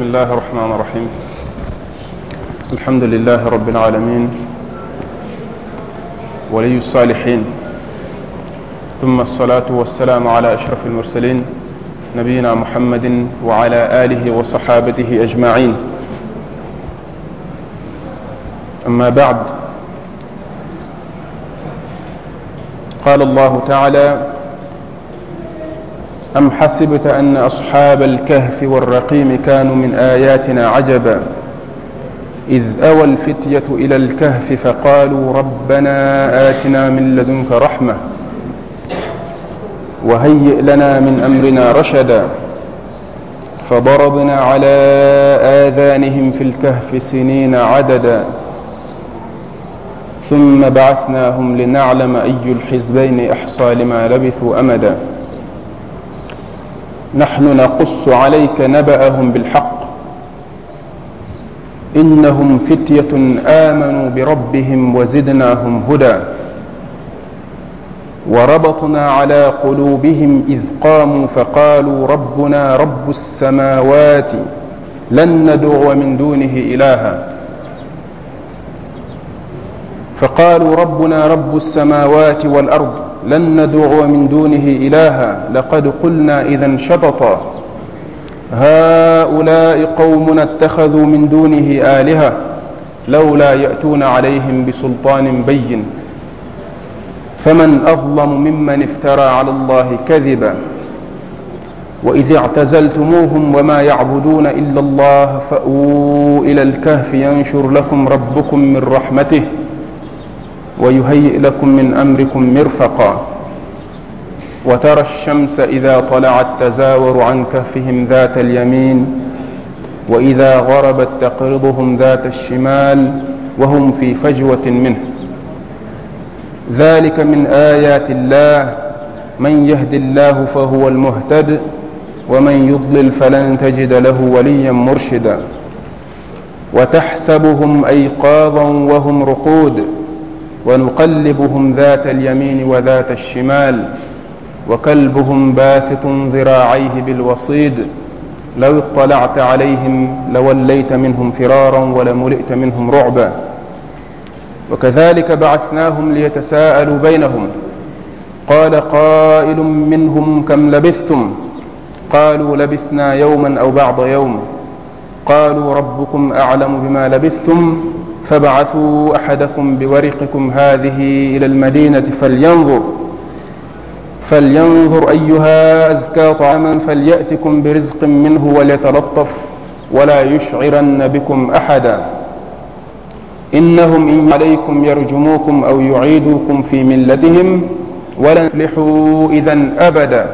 bismillah irrahman irrahim alhamdulilah rabilalamin waliyu salihin tumma alsalatu walsalaamu ala ashraf almursalin nabiyina muhammadin wa ala alihi wa sahabatihi ajmain amma baad qala allahu taala am xasibta an asxaaba alkahfi walraqimi kaanu min ayatina cajaba id awa alfityatu ila alkahfi faqaaluu rabbana aatina min ladunka raxma وهيئ لنا من امرنا رشدا فضربنا على اذانهم في الكهف سنين عددا ثم بعثناهم لنعلم اي الحزبين احصى لما لبثوا امدا نحن نقص عليك نبأهم بالحق إنهم فتية آمنوا بربهم وزدناهم هدى وربطنا على قلوبهم إذ قاموا فقالوا ربنا رب السماوات لن ندعو من دونه إلها فقالوا ربنا رب السماوات والأرض لن ندعو من دونه إلها لقد قلنا إذا شططا هؤلاء قومنا اتخذوا من دونه آلهة لولا يأتون عليهم بسلطان بين فمن أظلم ممن افترى على الله كذبا وإذ اعتزلتموهم وما يعبدون إلا الله فأووا إلى الكهف ينشر لكم ربكم من رحمته ۖ ويهيئ لكم من امركم مرفقا وترى الشمس اذا طلعت تزاور عن كهفهم ذات اليمين واذا غربت تقرضهم ذات الشمال وهم في فجوه منه ذلك من ايات الله من يهد الله فهو المهتد ومن يضلل فلن تجد له وليا مرشدا وتحسبهم ايقاظا وهم رقود ونقلبهم ذات اليمين وذات الشمال وكلبهم باسط ذراعيه بالوصيد لو اطلعت عليهم لوليت منهم فرارا ولملئت منهم رعبا وكذلك بعثناهم ليتساءلوا بينهم قال قائل منهم كم لبثتم قالوا لبثنا يوما او بعض يوم قالوا ربكم اعلم بما لبثتم فابعثوا أحدكم بورقكم هذه إلى المدينة فلينظر فلينظر أيها أزكى طعاما فليأتكم برزق منه وليتلطف ولا يشعرن بكم أحدا إنهم إن عليكم يرجموكم أو يعيدوكم في ملتهم ولن تفلحوا إذا أبدا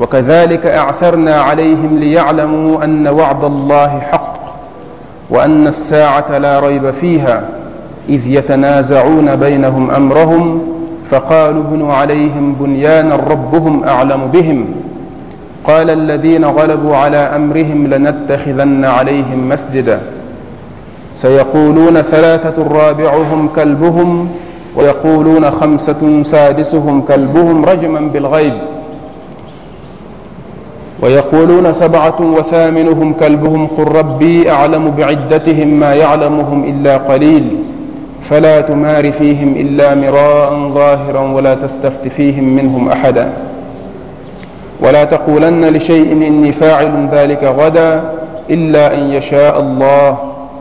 وكذلك أعثرنا عليهم ليعلموا أن وعد الله حق وأن الساعة لا ريب فيها إذ يتنازعون بينهم أمرهم فقالوا ابنوا عليهم بنيانا ربهم أعلم بهم قال الذين غلبوا على أمرهم لنتخذن عليهم مسجدا سيقولون ثلاثة رابعهم كلبهم ويقولون خمسة سادسهم كلبهم رجما بالغيب ويقولون سبعة وثامنهم كلبهم قل ربي أعلم بعدتهم ما يعلمهم إلا قليل فلا تمار فيهم إلا مراء ظاهرا ولا تستفت فيهم منهم أحدا ولا تقولن لشيء إني فاعل ذلك غدا إلا أن يشاء الله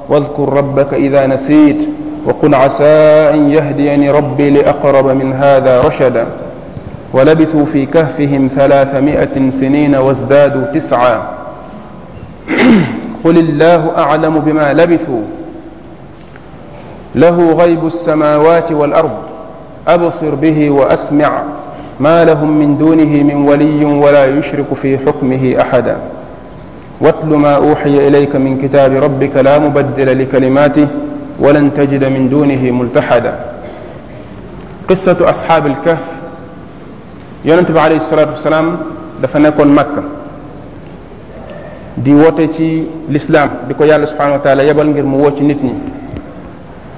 واذكر ربك إذا نسيت وقل عسى أن يهديني ربي لأقرب من هذا رشدا ولبثوا في كهفهم ثلاثمائة سنين وازدادوا تسعا قل الله أعلم بما لبثوا له غيب السماوات والأرض أبصر به وأسمع ما لهم من دونه من ولي ولا يشرك في حكمه أحدا واتل ما أوحي إليك من كتاب ربك لا مبدل لكلماته ولن تجد من دونه ملتحدا قصة أصحاب الكهف yonent bi alayhi salaatu wasalaam dafa nekkoon makka di woote ci lislaam di ko yàlla subhanahu wa taala yebal ngir mu woo ci nit ñi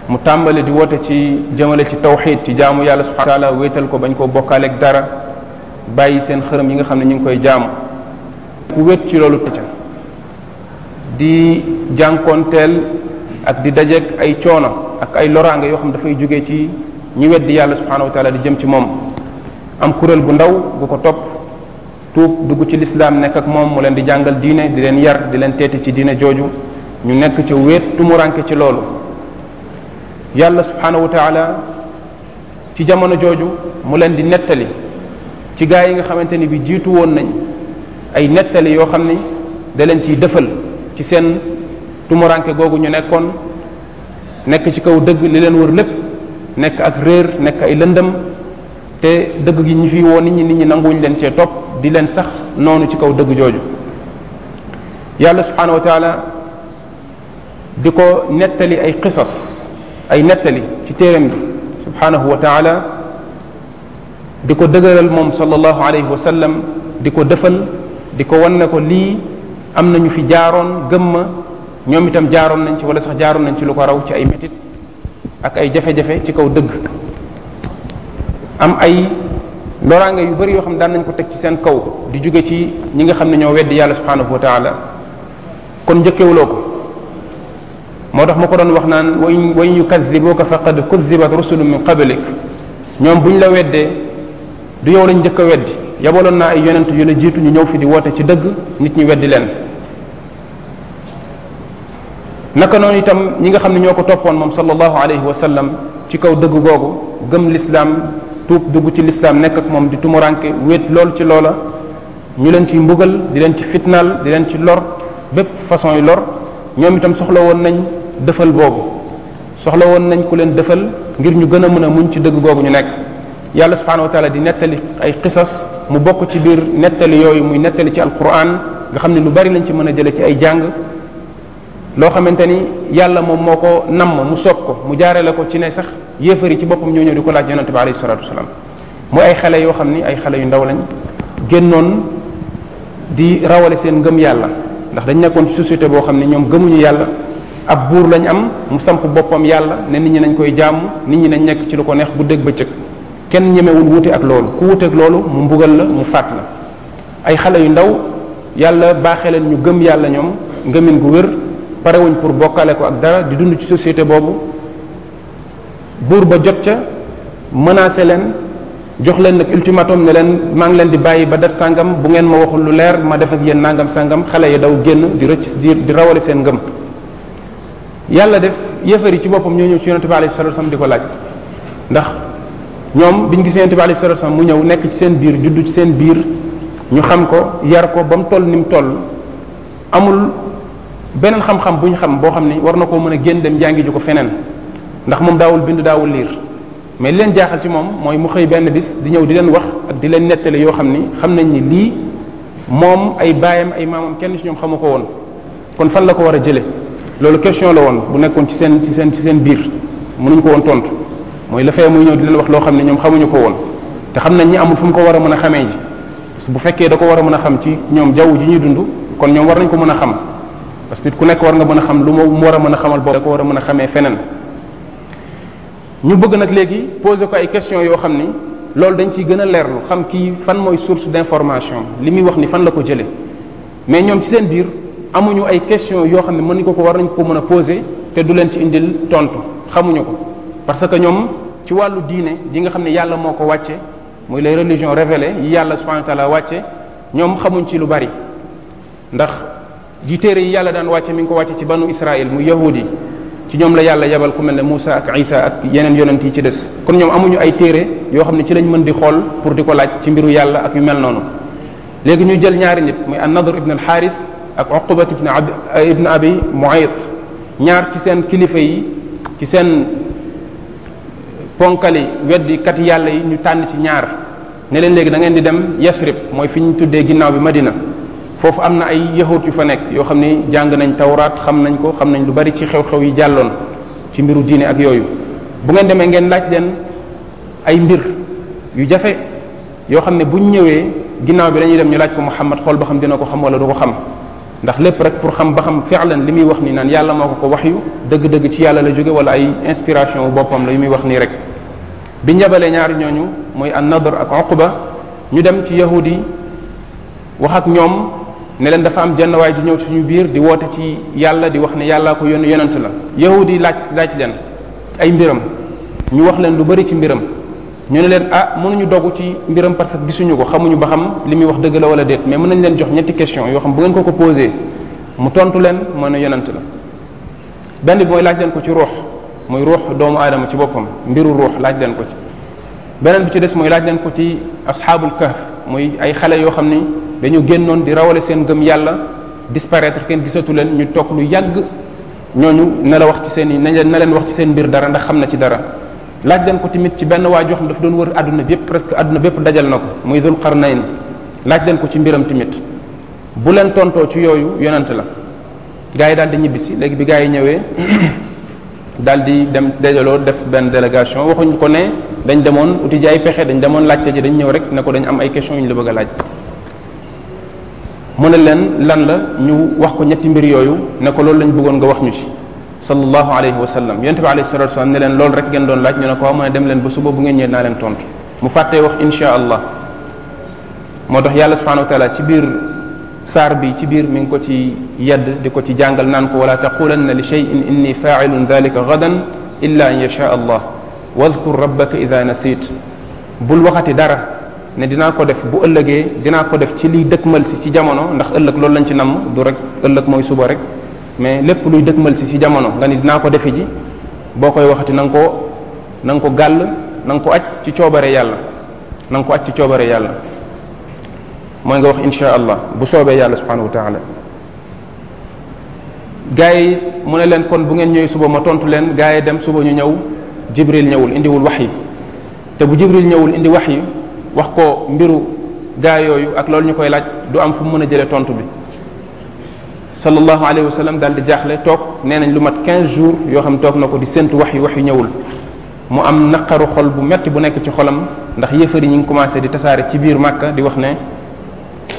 mu tàmbali di woote ci jëmale ci tawxid ci jaamu yàlla subhanahu wa taala wéetal ko bañ koo bokkaaleek dara bàyyi seen xërëm yi nga xam ne ñu ngi koy jaamu ku wét ci loolu ca di jànkoonteel ak di dajeeg ay coono ak ay loraanga yoo xam dafay jóge ci ñi weddi yàlla subhanahu wa di jëm ci moom am kuréel gu ndaw gu ko topp tuub dugg ci lislaam nekk ak moom mu leen di jàngal diine di leen yar di leen teeti ci diine jooju ñu nekk ca wéet tumuranke ci loolu yàlla subhaanahu wa taala ci jamono jooju mu leen di nettali ci gaa yi nga xamante ni bi jiitu woon nañ ay nettali yoo xam ni da ciy dëfal ci seen tumuraanke googu ñu nekkoon nekk ci kaw dëgg li leen wër lépp nekk ak réer nekk ay lëndëm te dëgg gi ñu fi woo nit ñi nit ñi nanguwuñ leen cee topp di leen sax noonu ci kaw dëgg jooju yàlla subhanahu wa taala di ko nettali ay qisas ay nettali ci téeram bi subhanahu wa di ko dëgëral moom sallallahu alayhi wa sallam di ko defal di ko wan ko lii am na ñu fi jaaroon gëm ma ñoom itam jaaroon nañ ci wala sax jaaroon nañ ci lu ko raw ci ay métit ak ay jafe-jafe ci kaw dëgg am ay loraange yu bëri yoo xam ne daan nañ ko teg ci seen kaw di jóge ci ñi nga xam ne ñoo weddi yàlla subhanahu wa taala kon njëkkewuloo ko moo tax ma ko doon wax naan wa in ko in yukadibuka faqad kudibat rusulun min qablik ñoom bu ñu la weddee du yow lañ njëkk a weddi yabaloon naa ay yonent yu la jiitu ñu ñëw fi di woote ci dëgg nit ñi weddi leen naka noonu itam ñi nga xam ne ñoo ko toppoon moom sallallahu alayhi wa sallam ci kaw dëgg googu gëm lislaam tuub dugg ci lislaam nekk ak moom di tumuranke wéet lool ci loola ñu leen ci mbugal di leen ci fitnaal di leen ci lor bépp façon yi lor ñoom itam soxla woon nañ dëfal boobu soxla woon nañ ku leen dëfal ngir ñu gën a mën a muñ ci dëgg googu ñu nekk yàlla subhanahu wa taala di nettali ay xisas mu bokk ci biir nettali yooyu muy nettali ci alquran nga xam ne lu bari lañ ci mën a jële ci ay jàng loo xamante ni yàlla moom moo ko namm mu soob ko mu jaarale ko ci ne sax yéefar yi ci boppam ñoo ñëw di ko laaj yonente bi alayhi salatu wasalaam mooy ay xale yoo xam ni ay xale yu ndaw lañ génnoon di rawale seen ngëm yàlla ndax dañ nekkoon ci société boo xam ne ñoom gëmuñu yàlla ab buur lañ am mu samp boppam yàlla ne nit ñi nañ koy jàmm nit ñi nañ nekk ci lu ko neex bu dégg bëccëg kenn ñemewul wuute ak loolu ku wuute ak loolu mu mbugal la mu fàtt la ay xale yu ndaw yàlla baaxee leen ñu gëm yàlla ñoom ngëmin gu wér parewuñ pour bokkale ko ak dara di dund ci société boobu buur ba jot ca menacé leen jox leen nag ultimatum ne leen maa ngi leen di bàyyi ba dat sàngam bu ngeen ma waxul lu leer ma def ak yéen nangam sàngam xale yi daw génn di rëcc di di rawale seen ngëm yàlla def yéefar yi ci boppam ñoo ñëw ci yonente bi alayhi salatu wasallam di ko laaj ndax ñoom biñ gisee yonente bi alayhi salatu wasallam mu ñëw nekk ci seen biir juddu ci seen biir ñu xam ko yar ko ba mu toll ni mu toll amul beneen xam-xam bu ñu xam boo xam ne war na koo mën a génn dem jàngi ko feneen ndax moom daawul bind daawul liir mais li leen jaaxal ci moom mooy mu xëy benn bis di ñëw di leen wax ak di leen nettale yoo xam ni xam nañ ni lii moom ay baayam ay maamam kenn ci ñoom xamu ko woon kon fan la ko war a jële loolu question la woon bu nekkoon ci seen ci seen ci seen biir mënuñ ko woon tontu mooy la fee muy ñëw di leen wax loo xam ne ñoom xamuñu ko woon te xam nañ ñi amul fu mu ko war a mën a xamee ji bu fekkee da ko war a mën a xam ci ñoom jaww ji ñuy dund kon ñoom war nañ ko mën a xam parce que ku nekk war nga mën a xam lu mu war a mën a xamal bopp da ko war a mën a xamee feneen ñu bëgg nag léegi pose ko ay question yoo xam ni loolu dañ ciy gën a leerlu xam kii fan mooy source d'information li muy wax ni fan la ko jëlee mais ñoom ci seen biir amuñu ay questions yoo xam ne mën ko ko war nañ ko mën a poser te du leen ci indil tontu xamuñu ko parce que ñoom ci wàllu diine yi nga xam ne yàlla moo ko wàcce muy les religions révélées yi yàlla subhanahu wa taala wàcce ñoom xamuñ ci lu bari ndax ji téere yi yàlla daan wàcce mi ngi ko wàcce ci banu Israël mu yahudi ci ñoom la yàlla yebal ku mel ne Moussa ak Isa ak yeneen yonent yi ci des kon ñoom amuñu ay téere yoo xam ne ci lañ mën di xool pour di ko laaj ci mbiru yàlla ak yu mel noonu léegi ñu jël ñaari nit muy an-Nadr ibn al-Harith ak Uqbat ibn ab ibn Abi ñaar ci seen kilifa yi ci seen ponkali weddi kat yàlla yi ñu tànn ci ñaar ne leen léegi da ngeen di dem Yathrib mooy fi ñu tuddee ginnaaw bi Madina foofu am na ay yahut yu fa nekk yoo xam ne jàng nañ tawraat xam nañ ko xam nañ lu bari ci xew-xew yi jàlloon ci mbiru diine ak yooyu bu ngeen demee ngeen laaj leen ay mbir yu jafe yoo xam ne buñ ñëwee ginnaaw bi dañuy dem ñu laaj ko Muhammad xool ba xam dina ko xam wala du ko xam ndax lépp rek pour xam ba xam fi'lan li muy wax nii naan yàlla moo ko ko wax yu dëgg-dëgg ci yàlla la jóge wala ay inspiration boppam la yu muy wax nii rek bi njabalee ñaari ñooñu mooy an-Nadr ak Uqba ñu dem ci yahudi wax ak ne leen dafa am jenn waay ju ñëw suñu biir di woote ci yàlla di wax ne yàllaa ko yónni yonent la yahudi yi laaj laaj leen ay mbiram ñu wax leen lu bari ci mbiram ñu ne leen ah mënuñu dogu ci mbiram parce que gisuñu ko xamuñu ba xam li muy wax dëgg la wala déet mais mën nañ leen jox ñetti question yoo xam bu ngeen ko ko posé mu tontu leen mën ne yonent la benn bi mooy laaj leen ko ci ruux muy ruux doomu aadama ci boppam mbiru ruux laaj leen ko ci beneen bi ci des mooy laaj leen ko ci asxaabul kahf muy ay xale yoo xam ni dañu génnoon di rawale seen ngëm yàlla disparaître kenn gisatu leen ñu toog lu yàgg ñooñu na la wax ci seen i na leen wax ci seen mbir dara ndax xam na ci dara laaj leen ko tamit ci benn waa joo xam dafa doon wër àdduna bi yëpp presque àdduna bépp dajal na ko muy dul xarnayn laaj leen ko ci mbiram tamit bu leen tontoo ci yooyu yonent la gars yi daal di ñibbisi léegi bi gars yi ñëwee daal di dem dajaloo def benn délégation waxuñ ko ne dañ demoon uti ji ay pexe dañ demoon ñëw rek ne ko dañ am ay questions la bëgg a laaj mu ne leen lan la ñu wax ko ñetti mbir yooyu ne ko loolu lañ bëggoon nga wax ñu ci sallallahu alayhi wa sallam yonente bi alayhi salatu wasallam ne leen loolu rek ngeen doon laaj ñu ne ko ne dem leen ba suba bu ngeen ñëwee naa mu fàttee wax insha allah moo tax yàlla subhanahu wa taala ci biir saar bi ci biir mi ngi ko ci yedd di ko ci jàngal naan ko wala taqulanna li shay'in inni fa'ilun dhalika gadan illa an yasha allah wadhkur rabbaka idha nasit bul waxati dara ne dinaa ko def bu ëllëgee dinaa ko def ci liy dëkkmal si ci jamono ndax ëllëg loolu lañ ci namm du rek ëllëg mooy suba rek mais lépp luy dëkkmal si ci jamono nga ni dinaa ko defe ji boo koy waxati na nga ko nanga ko gàll nanga ko aj ci coobare yàlla na ko aj ci coobare yàlla mooy nga wax insha allah bu soobee yàlla subhanahu wa taala gars yi mu ne leen kon bu ngeen ñëwee suba ma tontu leen gars yi dem suba ñu ñëw jibril ñëwul indiwul wax yi te bu jibril ñëwul indi wax yi wax ko mbiru gaa yooyu ak loolu ñu koy laaj du am fu mu mën a jëlee tontu bi sallallahu alayhi wa sallam daal di jaaxle toog nee nañ lu mat 15 jours yoo xam toog na ko di séntu wax yu wax yu ñëwul mu am naqaru xol bu metti bu nekk ci xolam ndax yëfër yi ñu ngi commencé di tasaare ci biir Màkka di wax ne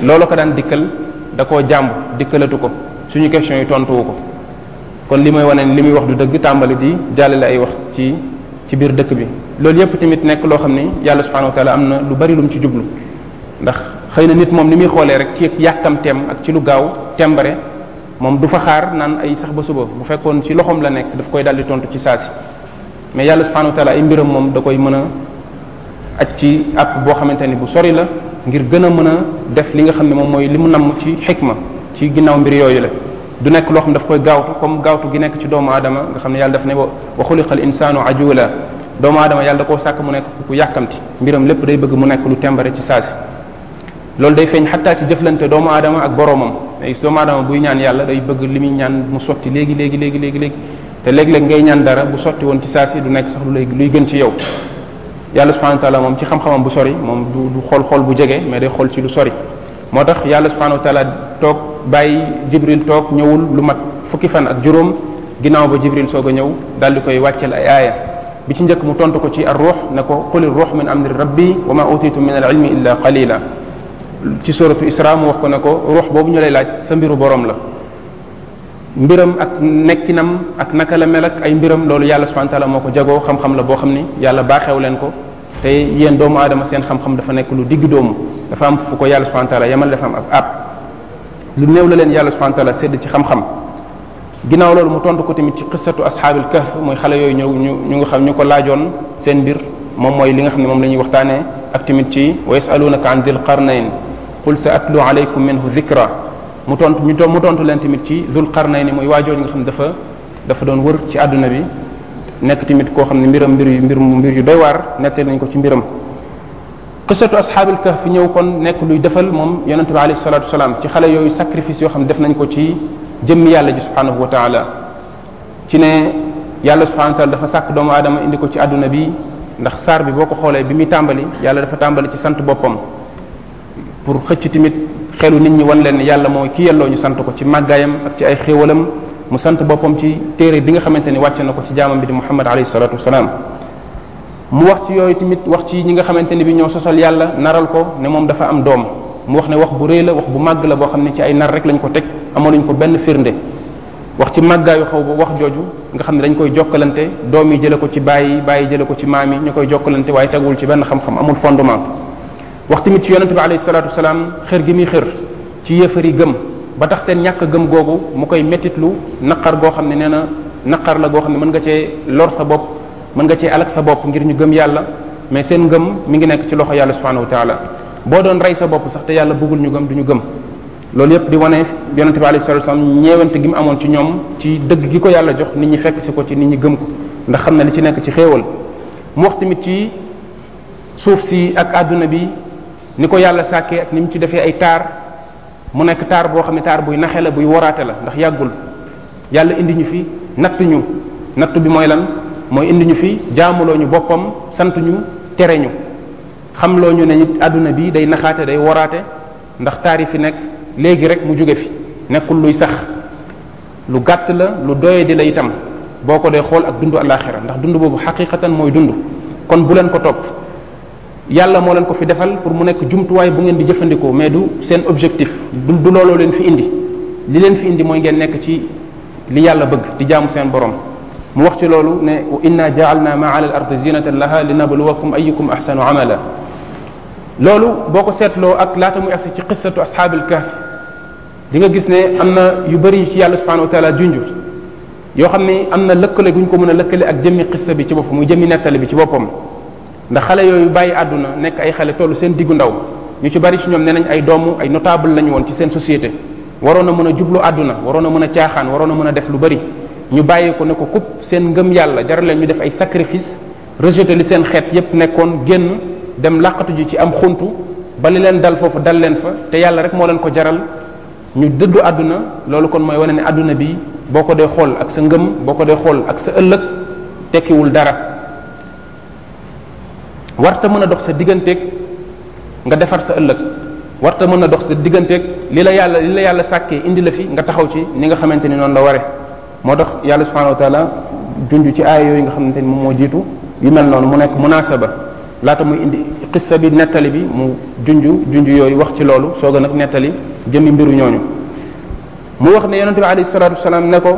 loolu ko daan dikkal da koo jàmb dikkalatu ko suñu question yi tontuwu ko kon li may wane li muy wax du dëgg tàmbali di jàllale ay wax ci ci biir dëkk bi loolu yëpp tamit nekk loo xam ne yàlla subhanahu wa taala am na lu bari lu ci jublu ndax xëy na nit moom li muy xoolee rek ci yàkkamteem ak ci lu gaaw tembare moom du fa xaar naan ay sax ba suba bu fekkoon ci loxoom la nekk daf koy daldi tontu ci saa si mais yàlla subhanahu wa taala mbiram moom da koy mën a aj ci àpp boo xamante ni bu sori la ngir gën a mën a def li nga xam ne moom mooy li mu namm ci xikma ci ginnaaw mbir yooyu la du nekk loo xam daf koy gaawtu comme gaawtu gi nekk ci doomu aadama nga xam ne yàlla daf ne wa xuliqa al insaanu ajula doomu aadama yàlla da koo sàkk mu nekk ku yàkkamti mbiram lépp day bëgg mu nekk lu tembare ci saasi loolu day feeñ xattaa ci jëflante doomu aadama ak boroomam day gis doomu aadama buy ñaan yàlla day bëgg li muy ñaan mu sotti léegi léegi léegi léegi léegi te léegi léeg ngay ñaan dara bu sotti woon ci saasi du nekk sax lu luy gën ci yow yàlla subhanahu wa taala moom ci xam-xamam bu sori moom du xool xool bu jege mais day xool ci lu sori moo tax yàlla subhanahu wa taala toog bàyyi jibril toog ñëwul lu mat fukki fan ak juróom ginnaaw ba jibril soog a ñëw daal di koy wàcceel ay aaya bi ci njëkk mu tontu ko ci ar ruux ne ko quli ruux min amri rabbi wa ma utitum min al ilmi illa qalila ci suratu isra mu wax ko ne ko ruux boobu ñu lay laaj sa mbiru borom la mbiram ak nekkinam ak naka la mel ay mbiram loolu yàlla subhanahu wa moo ko jagoo xam-xam la boo xam ni yàlla baaxew leen ko te yéen doomu aadama seen xam-xam dafa nekk lu digg doomu dafa am fu ko yàlla subhanahu wa taala yamal dafa am ak ab lu néew la leen yàlla subhanahu wa sedd ci xam-xam ginnaaw loolu mu tontu ko tamit ci xisatu asxaabil kahf mooy xale ñu ñu ñu xam ñu ko laajoon seen mbir moom mooy li xam ne moom la ñuy waxtaanee ak tamit ci wa yasalunaka an dil qarnayn qul sa atlu alaykum minhu dhikra mu tontu ñu mu tontu leen tamit ci dhul qarnayn mooy waajooju nga xam ne dafa dafa doon wër ci àdduna bi nekk tamit koo xam ne mbiram mbir yu mbir mbir yu doy waar nettali nañ ko ci mbiram xisatu asxaabil kahf ñëw kon nekk luy defal moom yonente bi alayhi salatu wasalaam ci xale yooyu sacrifice yoo xam ne def nañ ko ci jëmm yàlla ji subhanahu wa taala ci ne yàlla subhanahu wa dafa sàkk doomu aadama indi ko ci àdduna bi ndax saar bi boo ko xoolee bi muy tàmbali yàlla dafa tàmbali ci sant boppam pour xëcc tamit xelu nit ñi wan leen yàlla moo ki yelloo ñu sant ko ci màggaayam ak ci ay xéewalam mu sant boppam ci téere bi nga xamante ni wàcce na ko ci jaamam bi di muhammad alayhi salatu wasalaam mu wax ci yooyu tamit wax ci ñi nga xamante ni bi ñoo sosal yàlla naral ko ne moom dafa am doom mu wax ne wax bu rëy la wax bu màgg la boo xam ne ci ay nar rek lañ ko teg amoon nañ ko benn firnde wax ci màggaayu xaw ba wax jooju nga xam ne dañ koy jokkalante doom yi jële ko ci bàyyi bàyyi jële ko ci maam yi ñu koy jokkalante waaye teguwul ci benn xam-xam amul fondement wax mi ci yonente bi alayhi salatu xër gi muy xër ci yéefar yi gëm ba tax seen ñàkk gëm googu mu koy mettitlu naqar goo xam ne nee na naqar la goo xam ne mën nga cee lor sa bopp mën nga cee alak sa bopp ngir ñu gëm yàlla mais seen ngëm mu ngi nekk ci loxo yàlla subhanahu wa taala boo doon rey sa bopp sax te yàlla bëggul ñu gëm du ñu gëm loolu yëpp di wane yonente bi alayhi salatu wasallam ñeewante gi mu amoon ci ñoom ci dëgg gi ko yàlla jox nit ñi fekk si ko ci nit ñi gëm ko ndax xam na li ci nekk ci xéewal mu wax tamit ci suuf si ak àdduna bi ni ko yàlla sàkkee ak ni mu ci defee ay taar mu nekk taar boo xam ne taar buy naxee la buy waraate la ndax yàggul yàlla indi ñu fi natt ñu natt bi mooy lan mooy indi ñu fi jaamuloo ñu boppam sant ñu tere ñu xam loo ñu ne it àdduna bi day naxaate day woraate ndax taarif yi nekk léegi rek mu jóge fi nekkul luy sax lu gàtt la lu doye di la itam boo ko dee xool ak dund alaxira ndax dund boobu xaqiqatan mooy dund kon bu leen ko topp yàlla moo leen ko fi defal pour mu nekk jumtuwaay bu ngeen di jëfandikoo mais du seen objectif du looloo leen fi indi li leen fi indi mooy ngeen nekk ci li yàlla bëgg di jaamu seen borom mu wax ci loolu ne inna jaalna ma ala al ardi zinatan laha linabluwakum ayukum ahsanu amala loolu boo ko seetloo ak laata muy agsi ci qissatu asxaabil kahf di nga gis ne am na yu bëri yu ci yàlla subhanahu wa taala junj yoo xam ne am na lëkkale gu ñu ko mën a lëkkale ak jëmmi qissa bi ci boppam mu jëmmi nettali bi ci boppam ndax xale yooyu bàyyi àdduna nekk ay xale tollu seen diggu ndaw ñu ci bari si ñoom nee nañ ay doomu ay notable lañu woon ci seen société waroon a mën a jublu àdduna waroon a mën a caaxaan waroon a mën a def lu bari ñu bàyyi ne ko kupp seen ngëm yàlla jaral leen ñu def ay sacrifice rejeté li seen xeet yépp nekkoon génn dem làqatu ji ci am xuntu ba li leen dal foofu dal leen fa te yàlla rek moo leen ko jaral ñu dëddu àdduna loolu kon mooy wane ne àdduna bi boo ko dee xool ak sa ngëm boo ko dee xool ak sa ëllëg tekkiwul dara warta mën a dox sa digganteeg nga defar sa ëllëg warta mën a dox sa digganteeg li la yàlla li la yàlla sàkkee indi la fi nga taxaw ci ni nga xamante ni noonu la ware moo tax yàlla subhanahu wa taala junj ci aaya yooyu nga xamante ni moom moo jiitu yu mel noonu mu nekk munaasaba laata muy indi xissa bi nettali bi mu junj junj yooyu wax ci loolu soog a nag nettali jëmi mbiru ñooñu mu wax ne yonente bi alayhi salatu wasalaam ne ko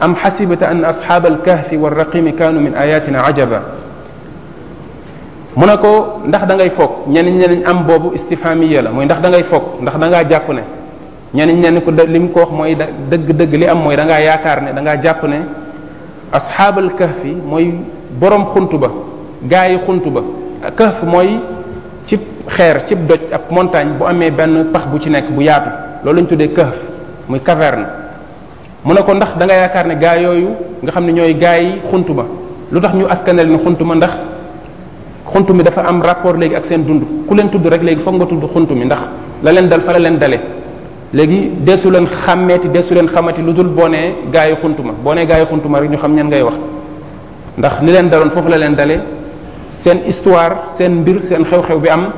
am xasibata an asxaaba alkahfi walraqimi kaanu min ayatina ajaba mu ne ko ndax dangay ngay foog ñeneen ñeneen am boobu istifhamiya la mooy ndax da ngay foog ndax dangaa jàpp ne ñeneen ñeneen ko li mu ko wax mooy dëgg-dëgg li am mooy dangaa ngaa yaakaar ne dangaa jàpp ne asxaabal kahfi mooy borom xunt ba gaa yi xunt ba kahf mooy cib xeer cib doj ab montagne bu amee benn pax bu ci nekk bu yaatu loolu lañ tuddee kahf muy caverne mun ne ko ndax da nga yaakaar ne gaa yooyu nga xam ne ñooy gaa yi xuntu ma lu tax ñu askanel ni xuntu ma ndax xuntu mi dafa am rapport léegi ak seen dund ku leen tudd rek léegi foog nga tudd mi ndax la leen dal fa la leen dale léegi deesu leen xàmmeeti deesu leen xamati lu dul boo nee gaa yi xuntu ma boo ne gaay yi xuntu ma rek ñu xam ñeen ngay wax ndax ni leen daloon foofu la leen dale seen histoire seen mbir seen xew-xew bi am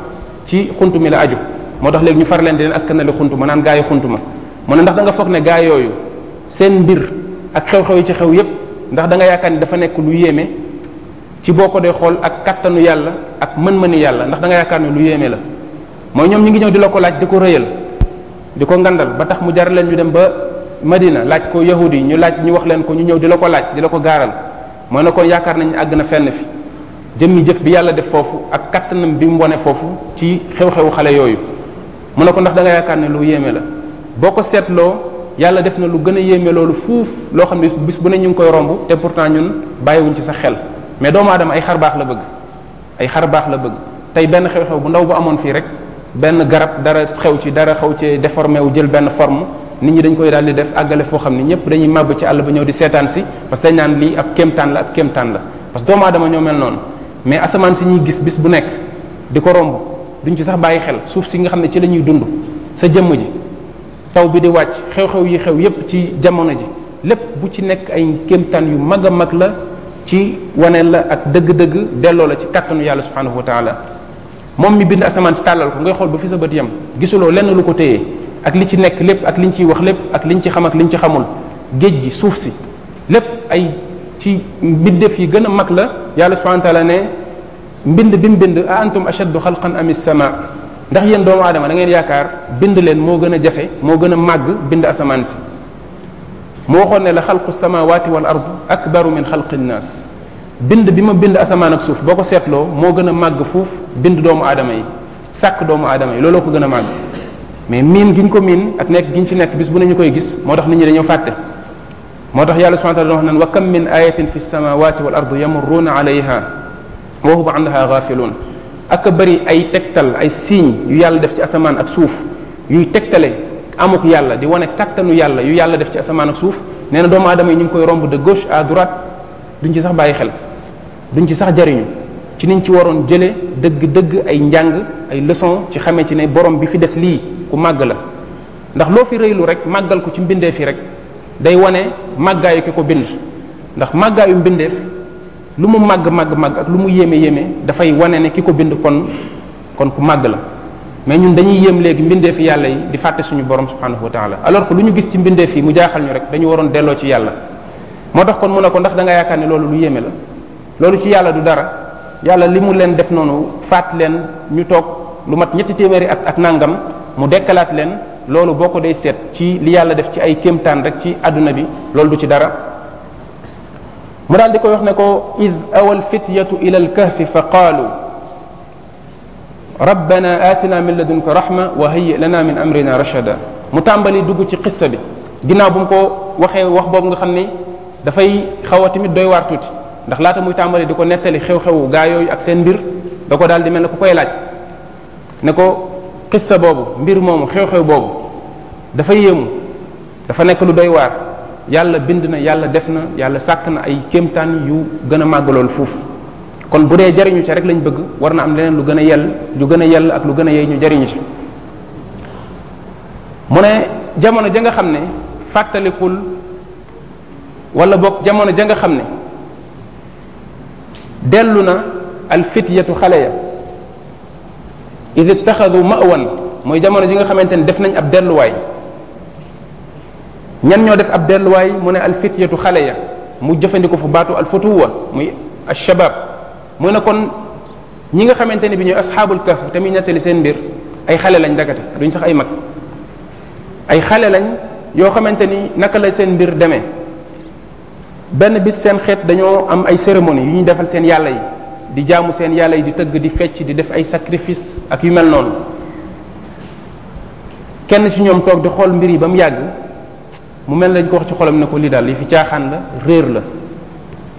ci xunt mi la aju moo tax léegi ñu far leen di leen askanale xunt ma naan gaa yi xunt ma mu ne ndax danga nga foog ne gaa yooyu seen mbir ak xew-xew yi ci xew yépp ndax da nga yaakaar ni dafa nekk lu yéeme ci boo ko dee xool ak kattanu yàlla ak mën-mënu yàlla ndax danga yaakaar ne lu yéeme la mooy ñoom ñu ngi ñëw di la ko laaj di ko rëyal di ko ngandal ba tax mu jar leen ñu dem ba Madina laaj ko yahudi ñu laaj ñu wax leen ko ñu ñëw di la ko laaj di ko gaaral mooy ne kon yaakaar nañ àgg na fenn fi jëmmi jëf bi yàlla def foofu ak kattanam bi mu wone foofu ci xew-xewu xale yooyu mu ne ko ndax danga yaakaar ne lu yéeme la boo ko seetloo yàlla def na lu gën a yéeme loolu fuuf loo xam ne bis bu ne ñu ngi koy romb te pourtant ñun bàyyiwuñ ci sa xel mais doomu aadama ay xar la bëgg ay xar baax la bëgg tey benn xew-xew bu ndaw amoon fii rek benn garab dara xew ci dara xew ci déformé wu jël benn forme nit ñi dañ koy daal di def àggale foo xam ne ñëpp dañuy màbb ci àll ba ñëw di seetaan si parce que dañ naan lii ab kéemtaan la ab kéemtaan la parce que doomu aadama ñoo mel noonu mais asamaan si ñuy gis bis bu nekk di ko romb duñ ci sax bàyyi xel suuf si nga xam ne ci lañuy dund sa jëmm ji taw bi di wàcc xew-xew yi xew yépp ci jamono ji lépp bu ci nekk ay kéemtaan yu mag a mag la ci wane la ak dëgg-dëgg delloo la ci kàttanu yàlla subhanahu wa taala moom mi bind asamaan si tàllal ko ngay xool ba fi sa bët yam gisuloo lenn lu ko téye ak li ci nekk lépp ak li ñu ciy wax lépp ak li liñ ci xam ak liñ ci xamul géej gi suuf si ci mbindeef yi gën a mag la yàlla subhanahu ne mbind bi mu bind a antum ashaddu xalqan ami sama ndax yéen doomu aadama da ngeen yaakaar bind leen moo gën a jafe moo gën a màgg bind asamaan si mu waxoon ne la xalqu samawati wal ard akbaru min xalqi nnaas bind bi ma bind asamaan ak suuf boo ko seetloo moo gën a màgg fuuf bind doomu aadama yi sàkk doomu aadama yi looloo ko gën a màgg mais miin gi ñu ko miin ak nekk gi ñu ci nekk bis bu ne ñu koy gis moo tax nit ñi dañoo fàtte moo tax yàlla subhanahu wa taala wax naan wa kam min ayatin fi samawati wal ardi yamurruuna alayha wa hum anha ghafiluun ak a bari ay tegtal ay signes yu yàlla def ci asamaan ak suuf yuy tegtale amuk yàlla di wane kattanu yàlla yu yàlla def ci asamaan ak suuf nee na doomu aadama yi ñu ngi koy romb de gauche à droite duñ ci sax bàyyi xel duñ ci sax jariñu ci niñ ci waroon jëlee dëgg-dëgg ay njàng ay leçon ci xamee ci ne borom bi fi def lii ku màgg la ndax loo fi rëylu rek màggal ko ci mbindeef yi rek day wane màggaayu ki ko bind ndax màggaayu mbindeef lu mu màgg màgg màgg ak lu mu yéeme yéeme dafay wane ne ki ko bind kon kon ku màgg la mais ñun dañuy yéem léegi mbindeef yàlla yi di fàtte suñu borom subhanahu wa taala alors lu ñu gis ci mbindeef yi mu jaaxal ñu rek dañu waroon delloo ci yàlla moo tax kon mu ne ko ndax da nga yaakaar ne loolu lu yéeme la loolu ci yàlla du dara yàlla li mu leen def noonu fàtt leen ñu toog lu mat ñetti téeméeri at ak nangam mu dekkalaat leen loolu boo ko dee seet ci li yàlla def ci ay kéemtaan rek ci àdduna bi loolu du ci dara mu daal di koy wax ne ko id awa alfityatu ila alkahfi fa qaalu rabbana atina min ladunka rahma wa hayyi lana min amrina rachada mu tàmbali dugg ci xissa bi ginnaaw bu ko waxee wax boobu nga xam ne dafay xaw a tamit doy ndax laata muy tàmbali di ko nettali xew-xewu gaa yooyu ak seen mbir da ko daal di mel ne ku koy laaj ne ko xissa boobu mbir moomu xew-xew boobu dafa yéemu dafa nekk lu day waar yàlla bind na yàlla def na yàlla sàkk na ay kéemtaan yu gën a màgg loolu fuuf kon bu dee jariñu ci rek lañ bëgg war na am leneen lu gën a yell lu gën a yell ak lu gën a yey ñu jariñu ci mu ne jamono ja nga xam ne fàttalikul wala bokk jamono ja nga xam ne dellu na al fityatu xale ya id ma mawan mooy jamono ji nga xamante ni def nañ ab delluwaay ñan ñoo def ab delluwaay mu ne alfityatu xale ya mu jëfandikoo fu baatu alfutuwa muy alshabab mu ne kon ñi nga xamante ni bi ñooy asxaabul kahf te muy nettali seen mbir ay xale lañ dakate duñ sax ay mag ay xale lañ yoo xamante ni naka la seen mbir demee benn bis seen xeet dañoo am ay cérémonie yu ñu defal seen yàlla yi di jaamu seen yàlla yi di tëgg di fecc di def ay sacrifice ak yu mel noonu kenn ci ñoom toog di xool mbir yi ba mu yàgg mu mel lañ ko wax ci xolam ne ko lii daal li fi caaxaan la réer la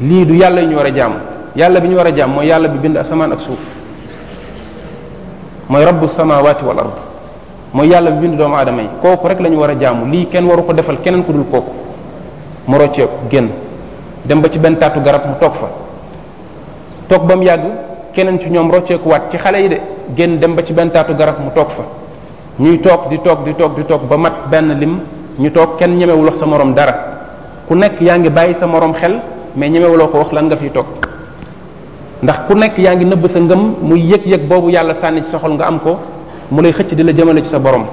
lii du yàlla yu ñu war a jaamu yàlla bi ñu war a jaam mooy yàlla bi bind asamaan ak suuf mooy rabbu samawati wal ard mooy yàlla bind doomu aadama yi kooku rek lañu war a jaamu lii kenn waru ko defal keneen ku dul kooku mu rocceeku génn dem ba ci benn taatu garab mu toog fa toog ba mu yàgg keneen ci ñoom rocceekuwaat ci xale yi de génn dem ba ci benn taatu garab mu toog fa ñuy toog di toog di toog di toog ba mat benn lim ñu toog kenn ñemewul wax sa morom dara ku nekk yaa ngi bàyyi sa moroom xel mais ñemewuloo ko wax lan nga fiy toog ndax ku nekk yaa ngi nëbb sa ngëm muy yëg-yëg boobu yàlla sànni soxal nga am ko mu lay xëcc di la jëmale ci sa borom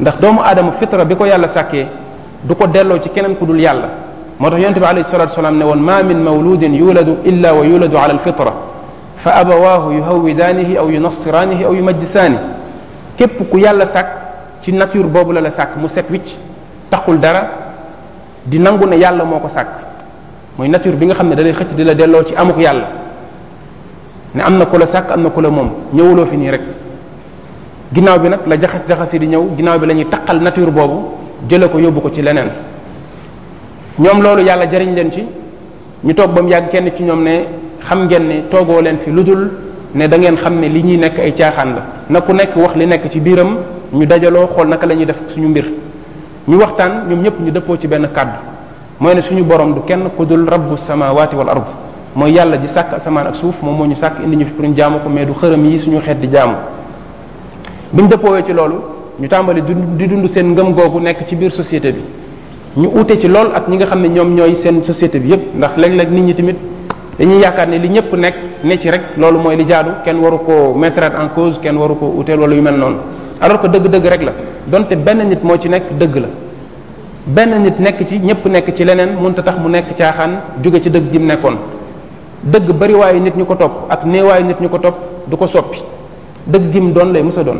ndax doomu aadama fitra bi ko yàlla sàkkee du ko delloo ci keneen ku dul yàlla moo tax yonente bi alayhi salatu wasalaam ne woon ma min mawludin yuladu illa wa yuladu ala alfitra fa abawaahu yuhawidaanihi aw yunassiraanihi aw yumajjisaani képp ku yàlla sàkk ci nature boobu la la sàkk mu set wicc taxul dara di nangu ne yàlla moo ko sàkk mooy nature bi nga xam ne da xëcc di la delloo ci amuk yàlla ne am na ku la sàkk am na ku la moom ñëwuloo fi nii rek ginnaaw bi nag la jaxas jaxasi di ñëw ginnaaw bi la ñuy taqal nature boobu jële ko yóbbu ko ci leneen ñoom loolu yàlla jariñ leen ci ñu toog ba mu yàgg kenn ci ñoom ne xam ngeen ne toogoo leen fi lu dul ne da ngeen xam ne li ñuy nekk ay caaxaan la na ku nekk wax li nekk ci biiram ñu dajaloo xool naka la ñuy def suñu mbir ñu waxtaan ñoom ñëpp ñu dëppoo ci benn kàddu mooy ne suñu borom du kenn ku dul rabbu samawati wal ard mooy yàlla ji sàkk asamaan ak suuf moom moo ñu sàkk indi ñu fi pour ñu jaamu ko mais du xërëm yi suñu xeet di jaamu bi ñu dëppoowee ci loolu ñu tàmbali di dund seen ngëm googu nekk ci biir société bi ñu uute ci lool ak ñi nga xam ne ñoom ñooy seen société bi yépp ndax léeg-léeg nit ñi tamit dañuy yaakaar ne li ñëpp nekk ne ci rek mooy li jaadu kenn waru koo mettre en cause kenn waru ko uuteel wala yu mel noonu alors que dëgg-dëgg rek la donte benn nit moo ci nekk dëgg la benn nit nekk ci ñëpp nekk ci leneen mënut a tax mu nekk caaxaan jóge ci dëgg gi mu nekkoon dëgg bariwaayu nit ñu ko topp ak néewaayu nit ñu ko topp du ko soppi dëgg gi mu doon lay mës doon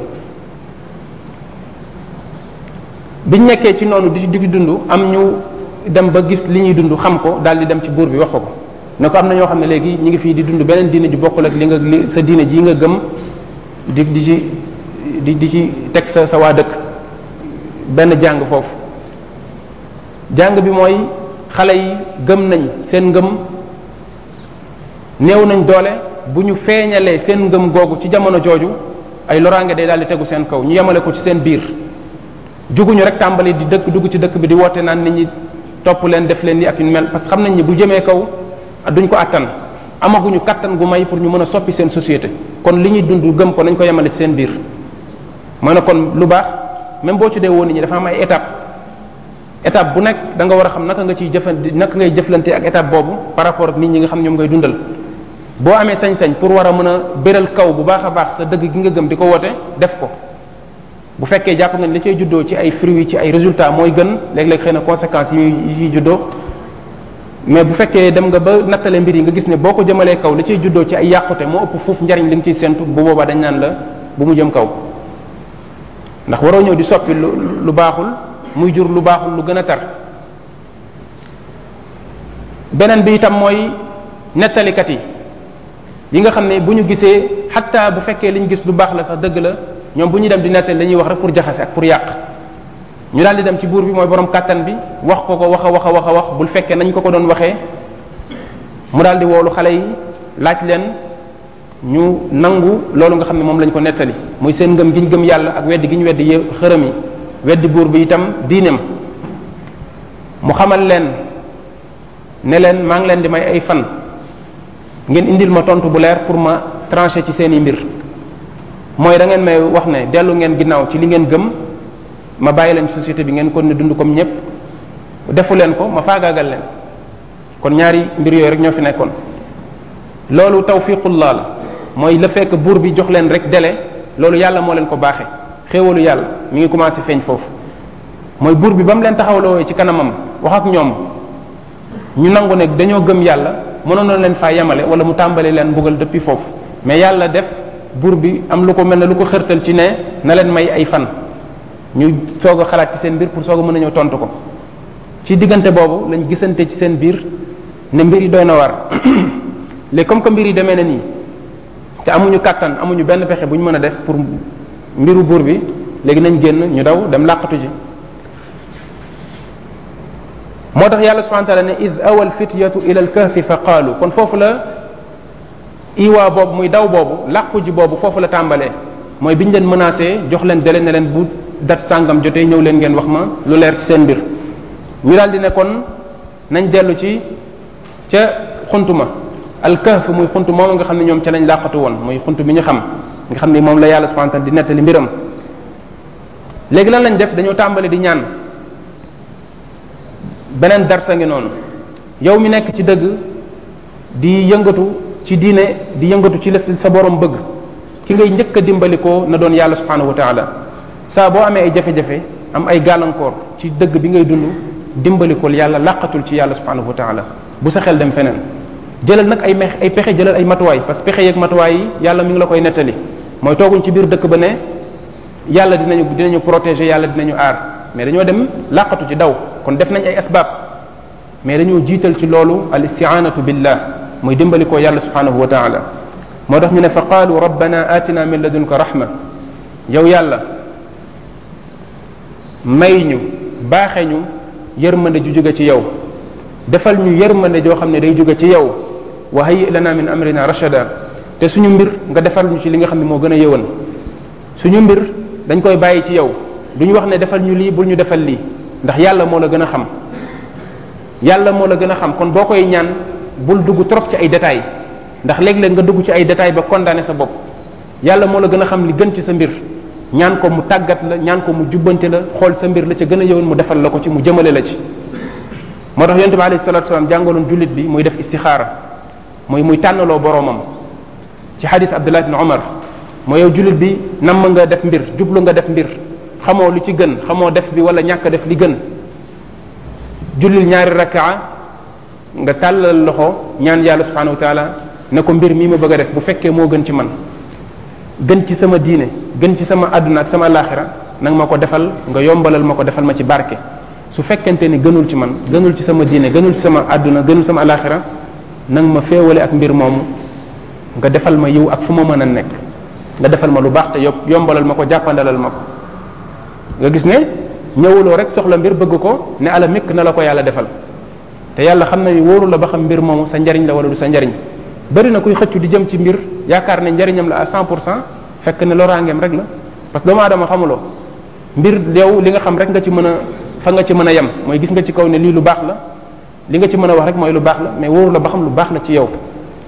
biñ nekkee ci noonu di di dund am ñu dem ba gis li ñuy dund xam ko daal di dem ci buur bi wax ko ko ne am na ñoo xam ne léegi ñu ngi fii di dund beneen diine ju bokkul ak li nga li sa diine ji nga gëm di di ci di di ci teg sa sa waa dëkk benn jàng foofu jàng bi mooy xale yi gëm nañ seen ngëm néew nañ doole bu ñu feeñalee seen ngëm googu ci jamono jooju ay loraange day daal di tegu seen kaw ñu yemale ko ci seen biir juguñu rek tàmbali di dëkk dugg ci dëkk bi di woote naan nit ñi topp leen def leen ni ak ñu mel parce que xam nañ ni bu jëmee kaw ah, duñ ko attan amaguñu kattan gu may pour ñu mën a soppi seen société kon li ñuy dund gëm ko nañ ko yemale seen biir mooy ne kon lu baax même boo ci dee woon nit ñi dafa am ay étape étape bu nekk danga war a xam naka nga ciy jëfante naka ngay jëflante ak étape boobu par rapport ak nit ñi nga xam ñoom ngay dundal boo amee sañ-sañ pour war a mën a béral kaw bu baax a baax sa dëgg gi nga gëm di ko woote def ko bu fekkee jàpp nga ni la cay juddoo ci ay fruits ci ay résultat mooy gën léeg-léeg xëy na conséquences yi ciy juddoo mais bu fekkee dem nga ba nattale mbir yi nga gis ne boo ko jëmalee kaw la cay juddoo ci ay yàqute moo ëpp foofu njariñ li nga ciy séntu bu boobaa dañ naan la bu mu jëm kaw ndax waroo ñëw di soppi lu lu baaxul muy jur lu baaxul lu gën a tar beneen bi itam mooy nettalikat yi yi nga xam ne bu ñu gisee xatta bu fekkee liñ gis lu baax la sax dëgg la ñoom bu ñuy dem di nettali dañuy wax rek pour jaxase ak pour yàq ñu daal di dem ci buur bi mooy borom kàttan bi wax ko ko wax a wax a wax a wax bul fekkee nañ ko ko doon waxee mu daal di woolu xale yi laaj leen ñu nangu loolu nga xam ne moom lañ ko nettali muy seen ngëm gi ñu gëm yàlla ak weddi gi ñu weddi y xërëm yi weddi buur bi itam diineem mu xamal leen ne leen maa ngi leen di may ay fan ngeen indil ma tontu bu leer pour ma tranché ci seen i mbir mooy da ngeen may wax ne dellu ngeen ginnaaw ci li ngeen gëm ma bàyyi leen société bi ngeen kon ne dund comme ñépp defu leen ko ma faagaagal leen kon ñaari mbir yooyu rek ñoo fi nekkoon loolu tawfiqullah la mooy la fekk buur bi jox leen rek dele loolu yàlla moo leen ko baaxe xéewalu yàlla mu ngi commencé feeñ foofu mooy buur bi ba mu leen taxawloo ci kanamam wax ak ñoom ñu nangu ne dañoo gëm yàlla mënoon na leen faa yemale wala mu tàmbali leen mbugal depuis foofu mais yàlla def buur bi am lu ko mel ne lu ko xërtal ci ne na leen may ay fan ñu soog a xalaat ci seen mbir pour soog a mën a ñëw tontu ko ci diggante boobu lañ gisante ci seen biir ne mbir yi doy a war léegi comme que mbir yi demee na nii te amuñu kàttan amuñu benn bexe bu ñu mën a def pour mbiru buur bi léegi nañ génn ñu daw dem làqatu ji moo tax yàlla subhanahu wa taala ne id awal fityatu ila al fa qaalu kon foofu la iwaa boobu muy daw boobu làqu ji boobu foofu la tàmbalee mooy bi ñu leen menacé jox leen délai na leen bu dat sàngam jotee ñëw leen ngeen wax ma lu leer ci seen mbir ñu daal di nekkoon nañ dellu ci ca xuntuma alkahf muy xunt moom nga xam ne ñoom ci lañ làqatu woon muy xunt bi ñu xam nga xam ne moom la yàlla subhanahu wa ta'ala di nettali mbiram léegi lan lañ def dañoo tàmbali di ñaan beneen darsa ngi noonu yow mi nekk ci dëgg di yëngatu ci diine di yëngatu ci les sa borom bëgg ki ngay njëkk a dimbali ko na doon yàlla subhanahu wa taala saa boo amee ay jafe-jafe am ay gàllankoor ci dëgg bi ngay dund dimbalikol yàlla làqatul ci yàlla subhanahu wa taala bu sa xel dem feneen jëlal nag ay mex ay pexe jëlal ay matuwaay parce que pexe yeeg matuwaay yàlla mu ngi la koy nettali mooy tooguñ ci biir dëkk ba ne yàlla dinañu dinañu protéger yàlla dinañu aar mais dañoo dem làqatu ci daw kon def nañ ay asbaab mais dañoo jiital ci loolu al isti'anatu billah mooy dimbalikoo yàlla subhanahu wa taala moo tax ñu ne fa qaalu rabbana atina min ladunka rahma yow yàlla may ñu baaxe ñu yërmande ju jóge ci yow defal ñu yërmande joo xam ne day jóge ci yow wa hayyi lana min amrina rachada te suñu mbir nga defal ñu ci li nga xam ne moo gën a yëwan suñu mbir dañ koy bàyyi ci yow ñu wax ne defal ñu lii bul ñu defal lii ndax yàlla moo la gën a xam yàlla moo la gën a xam kon boo koy ñaan bul dugg trop ci ay détails ndax léeg-léeg nga dugg ci ay détails ba condamné sa bopp yàlla moo la gën a xam li gën ci sa mbir ñaan ko mu tàggat la ñaan ko mu jubbante la xool sa mbir la ca gën a yëwoon mu defal la ko ci mu jëmale la ci moo tax yonte bi sa salatu salaam jàngaloon jullit bi muy def istixaara muy muy tànnaloo boroomam ci xadis abdullah ibn omar mooy yow jullit bi namm nga def mbir jublu nga def mbir xamoo lu ci gën xamoo def bi wala ñàkk def li gën jullil ñaari rakaa nga tàllal loxo ñaan yàlla subhanahu wa taala ne ko mbir mii ma bëgg a def bu fekkee moo gën ci man gën ci sama diine gën ci sama àdduna ak sama laaxira nanga ma ko defal nga yombalal ma ko defal ma ci barke su fekkente ni gënul ci man gënul ci sama diine gënul ci sama àdduna gënul sama laaxira na ma féewale ak mbir moomu nga defal ma yiw ak fu ma mën a nekk nga defal ma lu baax te yombalal ma ko jàppandalal ma ko nga gis ne ñëwuloo rek soxla mbir bëgg ko ne ala mekk na la ko yàlla defal te yàlla xam na ni la ba xam mbir moomu sa njariñ la wala du sa njariñ bari na kuy xëccu di jëm ci mbir yaakaar ne njariñam la à cent pour cent fekk ne loraangeem rek la parce que doomu aadama xamuloo mbir yow li nga xam rek nga ci mën a fa nga ci mën a yem mooy gis nga ci kaw ne lii lu baax la li nga ci mën a wax rek mooy lu baax la mais wóoru la ba xam lu baax la ci yow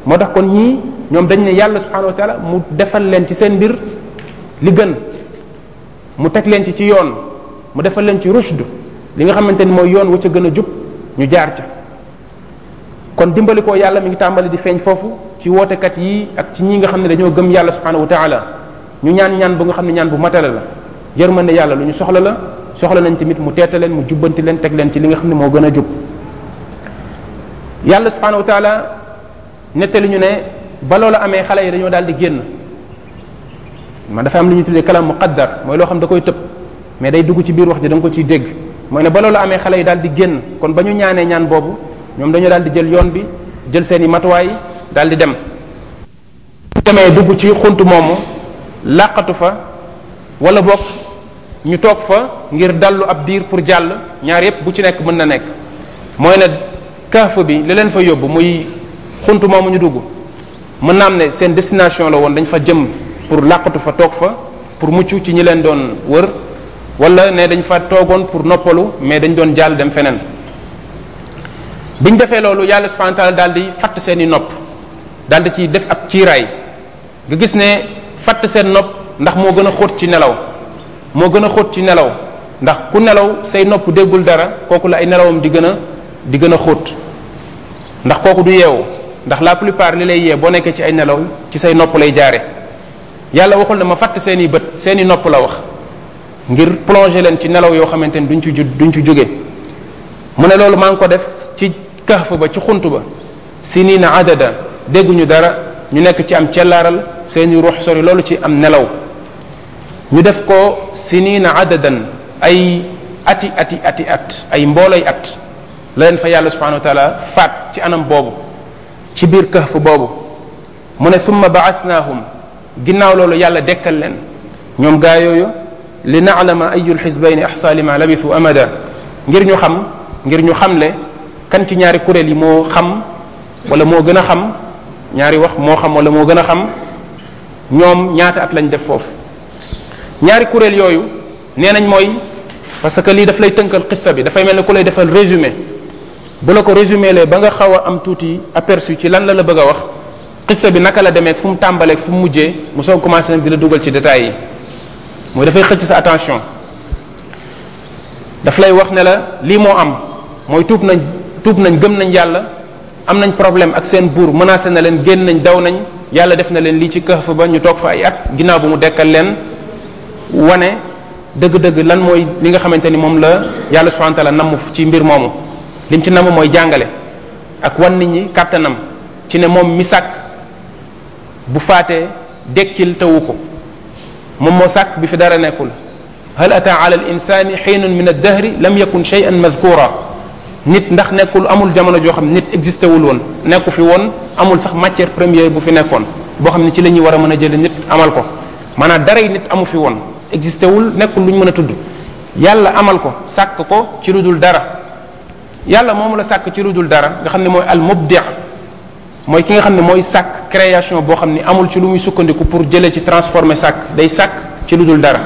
moo tax kon nii ñoom dañ ne yàlla subhanahu wa taala mu defal leen ci seen mbir li gën mu teg leen ci ci yoon mu defal leen ci rushd li nga xamante ni mooy yoon wu ca gën a jub ñu jaar ca kon dimbali ko yàlla mu ngi tàmbali di feeñ foofu ci wootekat yi ak ci ñi nga xam ne dañoo gëm yàlla subhanahu wa taala ñu ñaan ñaan bu nga xam ne ñaan bu matale la ne yàlla lu ñu soxla la soxla nañ tamit mu teeta leen mu jubbanti leen teg leen ci li nga xam ne moo gën a jub yàlla subhanahu wa taala nettali ñu ne ba loolu amee xale yi dañoo daal di génn man dafa am lu ñu tuddee kalam muqaddar mooy loo xam da koy tëb mais day dugg ci biir wax ji da ko ciy dégg mooy ne ba amee xale yi daal di génn kon ba ñu ñaanee ñaan boobu ñoom dañoo daal di jël yoon bi jël seen i matuwaay daal di dem demee dugg ci xunt moomu làqatu fa wala bokk ñu toog fa ngir dallu ab diir pour jàll ñaar yépp bu ci nekk mën na nekk mooy ne kaaf bi li leen fa yóbbu muy xunt moomu ñu dugg mën na am ne seen destination la woon dañ fa jëm pour làqatu fa toog fa pour mucc ci ñi leen doon wër wala ne dañ fa toogoon pour noppalu mais dañ doon jàll dem feneen bi ñu defee loolu yàlla subhanahu wa daal di fatt seeni nopp daal di ci def ab kiiraay nga gis ne fatt seen nopp ndax moo gën a xóot ci nelaw moo gën a xóot ci nelaw ndax ku nelaw say nopp déggul dara kooku la ay nelawam di gën a di gën a xóot ndax kooku du yeewu ndax la plupart li lay yee boo nekkee ci ay nelaw ci say nopp lay jaare yàlla waxul ne ma fatt seen i bët seeni i nopp la wax ngir plonger leen ci nelaw yoo xamante ni duñ ci ju duñ ci jóge mu ne loolu maa ngi ko def ci kahf ba ci xunt ba sinina adada dégguñu dara ñu nekk ci am cellaaral seeni ruux sori loolu ci am nelaw ñu def ko sinina adadan ay ati ati ati at ay mbooloy at la leen fa yàlla subhanahu wa faat ci anam boobu ci biir kahf boobu mu ne summa baasnaahum ginnaaw loolu yàlla dekkal leen ñoom gaa yooyu li naalama ayul xisbayni axsa lima labisu amada ngir ñu xam ngir ñu xamle kan ci ñaari kuréel yi moo xam wala moo gën a xam ñaari wax moo xam wala moo gën a xam ñoom ñaata at lañ def foofu ñaari kuréel yooyu nee nañ mooy parce que lii daf lay tënkal xissa bi dafay mel ne ku lay defal résumé bu la ko résumé lee ba nga xaw a am tuuti aperçu ci lan la la bëgg a wax xissa bi naka la demee fu mu tàmbalee fu mu mujjee mu soo commencé nag di la dugal ci détails yi mooy dafay xëcc sa attention daf lay wax ne la lii moo am mooy tuub tuub nañ gëm nañ yàlla am nañ problème ak seen buur menacé na leen génn nañ daw nañ yàlla def na leen lii ci kahf ba ñu toog fa ay at ginnaaw bu mu dekkal leen wane dëgg-dëgg lan mooy li nga xamante ni moom la yàlla subhanahu wa ta'ala ci mbir moomu lim ci namm mooy jàngale ak wan nit ñi kàttanam ci ne moom mi sàkk bu faatee dekkil tawu ko moom moo sàkk bi fi dara nekkul hal ata ala al insani xiinun min ad dahri lam yakun shay'an madhkura nit ndax nekkul amul jamono joo xam nit existé wul woon nekku fi woon amul sax matière première bu fi nekkoon boo xam ne ci la ñuy war a mën a jële nit amal ko maanaam daray nit amu fi woon existé wul nekkul lu ñu mën a tudd yàlla amal ko sàkk ko ci lu dul dara yàlla moomu la sàkk ci lu dara nga xam ne mooy al mubdi mooy ki nga xam ne mooy sàkk création boo xam ne amul ci lu muy sukkandiku pour jëlee ci transformer sàkk day sàkk ci lu dul dara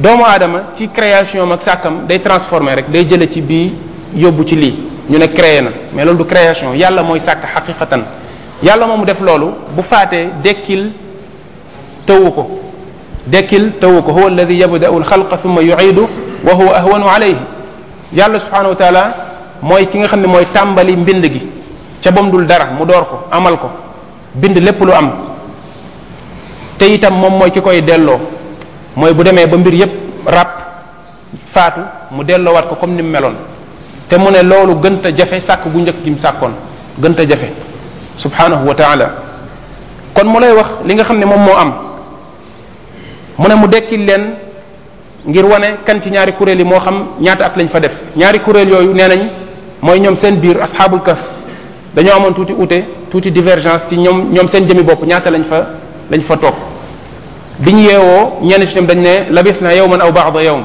doomu aadama ci création ak sàkkam day transformer rek day jëlee ci bii yóbbu ci lii ñu ne créé na mais loolu du création yàlla mooy sàkk xaqiqatan yàlla moomu def loolu bu faatee dekkil tawu ko dekkil tawu ko huwa alladi yabda'u alxalqa thumma yu'idu wa huwa ahwanu yàlla subhanahu wa mooy ki nga xam ne mooy tàmbali mbind gi ca bam dul dara mu door ko amal ko bind lépp lu am te itam moom mooy ki koy delloo mooy bu demee ba mbir yépp ràpp faatu mu delloowaat ko comme ni mu meloon te mu ne loolu gënt jafe sàkk gu njëkk gi mu sàkkoon gënt a jafe subhanahu wa taala kon mu lay wax li nga xam ne moom moo am mu ne mu dekkil leen ngir wane kan ci ñaari kuréel yi moo xam ñaata at lañ fa def ñaari kuréel yooyu nee nañ mooy ñoom seen biir asxaabul kaf dañoo amoon tuuti ute tuuti divergence ci ñoom ñoom seen jëmi bopp ñaata lañ fa lañ fa toog bi ñu yeewoo ñenn ci ñoom dañ ne labis na yawman baax ba'da yawm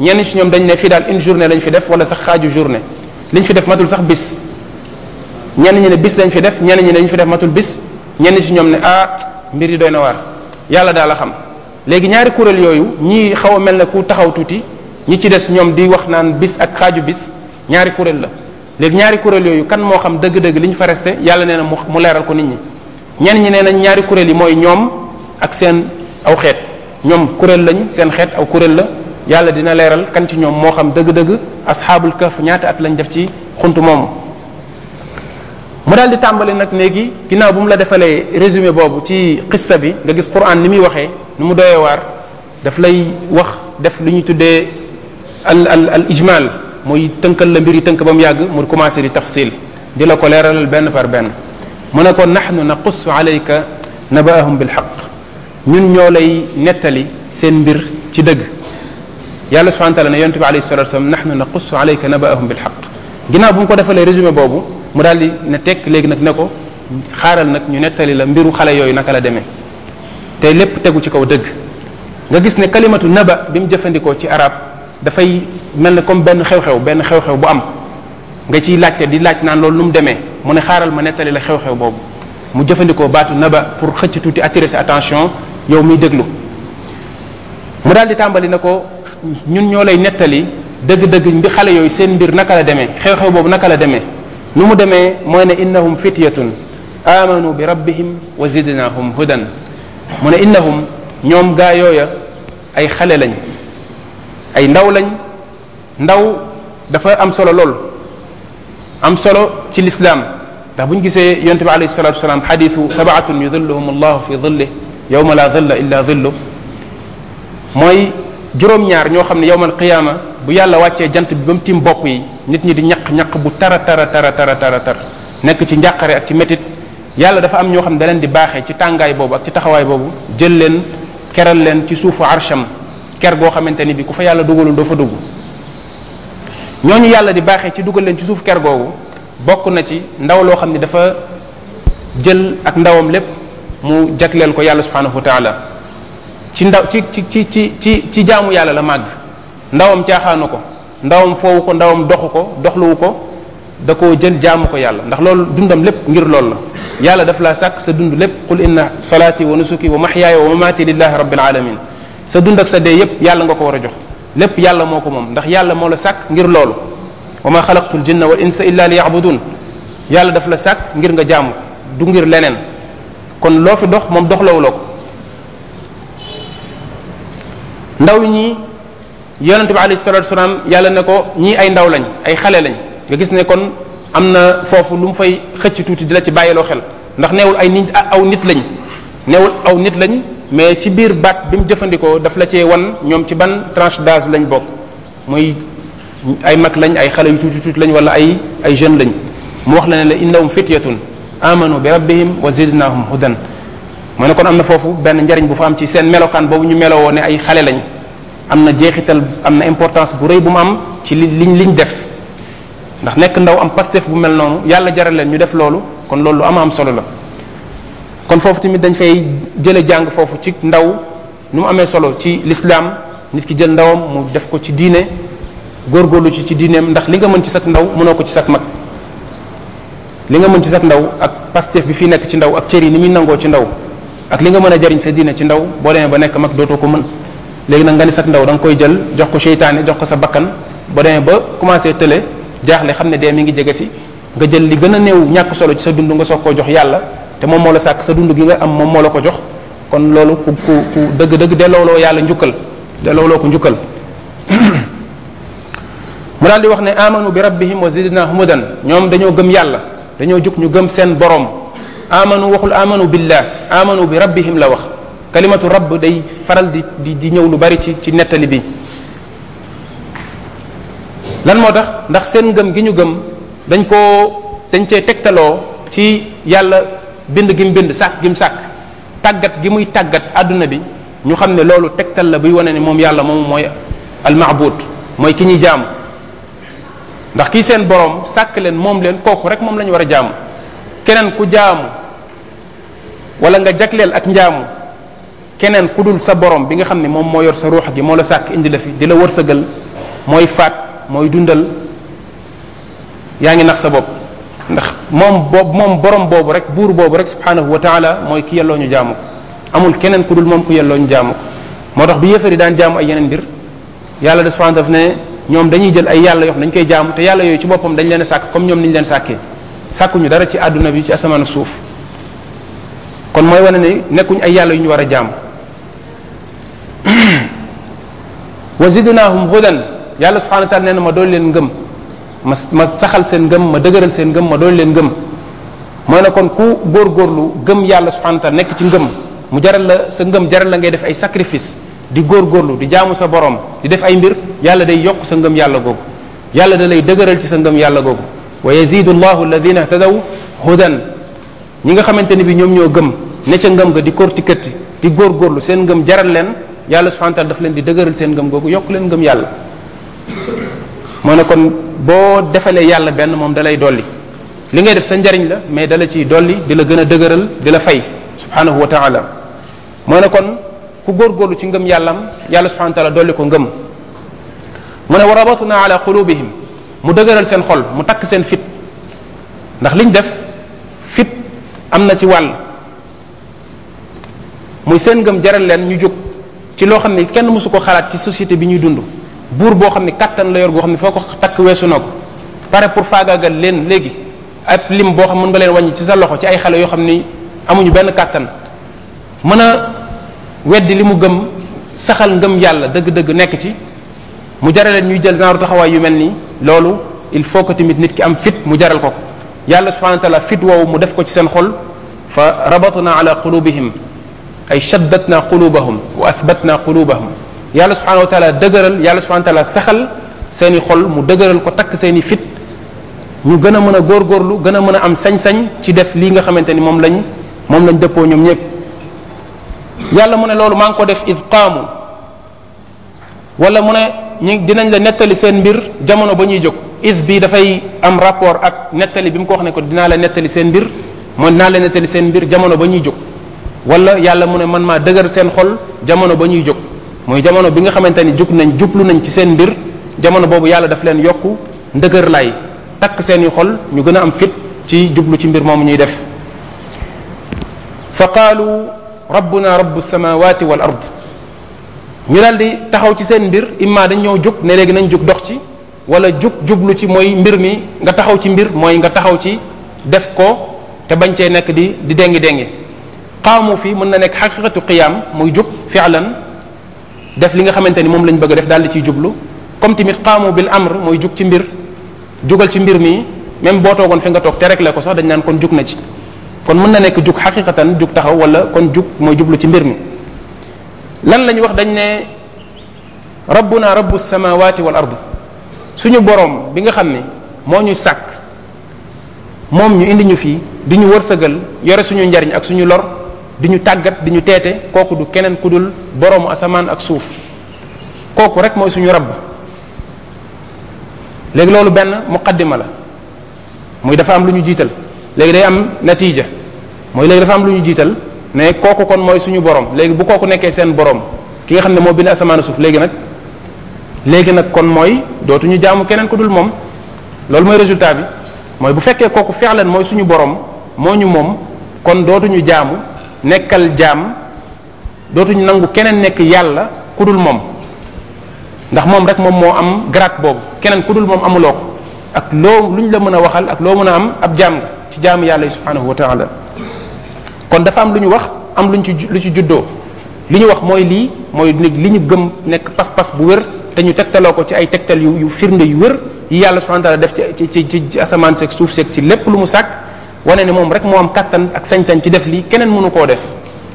ñenn ci ñoom dañ ne daal une journée lañ fi def wala sax xaaju journée liñ fi sax bis ñenn ñi ne bis lañ fi def ñenn ñi ne fi def bis ñenn ci ñoom ne ah, mbir yi doy na yàlla daal a xam léegi ñaari kuréel yooyu ñii xaw a mel ne ku taxaw tuuti ñi ci des ñoom di wax naan bis ak xaaju bis ñaari kuréel la léegi ñaari kuréel yooyu kan moo xam dëgg-dëgg li ñu fa nee na mu leeral ko nit ñenn ñi nee nañ ñaari kuréel yi mooy ñoom ak seen aw xeet ñoom kuréel lañ seen xeet aw kuréel la yàlla dina leeral kan ci ñoom moo xam dëgg-dëgg asxaabul kaf ñaata at lañ def ci xuntu moomu mu daal di tàmbali nag léegi ginnaaw bu mu la defalee résumé boobu ci xissa bi nga gis quran ni muy waxee nu mu doyee waar daf lay wax def lu ñu tuddee al al al ijmal muy tënkal la mbir yi tënk ba mu yàgg mu commencé di tafsil di la ko leeralal benn par benn mu ne ko nahnu naqussu alayka nabaahum bilxaq ñun ñoo lay nettali seen mbir ci dëgg yàlla subhanahu taala ne yonent bi alayhi salatu wasalam nahnu naqussu alayka nabaahum bil haqq ginnaaw bu mu ko defalee résumé boobu mu daal di ne tekk léegi nag ne ko xaaral nag ñu nettali la mbiru xale yooyu naka la demee te lépp tegu ci kaw dëgg nga gis ne kalimatu naba bi mu jëfandikoo ci arab dafay mel ne comme benn xew-xew benn xew-xew bu am nga ciy laajte di laaj naan loolu lu mu demee mu ne xaaral ma nettali la xew-xew boobu mu jëfandikoo baatu naba pour xëcc tuuti attirer attention yow muy déglu ñun ñoo lay nettali dëgg-dëgg bi xale yooyu seen mbir naka la demee xew-xew boobu naka la demee nu mu demee mooy ne innahum fityatun amanu bi rabbihim wa zidnahum hudan mu ne ñoom gaa yooya ay xale lañ ay ndaw lañ ndaw dafa am solo lool am solo ci lislaam ndax bu ñu gisee yonte bi alayhi salatu wasalaam xadisu sabaatun yudilluhum allahu fi dillih yowma la dilla illa dillu mooy juróom-ñaar ñoo xam ne yowmal qiyaama bu yàlla wàccee jant bi ba mu tiim bokk yi nit ñi di ñaq ñaq bu tara tara tara tara tara tar nekk ci njàqare ak ci métit yàlla dafa am ñoo xam ne da di baaxee ci tàngaay boobu ak ci taxawaay boobu jël leen keral leen ci suufu arsham ker goo xamante ni bi ku fa yàlla dugalul doo fa dugg ñooñu yàlla di baaxee ci dugal leen ci suuf ker googu bokk na ci ndaw loo xam ne dafa jël ak ndawam lépp mu jagleel ko yàlla subhanahu wa taala ci ndaw ci ci ci ci ci ci jaamu yàlla la màgg ndawam caaxaanu ko ndawam foowu ko ndawam doxu ko doxluwu ko da koo jël jaamu ko yàlla ndax loolu dundam lépp ngir loolu la yàlla daf laa sàkk sa dund lépp qul in salaati wa nusuki wa mahyaaya wa mamaati lillahi rabbil alamin sa dund ak sa dee yàlla nga ko war a jox lépp yàlla moo ko moom ndax yàlla moo la sàkk ngir loolu wa ma xalaqtul jinna wal insa illa liya'budun yàlla daf la sàkk ngir nga jaamu du ngir leneen kon loo fi dox moom dox doxlawuloo ko ndaw ñi yonente bi alayhi salatu wasalaam yàlla ne ko ñii ay ndaw lañ ay xale lañ nga gis ne kon am na foofu lu mu fay xëcc tuuti di la ci bàyyiloo xel ndax neewul ay nit aw nit lañ neewul aw nit lañ mais ci biir baat bi mu jëfandikoo daf la cee wan ñoom ci ban tranche d'âge lañ bokk muy ay mag lañ ay xale yu tuuti tuuti lañ wala ay ay jeunes lañ mu wax la ne la innahum fityatun amanu bi rabbihim wa zidnahum hudan ma kon am na foofu benn njariñ bu fa am ci seen melokaan boobu ñu melowoo ne ay xale lañ am na jeexital am na importance bu rëy bu mu am ci li li liñ def ndax nekk ndaw am pastef bu mel noonu yàlla jaral leen ñu def loolu kon loolu lu am am solo la kon foofu tamit dañ fay jële jàng foofu ci ndaw nu mu amee solo ci lislaam nit ki jël ndawam mu def ko ci diine góor góorgóorlu ci ci diineem ndax li nga mën ci sag ndaw mënoo ko ci sag mag li nga mën ci sag ndaw ak pastef bi fi nekk ci ndaw ak cër yi ni muy nangoo ci ndaw ak li nga mën a jariñ sa diine ci ndaw boo demee ba nekk mag dootoo ko mën léegi nag nga ne sa ndaw danga koy jël jox ko seytaane jox ko sa bakkan boo demee ba commencé tële jaaxle xam ne dee mi ngi jege si nga jël li gën a néew ñàkk solo ci sa dund nga soog koo jox yàlla te moom moo la sàkk sa dund gi nga am moom moo la ko jox kon loolu ku ku ku dëgg-dëgg dellooloo yàlla njukkal looloo ko njukkal mu daal di wax ne amanu bi rabbihim wa zidnahum hudan ñoom dañoo gëm yàlla dañoo jug ñu gëm seen borom amanu waxul amanu billah amanu bi rabbihim la wax kalimatu rabb day faral di di di ñëw lu bari ci ci nettali bi lan moo tax ndax seen ngëm gi ñu gëm dañ koo dañ cee tegtaloo ci yàlla bind gi mu bind sàkk gi mu sàkk tàggat gi muy tàggat àdduna bi ñu xam ne loolu tegtal la buy wane ni moom yàlla moom mooy almaabuud mooy ki ñuy jaamu ndax kii seen borom sàkk leen moom leen kooku rek moom lañu war a jaamu keneen ku jaamu wala nga jagleel ak njaamu keneen ku dul sa borom bi nga xam ne moom moo yor sa ruux gi moo la sàkk indi la fi di la wërsëgal mooy faat mooy dundal yaa ngi nax sa bopp ndax moom boobu moom borom boobu rek buur boobu rek subhanahu wa taala mooy ki yelloo ñu jaamu ko amul keneen ku dul moom ku yelloo ñu jaamu ko moo tax bi yéefar yi daan jaamu ay yeneen mbir yàlla de subhanahu daf ne ñoom dañuy jël ay yàlla yoo xam koy jaamu te yàlla yooyu ci boppam dañ leen sàkk comme ñoom ni leen sàkkee sàkkuñu dara ci àdduna bi ci asamaan suuf kon mooy wane ni nekkuñu ay yàlla yu ñu war a jaam wa zidnaahum hudan yàlla subhanahu wa nee na ma dool leen ngëm ma ma saxal seen ngëm ma dëgëral seen ngëm ma dool leen ngëm mooy ne kon ku góorgóorlu gëm yàlla subhanahu wa nekk ci ngëm mu jaral la sa ngëm jaral la ngay def ay sacrifice di góor góorlu di jaamu sa borom di def ay mbir yàlla day yokk sa ngëm yàlla googu yàlla da lay dëgëral ci sa ngëm yàlla googu wa yazidu llahu alladina ihtadaw nga xamante ni bi ñoom ñoo gëm ne ca ngëm ga di kortikëtti di góor góorlu seen ngëm jaral leen yàlla subhanahu wa daf leen di dëgëral seen ngëm googu yokk leen ngëm yàlla moo ne kon boo defalee yàlla benn moom dalay dolli li ngay def sa njariñ la mais dala ciy dolli di la gën a dëgëral di la fay subhanahu wa ta'ala moo ne kon ku góor góorlu ci ngëm yàllam yàlla subhanahu wa ta'ala dolli ko ngëm mu ne wa rabatna ala qulubihim mu dëgëral seen xol mu takk seen fit ndax liñ def fit am na ci wàll muy seen ngëm jaral leen ñu jóg ci loo xam ne kenn mosu ko xalaat ci société bi ñuy dund buur boo xam ne kattan la yor goo xam ne foo ko takk weesu na ko pare pour faagaagal leen léegi ab lim boo xam mën nga leen wàññi ci sa loxo ci ay xale yoo xam ni amuñu benn kàttan mën a weddi li mu gëm saxal ngëm yàlla dëgg-dëgg nekk ci mu jaral leen ñuy jël genre taxawaay yu mel nii loolu il faut que tamit nit ki am fit mu jaral ko yàlla subhanahu wa taala fit woowu mu def ko ci seen xol fa rabatna ala qulubihim ay shaddatna qulubahum wa athbatna qulubahum yàlla subhanahu wa taala dëgëral yàlla subhanahu wa saxal seeni xol mu dëgëral ko takk seeni fit ñu gën a mën a góor góorgóorlu gën a mën a am sañ-sañ ci def lii nga xamante ni moom lañ moom lañ dëppoo ñoom ñëpp yàlla mu ne loolu maa ngi ko def id qaamu wala mu ne ñu dinañ la nettali seen mbir jamono ba ñuy jóg id bi dafay am rapport ak nettali bi mu ko wax ne ko dinaa nettali seen mbir mooy dinaa la nettali seen mbir jamono ba ñuy jóg wala yàlla mu ne man maa dëgër seen xol jamono ba ñuy jóg mooy jamono bi nga xamante ni jug nañ jublu nañ ci seen mbir jamono boobu yàlla daf leen yokku ndëgër lay takk seeni xol ñu gën a am fit ci jublu ci mbir moomu ñuy def fa qaalu rabbuna rabbu samawati wal ard ñu daal di taxaw ci seen mbir imma dañ ñoo jug ne nañ jug dox ci wala jug jublu ci mooy mbir mi nga taxaw ci mbir mooy nga taxaw ci def ko te bañ cee nekk di di déngi déngi qaamu fii mën na nekk xaqiqatu qiyaam muy jub fi'lan def li nga xamante ni moom lañ bëgg def daal di ciy jublu comme tamit qaamu bil amr mooy jug ci mbir jugal ci mbir mi même boo toogoon fi nga toog te rek la ko sax dañ naan kon jug na ci kon mën na nekk jug xaqiqatan jug taxaw wala kon jug mooy jublu ci mbir mi lan lañ wax dañ ne rabbuna rabbu samawati wal ard suñu boroom bi nga xam ne moo ñu sàkk moom ñu indi ñu fii di ñu wërsëgal yore suñu njariñ ak suñu lor di ñu tàggat di ñu teete kooku du keneen ku dul boroomu asamaan ak suuf kooku rek mooy suñu rabb léegi loolu benn muqaddima la muy dafa am lu ñu jiital léegi day am natiija mooy léegi dafa am lu ñu jiital ne kooku kon mooy suñu borom léegi bu kooku nekkee seen borom ki nga xam ne moo bind asamaan suuf léegi nag léegi nag kon mooy dootuñu jaamu keneen ku dul moom loolu mooy résultat bi mooy bu fekkee kooku fexleen mooy suñu borom moo ñu moom kon dootuñu jaamu nekkal jaam dootuñ nangu keneen nekk yàlla ku dul moom ndax moom rek moom moo am grade boobu keneen ku dul moom amuloo ko ak loo lu ñu la mën a waxal ak loo mën a am ab jaam nga ci jaamu yàlla yi subhanahu wa taala kon dafa am lu ñu wax am luñ ci lu ci juddoo li ñu wax mooy lii mooy li ñu gëm nekk pas-pas bu wér te ñu tegtaloo ko ci ay tegtal yu yu firnde yu wér yi yàlla subhanahu wa def ci ci ci asamaan seeg suuf seeg ci lépp lu mu sàkk wane ne moom rek moo am kattan ak sañ-sañ ci def lii keneen mënu koo def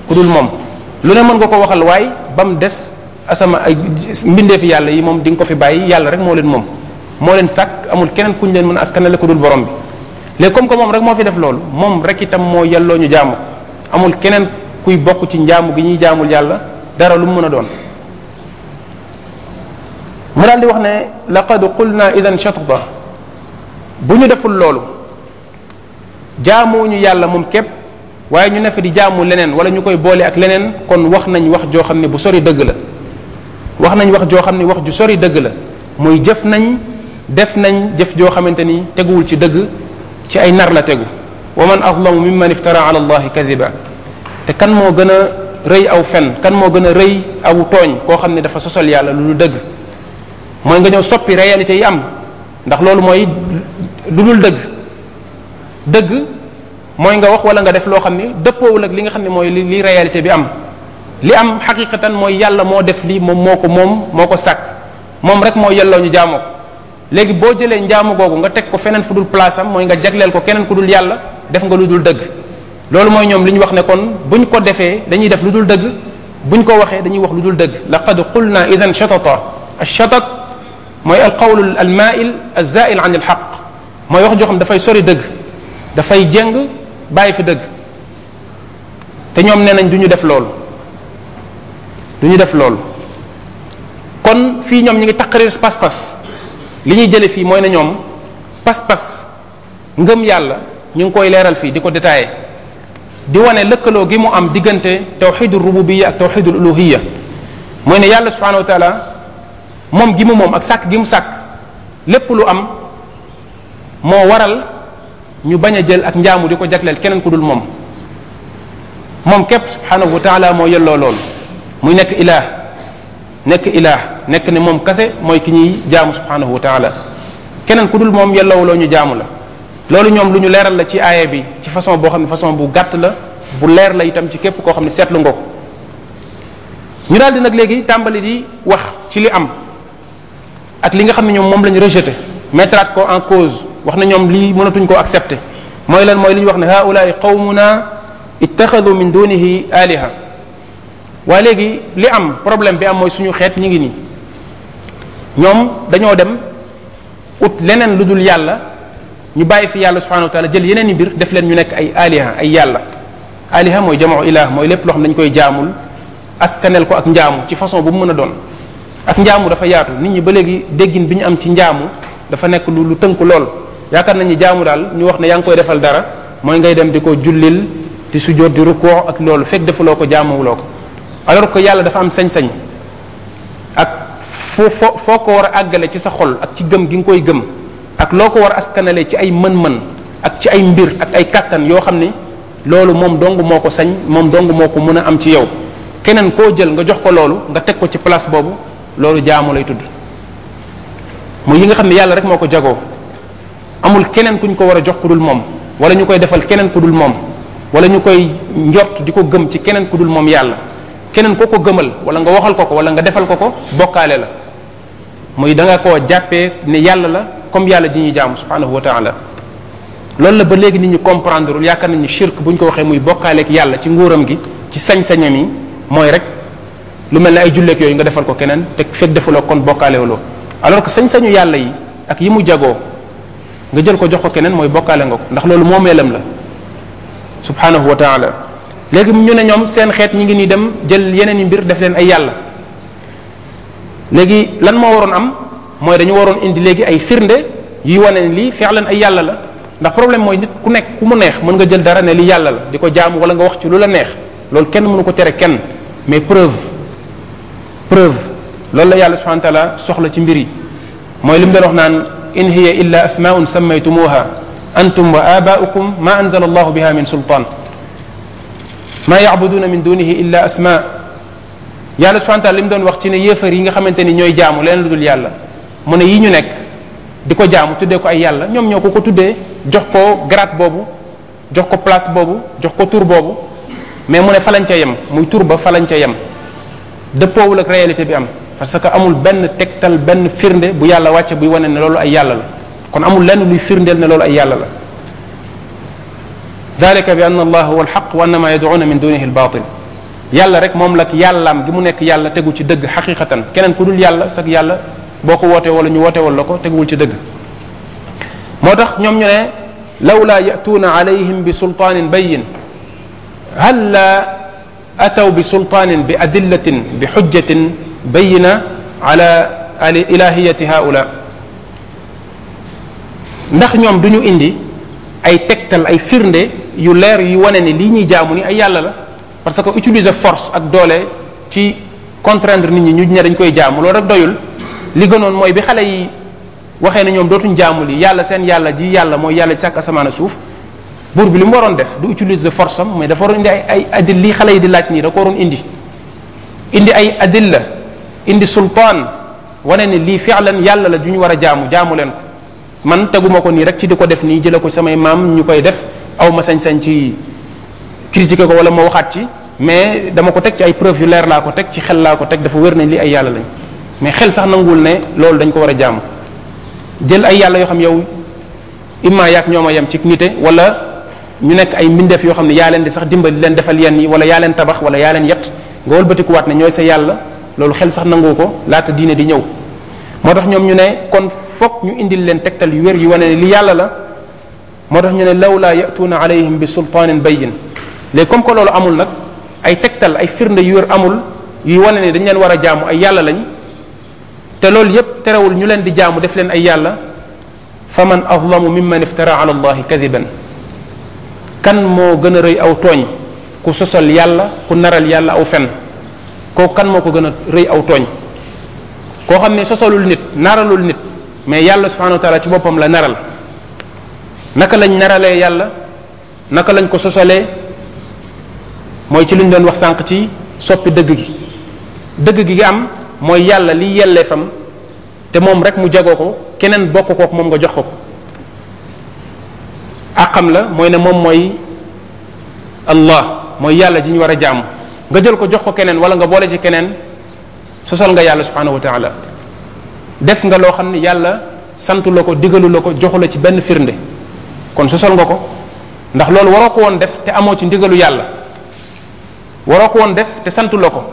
ku dul moom lu ne mën nga ko waxal waaye ba mu des asama ay mbindeefi yàlla yi moom di nga ko fi bàyyi yàlla rek moo leen moom moo leen sàkk amul keneen kuñ leen mën a askanale ku dul borom bi léegi comme que moom rek moo fi def loolu moom rek itam moo yelloo ñu jaamu amul keneen kuy bokk ci njaamu gi ñuy jaamul yàlla dara lu mu mën a doon mu daal di wax ne laqad qulna idan shatata bu ñu deful loolu ñu yàlla moom képp waaye ñu ne fi di jaamu leneen wala ñu koy boole ak leneen kon wax nañ wax joo xam ne bu sori dëgg la wax nañ wax joo xam ne wax ju sori dëgg la mooy jëf nañ def nañ jëf joo xamante ni teguwul ci dëgg ci ay nar la tegu wa man azlamu mimman iftara ala allahi kadiba te kan moo gën a rëy aw fen kan moo gën a rëy aw tooñ koo xam ne dafa sosal yàlla lu dëgg mooy nga ñëw soppi réalité yi am ndax loolu mooy lu dul dëgg dëgg mooy nga wax wala nga def loo xam ni dëppoowul ak li nga xam ne mooy li li réalité bi am li am xaqiqatan mooy yàlla moo def lii moom moo ko moom moo ko sàkk moom rek mooy yàlla ñu jaamoo ko léegi boo jëlee njaamu googu nga teg ko feneen fu dul place am mooy nga jagleel ko keneen ku dul yàlla def nga lu dul dëgg loolu mooy ñoom li ñu wax ne kon buñ ko defee dañuy def lu dul dëgg buñ ko waxee dañuy wax lu dul dëgg laqad qulna idan shatata ash-shatat mooy alqawlu almail alzail an alxaq mooy wax joo xam dafay sori dëgg dafay jëng bàyyi fi dëgg te ñoom nee nañ du ñu def loolu du ñu def loolu kon fii ñoom ñu ngi taqrir pas-pas li ñuy jële fii mooy na ñoom pas-pas ngëm yàlla ñu ngi koy leeral fii di ko détaillé di wane lëkkaloo gi mu am diggante tawxidul rububiya ak tawxidul uluhiya mooy ne yàlla subhanahu wa moom gi mu moom ak sàkk gi mu sàkk lépp lu am moo waral ñu bañ a jël ak njaamu di ko jagleel keneen ku dul moom moom képp subhanahu wa taala moo yelloo loolu muy nekk ilaah nekk ilaah nekk ne moom kase mooy ki ñuy jaamu subhanahu wa taala keneen ku dul moom yelloo loo ñu jaamu la loolu ñoom lu ñu leeral la ci aaya bi ci façon boo xam ne façon bu gàtt la bu leer la itam ci képp koo xam ne seetlu nga ko ñu daal di nag léegi tàmbali di wax ci li am ak li nga xam ne ñoom moom lañu ñu rejeté mettraat ko en cause wax na ñoom lii mënatuñ koo accepter mooy lan mooy li ñu wax ne haulaai qawmuna ittaxadu min dunihi aliha waa léegi li am problème bi am mooy suñu xeet ñi ngi nii ñoom dañoo dem ut leneen lu dul yàlla ñu bàyyi fi yàlla subhanahu wa jël yeneen i biir def leen ñu nekk ay aliha ay yàlla aliha mooy jamaa ilah mooy lépp loo xam dañ koy jaamul askaneel ko ak njaamu ci façon bu mu mën a doon ak njaamu dafa yaatu nit ñi ba léegi déggin bi ñu am ci njaamu dafa nekk lu lu lool yaakaar nañu jaamu daal ñu wax ne yaa ngi koy defal dara mooy ngay dem di ko jullil di sujjóot di rukkoo ak loolu fekk defuloo ko jaamuwuloo ko alors que yàlla dafa am sañ-sañ ak foo foo foo ko war a àggale ci sa xol ak ci gëm gi nga koy gëm ak loo ko war a askanale ci ay mën-mën ak ci ay mbir ak ay kàttan yoo xam ni loolu moom dong moo ko sañ moom dong moo ko mën a am ci yow keneen koo jël nga jox ko loolu nga teg ko ci place boobu loolu jaamu lay tudd mooy yi nga xam ne yàlla rek moo ko jagoo amul keneen ku ñu ko war a jox ku dul moom wala ñu koy defal keneen ku dul moom wala ñu koy njort di ko gëm ci keneen ku dul moom yàlla keneen koo ko gëmal wala nga waxal ko ko wala nga defal ko ko bokkaale la muy da nga koo jàppee ne yàlla la comme yàlla ji ñuy jaamu subhanahu wa taala loolu la ba léegi nit ñi comprendre ul yaakaar nañu shirk bu ñu ko waxee muy bokkaaleeg yàlla ci nguuram gi ci sañ-sañam yi mooy rek lu mel ne ay julleek yooyu nga defal ko keneen te fekk defuloo kon bokkaale waloo sañ-sañu yàlla yi ak yi mu jagoo nga jël ko jox ko keneen mooy bokkaale nga ko ndax loolu moomeelam la subhanahu wa taala léegi ñu ne ñoom seen xeet ñi ngi ni dem jël yeneen yi mbir def leen ay yàlla léegi lan moo waroon am mooy dañu waroon indi léegi ay firnde yuy wane ne lii leen ay yàlla la ndax problème mooy nit ku nekk ku mu neex mën nga jël dara ne li yàlla la di ko jaamu wala nga wax ci lu la neex loolu kenn mënu ko tere kenn mais preuve preuve loolu la yàlla subhanahu wa soxla ci mbir yi in hiya illa asmaun sammaytumuha antum wa abaukum ma anzala allahu biha min sultan ma yabuduna min dunihi illa asma yàlla subhana taala li mu doon wax ci ne yéefar yi nga xamante ni ñooy jaamu leen lu dul yàlla mu ne yi ñu nekk di ko jaamu tuddee ko ay yàlla ñoom ñoo ko ko tuddee jox ko grade boobu jox ko place boobu jox ko tur boobu mais mu ne falañ ca yem muy tur ba falañ ca yem dëppoowul ak réalité bi am parce que amul benn tegtal benn firnde bu yàlla wàcce buy wane ne loolu ay yàlla la kon amul lenn luy firndeel ne loolu ay yàlla la dalika bi anna allah huwa alxaq wa anna ma yad'una min dunihi albatil yàlla rek moom lak yàllaam gi mu nekk yàlla tegu ci dëgg xaqiqatan keneen ku dul yàlla sax yàlla boo ko wootee wala ñu wootewal la ko teguwul ci dëgg moo tax ñoom ñu ne lawla yatuuna alayhim bi sultaanin bayin hal la ataw bi sultaanin bi adillatin bi xujjatin bayina ala ali ilahiyati haula ndax ñoom du ñu indi ay tegtal ay firnde yu leer yuy wane ni lii ñuy jaamu ni ay yàlla la parce que utiliser force ak doole ci contraindre nit ñi ñu ne dañ koy jaamu loolu rek doyul li gënoon mooy bi xale yi waxee na ñoom dootuñ jaamu lii yàlla seen yàlla ji yàlla mooy yàlla ci sàkk asamaan a suuf buur bi li mu waroon def du utiliser force am mais dafa waroon indi ay ay adil lii xale yi di laaj nii da ko waroon indi indi ay adil la indi sultaan wane ne lii fi'lan yàlla la ju ñu war a jaamu jaamu leen ko man teguma ko nii rek ci di ko def nii jële ko samay maam ñu koy def aw sañ-sañ ci critiquer ko wala ma waxaat ci mais dama ko teg ci ay preuve yu leer laa ko teg ci xel laa ko teg dafa wér nañ lii ay yàlla lañ mais xel sax nanguwul ne loolu dañ ko war a jaamu jël ay yàlla yoo xam yow imma yaak ñoo a yem ci nite wala ñu nekk ay mbindeef yoo xam ne yaa leen di sax dimbali leen defal yenn yi wala yaa tabax wala yaa leen yett nga wëlbatikuwaat ne ñooy sa yàlla loolu xel sax nangu ko laata diine di ñëw moo tax ñoom ñu ne kon foog ñu indil leen tegtal yu wér yu wane ne li yàlla la moo tax ñu ne lawla yatuuna alayhim bi sultaanin bayyin léegi comme que loolu amul nag ay tegtal ay firnde yu amul yuy wane ne dañ leen war a jaamu ay yàlla lañ te loolu yépp terewul ñu leen di jaamu def leen ay yàlla fa man adlamu mimman iftara ala allahi kadiban kan moo gën a rëy aw tooñ ku sosal yàlla ku naral yàlla aw fen kook kan moo ko gën a rëy aw tooñ koo xam ne sosolul nit naralul nit mais yàlla subhanahu wa ci boppam la naral naka lañ naralee yàlla naka lañ ko sosalee mooy ci li ñu doon wax sànq ci soppi dëgg gi dëgg gi am mooy yàlla li yellee fam te moom rek mu jagoo ko keneen bokk kook moom nga jox ko ko àqam la mooy ne moom mooy allah mooy yàlla ji ñu war a jàmm nga jël ko jox ko keneen wala nga boole ci keneen sosal nga yàlla subhanahu wa taala def nga loo xam ne yàlla santu la ko digalu la ko joxu la ci benn firnde kon sosal nga ko ndax loolu waroo ko woon def te amoo ci ndigalu yàlla waroo ko woon def te santu la ko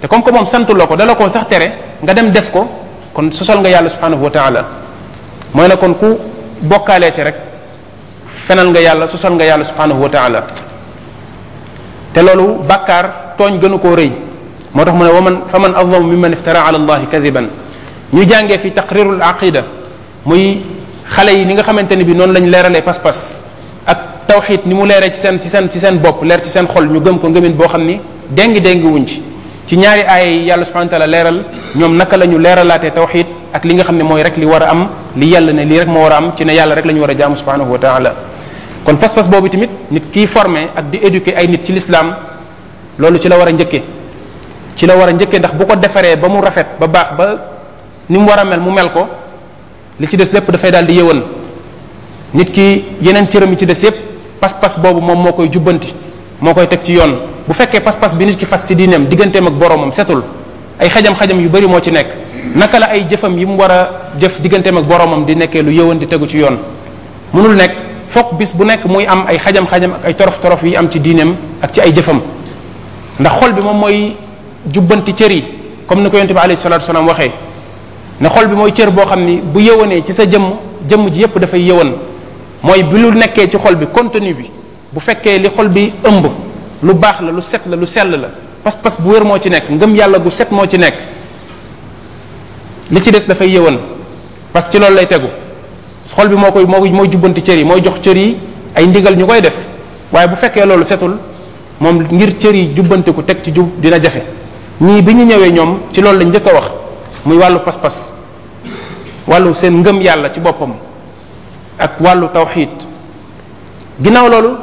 te comme que moom santu la ko dala koo sax tere nga dem def ko kon sosal nga yàlla subhanahu wa taala mooy ne kon ku bokkaalee ci rek fenal nga yàlla sosal nga yàlla subhanahu wa taala te loolu bàkkaar tooñ gënu koo rëy moo tax mu ne wa man fa man adlamu mimman iftara ala allahi kadiban ñu fi taqrirul aqida muy xale yi ni nga xamante ni bi noonu lañ leeralee pas-pas ak tawxid ni mu leeree ci seen ci seen ci seen bopp leer ci seen xol ñu gëm ko ngëmin boo xam ni déngi déngi wuñ ci ci ñaari aaya yi yàlla subhanahu wa taala leeral ñoom naka la ñu leeralaatee tawxid ak li nga xam ne mooy rek li war a am li yàlla ne lii rek moo war a am ci ne yàlla rek la ñu war a jaamu subhanahu wa taala kon pas-pas boobu tamit loolu ci la war a njëkkee ci la war a njëkkee ndax bu ko defaree ba mu rafet ba baax ba ni mu war a mel mu mel ko li ci des lépp dafay daal di yëwan nit ki yeneen cëram yi ci des yépp pas-pas boobu moom moo koy jubbanti moo koy teg ci yoon bu fekkee pas-pas bi nit ki fas ci diineem digganteem ak boromam setul ay xajam-xajam yu bari moo ci nekk naka la ay jëfam yi mu war a jëf digganteem ak boromam di nekkee lu yëwan di tegu ci yoon mënul nekk fokk bis bu nekk muy am ay xajam ak ay torof am ci diineem ak ci ay jëfam ndax xol bi moom mooy jubbanti cër yi comme ni ko yonte bi alayhi salatu salaam waxee ne xol bi mooy cër boo xam ni bu yëwanee ci sa jëmm jëmm ji yépp dafay yëwan mooy bi lu nekkee ci xol bi contenu bi bu fekkee li xol bi ëmb lu baax la lu set la lu sell la pas-pas bu wér moo ci nekk ngëm yàlla gu set moo ci nekk li ci des dafay yëwan parce que loolu lay tegu xol bi moo koy moo mooy jubbanti cër yi mooy jox cër yi ay ndigal ñu koy def waaye bu fekkee loolu setul moom ngir cër yi jubbanteku teg ci jub dina jafe ñii bi ñu ñëwee ñoom ci loolu lañ njëkk wax muy wàllu pas-pas wàllu seen ngëm yàlla ci boppam ak wàllu tawxiid ginnaaw loolu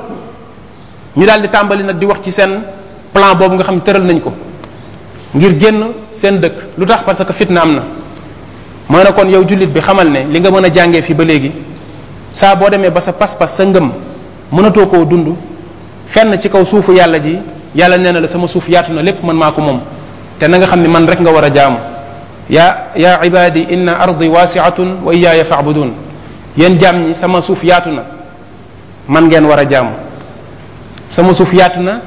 ñu daal di tàmbali nag di wax ci seen plan boobu nga xam tëral nañ ko ngir génn seen dëkk lu tax parce que fitna am na mooy ne kon yow jullit bi xamal ne li nga mën a jàngee fii ba léegi saa boo demee ba sa pas-pas sa ngëm mënatoo ko dund fenn ci kaw suufu yàlla ji yàlla nee na la sama suuf yaatu na lépp man maa ko moom te na nga xam ne man rek nga war a jaamu yaa yaa ibaadi inna ardi waasiatun wa iyaaya faabudun yéen jaam ñi sama suuf yaatu na man ngeen war a jaamu sama suuf yaatu na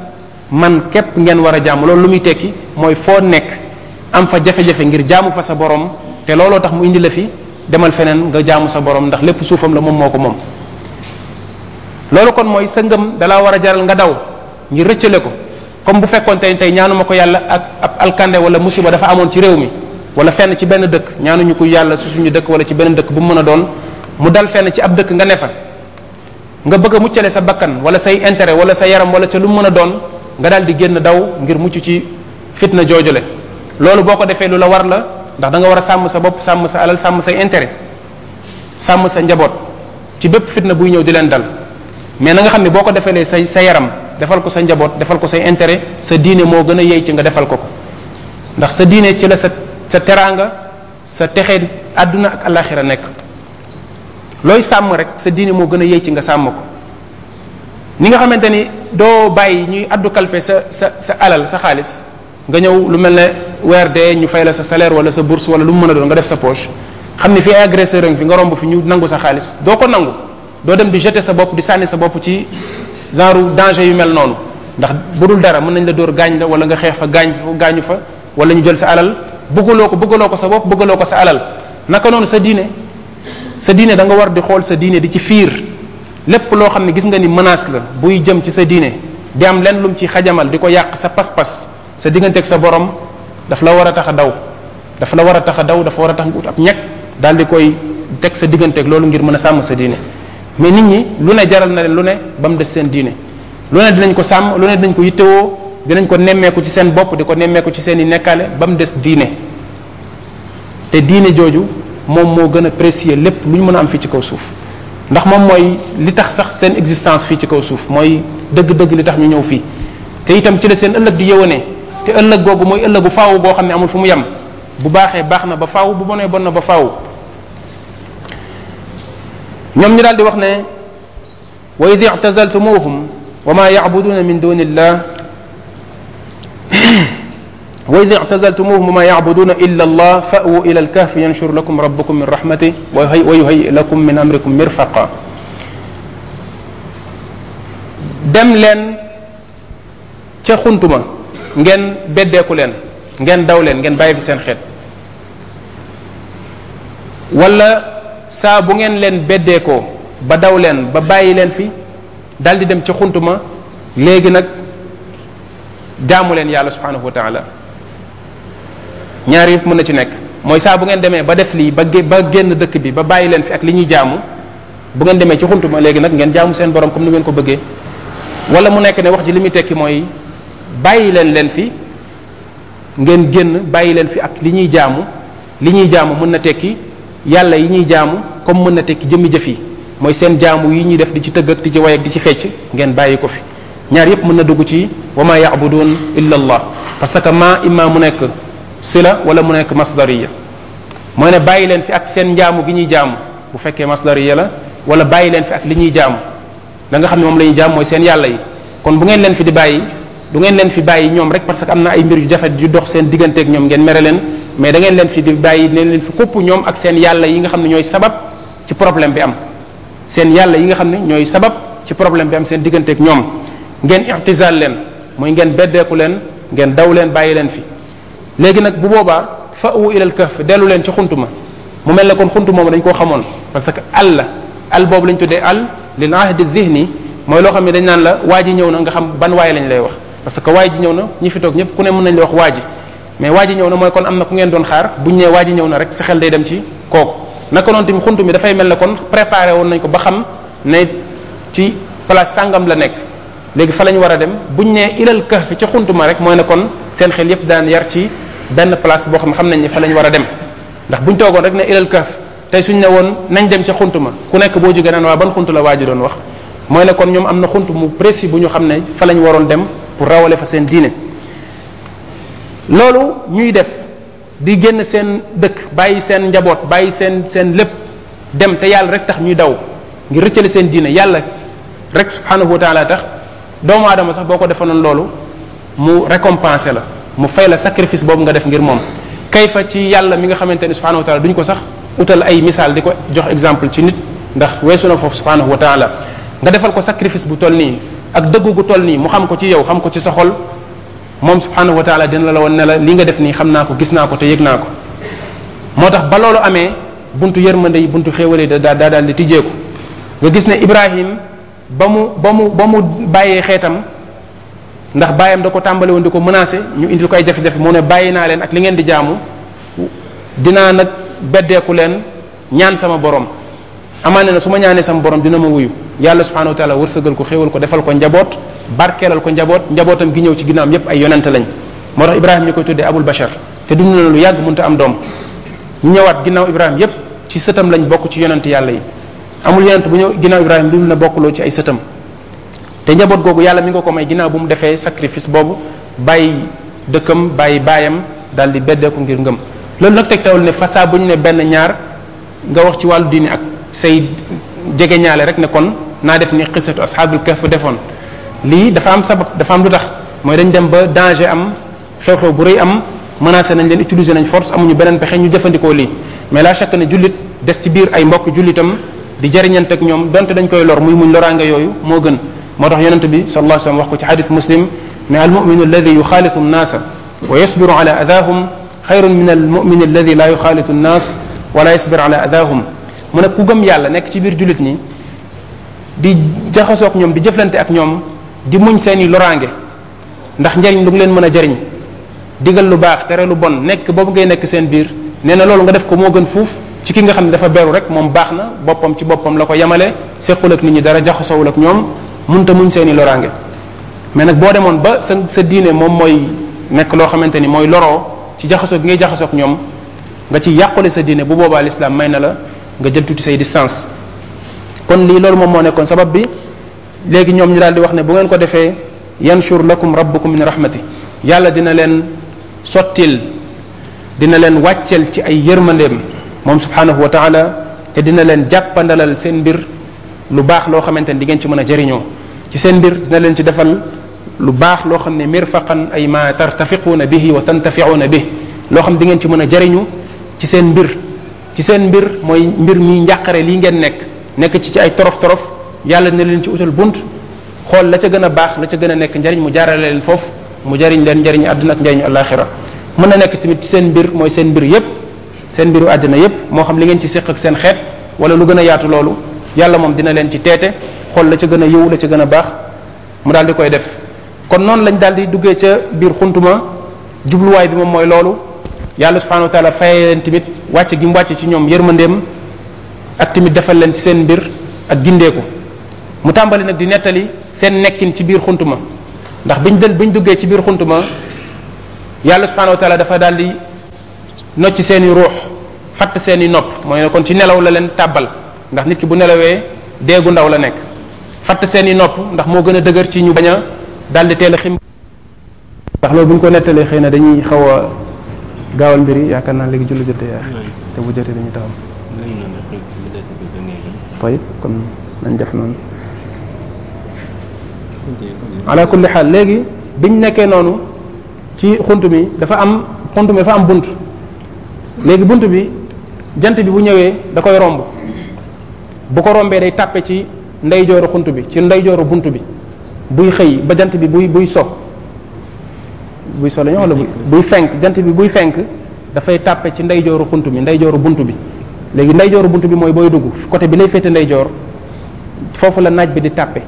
man képp ngeen war a jaamu loolu lu muy tekki mooy foo nekk am fa jafe-jafe ngir jaamu fa sa borom te looloo tax mu indi la fi demal feneen nga jaamu sa borom ndax lépp suufam la moom moo ko moom loolu kon mooy sa ngëm dalaa war a jaral nga daw ngir rëccale ko comme bu fekkoon tey tey ma ko yàlla ak ab alkande wala musiba dafa amoon ci réew mi wala fenn ci benn dëkk ñaanuñu ko yàlla su suñu dëkk wala ci benn dëkk bu mu mën a doon mu dal fenn ci ab dëkk nga ne fa nga bëgg a muccale sa bakkan wala say intérêt wala sa yaram wala ca lu mu mën a doon nga daal di génn daw ngir mucc ci fitna joojule loolu boo ko defee lu la war la ndax da war a sàmm sa bopp sàmm sa alal sàmm say intérêt sàmm sa njaboot ci bépp fitna buy ñëw di leen dal mais na nga xam ne boo ko defalee say sa yaram defal ko sa njaboot defal ko say intérêt sa diine moo gën a yey ci nga defal ko ko ndax sa diine ci la sa sa teraanga sa texe àdduna ak alaxira nekk looy sàmm rek sa diine moo gën a yey ci nga sàmm ko ni nga xamante ni doo bàyyi ñuy addu kalpe sa sa sa alal sa xaalis nga ñëw lu mel ne weer dee ñu fay la sa salaire wala sa bourse wala lu mu mën a doon nga def sa poche xam ne fii ay agresseur fi nga romb fi ñu nangu sa xaalis doo ko nangu doo dem di jeter sa bopp di sànni sa bopp ci genre danger yu mel noonu ndax bu dara mën nañ la dóor gaañ la wala nga xeex fa gaañ gaañu fa wala ñu jël sa alal bëggaloo ko bëggaloo ko sa bopp bëggaloo ko sa alal naka noonu sa diine sa diine da nga war di xool sa diine di ci fiir lépp loo xam ne gis nga ni menace la buy jëm ci sa diine di am lenn lum ci xajamal di ko yàq sa pas-pas sa digganteeg sa borom daf la war a tax a daw daf la war a tax a daw dafa war a tax nga ut daal di koy teg sa digganteeg loolu ngir mën a sàmm sa diine mais nit ñi lu ne jaral na leen lu ne ba mu des seen diine lu ne dinañ ko sàmm lu ne dinañ ko yittewoo dinañ ko nemmeeku ci seen bopp di ko nemmeeku ci seen i nekkaale ba mu des diine te diine jooju moom moo gën a précieux lépp lu ñu mën a am fii ci kaw suuf ndax moom mooy li tax sax seen existence fii ci kaw suuf mooy dëgg-dëgg li tax ñu ñëw fii te itam ci la seen ëllëg di yëwanee te ëllëg googu mooy ëllëgu faaw boo xam ne amul fu mu yem bu baaxee baax na ba faaw bu bonee bon na ba faaw ñoom ñu daal di wax ne wa id i'tazaltumuhum wa ma ya'buduna min duni illah wa id i'tazaltumuhum wa ma ya'buduna illa allah fa'wu ila alkahfi yanshur lakum rabbukum min rahmati wa yuhayyi lakum min amrikum mirfaqa dem leen ca xuntuma ngeen beddeeku leen ngeen daw leen ngeen bàyyi fi seen xeet wala saa bu ngeen leen beddee ko ba daw leen ba bàyyi leen fi daldi dem ci xunt ma léegi nag jaamu leen yàlla subhanahu wa taala ñaar yëpp mën na ci nekk mooy saa bu ngeen demee ba def lii ba génn dëkk bi ba bàyyi leen fi ak li ñuy jaamu bu ngeen demee ci xunt ma léegi nag ngeen jaamu seen borom comme ni ngeen ko bëggee wala mu nekk ne wax ji li muy tekki mooy bàyyi leen leen fi ngeen génn bàyyi leen fi ak li ñuy jaamu li ñuy jaamu mën na tekki yàlla yi ñuy jaamu comme mën na tekki jëmmi jëf yi mooy seen jaamu yi ñuy def di ci tëgg ak di ci way ak di ci fecc ngeen bàyyi ko fi ñaar yépp mën na dugg ci wa ma yabudun illa allah parce que ma imma mu nekk la wala mu nekk masdariya mooy ne bàyyi leen fi ak seen njaamu gi ñuy jaamu bu fekkee masdariya la wala bàyyi leen fi ak li ñuy jaamu la nga xam ne moom la ñuy jaam mooy seen yàlla yi kon bu ngeen leen fi di bàyyi du ngeen leen fi bàyyi ñoom rek parce que am na ay mbir yu jafe yu dox seen digganteeg ñoom ngeen mere leen mais da ngeen leen fi di bàyyi ne leen fi kopp ñoom ak seen yàlla yi nga xam ne ñooy sabab ci problème bi am seen yàlla yi nga xam ne ñooy sabab ci problème bi am seen digganteeg ñoom ngeen i'tizal leen mooy ngeen beddeeku leen ngeen daw leen bàyyi leen fi léegi nag bu boobaa fa'u ilal kahf dellu leen ci xuntu ma mu mel ne kon xuntu moom dañ koo xamoon parce que àll la àll boobu lañ tuddee àll lil ahdi dhihni mooy loo xam ne dañ naan la waa ji ñëw na nga xam ban waay lañ lay wax parce que waay ji ñëw na ñu fi toog ñëpp ku ne mën nañ la wax waa ji mais waa ji ñëw na mooy kon am na ku ngeen doon xaar buñ nee waa ji ñëw na rek sa xel day dem ci kooku naka noonu xunt dafay mel ne kon préparé woon nañ ko ba xam ne ci place sàngam la nekk léegi fa la ñu war a dem buñ nee ilal kahfi ci xunt ma rek mooy ne kon seen xel yépp daan yar ci benn place boo xam xam nañ ne fa la ñu war a dem ndax buñ toogoon rek ne ilal kahf tey suñ ne woon nañ dem ca xunt ma ku nekk boo jógee naan waa ban xunt la waa ji doon wax mooy ne kon ñoom am na xunt mu précis bu ñu xam ne fa la ñu waroon dem pour rawale fa seen diine loolu ñuy def di génn seen dëkk bàyyi seen njaboot bàyyi seen seen lépp dem te yàlla rek tax ñuy daw ngir rëccale seen diine yàlla rek subhanahu wa taala tax doomu aadama sax boo ko defanoon loolu mu récompenser la mu fey la sacrifice boobu nga def ngir moom kay fa ci yàlla mi nga xamante ni subhanahu wa taala duñ ko sax utal ay misaal di ko jox exemple ci nit ndax weesu na foofu subhanahu wa taala nga defal ko sacrifice bu toll nii ak dëggu gu toll nii mu xam ko ci yow xam ko ci sa xol moom subhanahu wa taala dina la woon ne la li nga def nii xam naa ko gis naa ko te yëg naa ko moo tax ba loolu amee buntu yërmande yi buntu xéewale da daal di tijjeeku nga gis ne Ibrahim ba mu ba mu ba mu bàyyee xeetam ndax bàyyam da ko tàmbali di ko menacé ñu indi ko ay jafe-jafe mu ne bàyyi naa leen ak li ngeen di jaamu dinaa nag beddeeku leen ñaan sama borom amaane na su ma ñaanee sam borom dina ma wuyu yàlla subhanahu wa taala wërsëgal ko xéewal ko defal ko njaboot barkeelal ko njaboot njabootam gi ñëw ci ginnaam yépp ay yonente lañ moo tax ibrahima ñu koy tuddee abul bachar te dund na lu yàgg mënta am doom ñu ñëwaat ginnaaw ibrahima yépp ci sëtam lañu bokk ci yonent yàlla yi amul yonent bu ñëw ginnaaw ibrahima dund na bokkuloo ci ay sëtam te njaboot googu yàlla mi nga ko may ginnaaw bu mu defee sacrifice boobu bàyyi dëkkam bàyyi baayam daal di beddeeku ngir ngëm loolu nag tegtawul ne fasaa bu ñu ne benn ñaar nga wax ci wàllu diini ak say ñaale rek ne kon naa def ni xisatu asxaabul kahf defoon lii dafa am sabab dafa am lu tax mooy dañ dem ba danger am xew-xew bu rëy am menacé nañ leen utiliser nañ force amuñu beneen pexe ñu jëfandikoo lii mais la chaque ne jullit des ci biir ay mbokk am di jariñante ak ñoom donte dañ koy lor muy muñ loraange yooyu moo gën moo tax yonente bi sallallahu alayhi wax ko ci xadis muslim ne almuminu alladi yuxaalitu nnaasa wa yasbiru ala adahum xayrun min almumin alladi la yuxaalitu nnaas wala yasbir mu ne ku gëm yàlla nekk ci biir jullit ñi di jaxasoog ñoom di jëflante ak ñoom di muñ seeni loraange ndax njariñ lu ngi leen mën a jariñ digal lu baax tere lu bon nekk boobu ngay nekk seen biir nee na loolu nga def ko moo gën fuuf ci ki nga xam ne dafa beru rek moom baax na boppam ci boppam la ko yemale sequl ak nit ñi dara jaxasoowul ak ñoom munta muñ seeni loraange mais nag boo demoon ba sa sa diine moom mooy nekk loo xamante ni mooy loroo ci jaxasoo gi ngay jaxasoo ak ñoom nga ci yàqule sa diine bu boobaa lislaam may na la nga jël tuuti say distance kon lii loolu moom moo nekkoon sabab bi léegi ñoom ñu daal di wax ne bu ngeen ko defee yanshur lakum rabbukum min rahmati yàlla dina leen sottil dina leen wàccel ci ay yërmandeem moom subhanahu wa taala te dina leen jàppandalal seen mbir lu baax loo xamante ne di ngeen ci mën a jariñoo ci seen mbir dina leen ci defal lu baax loo xam ne mirfaqan ay ma tartafiquuna bihi wa tantafiuuna bi loo xam di ngeen ci mën a jëriñu ci seen mbir ci seen mbir mooy mbir mi njàqare lii ngeen nekk nekk ci ci ay torof torof yàlla na leen ci utal bunt xool la ca gën a baax la ca gën a nekk njariñ mu jaarale leen foofu mu jariñ leen njariñu àdduna ak njariñu alaxira mën na nekk tamit ci seen mbir mooy seen mbir yépp seen mbiru àddina yépp moo xam li ngeen ci séq ak seen xeet wala lu gën a yaatu loolu yàlla moom dina leen ci teete xool la ca gën a yëw la ca gën a baax mu daal di koy def kon noonu lañ daal di duggee ca biir xuntuma jubluwaay bi moom mooy loolu yàlla subhanahu wa taala faye leen tamit wàcce gi mu wàcce ci ñoom yërmandeem ak tamit defal leen ci seen mbir ak gindeeku mu tàmbali nag di nettali seen nekkin ci biir xuntuma ndax biñ del biñ duggee ci biir xuntuma yàlla subhanahu wa dafa daal di nocc seen i ruux fatt seen i nopp mooy ne kon ci nelaw la leen tàbbal ndax nit ki bu nelawee deegu ndaw la nekk fatt seen i nopp ndax moo gën a dëgër ci ñu bañ a daal di teel a xim ndax loolu bu ñu ko nettalee xëy na dañuy xaw gaawal mbir yi yaakaar naa léegi julli jotee yaa te bu jotee dañuy taxaw. tayib kon nañ def noonu. ala kulli xaal léegi biñ nekkee noonu ci xunt mi dafa am xunt mi dafa am bunt léegi bunt bi jant bi bu ñëwee da koy romb bu ko rombee day tàppe ci ndeyjooru xunt bi ci ndeyjooru bunt bi buy xëy ba jant bi buy buy so buy soleñ wala buy fenk jant bi buy fenk dafay tàppe ci ndeyjooru xunt bi ndeyjooru bunt bi léegi ndeyjooru bunt bi mooy booy dugg côté bi lay féete ndeyjoor foofu la naaj bi di tàppe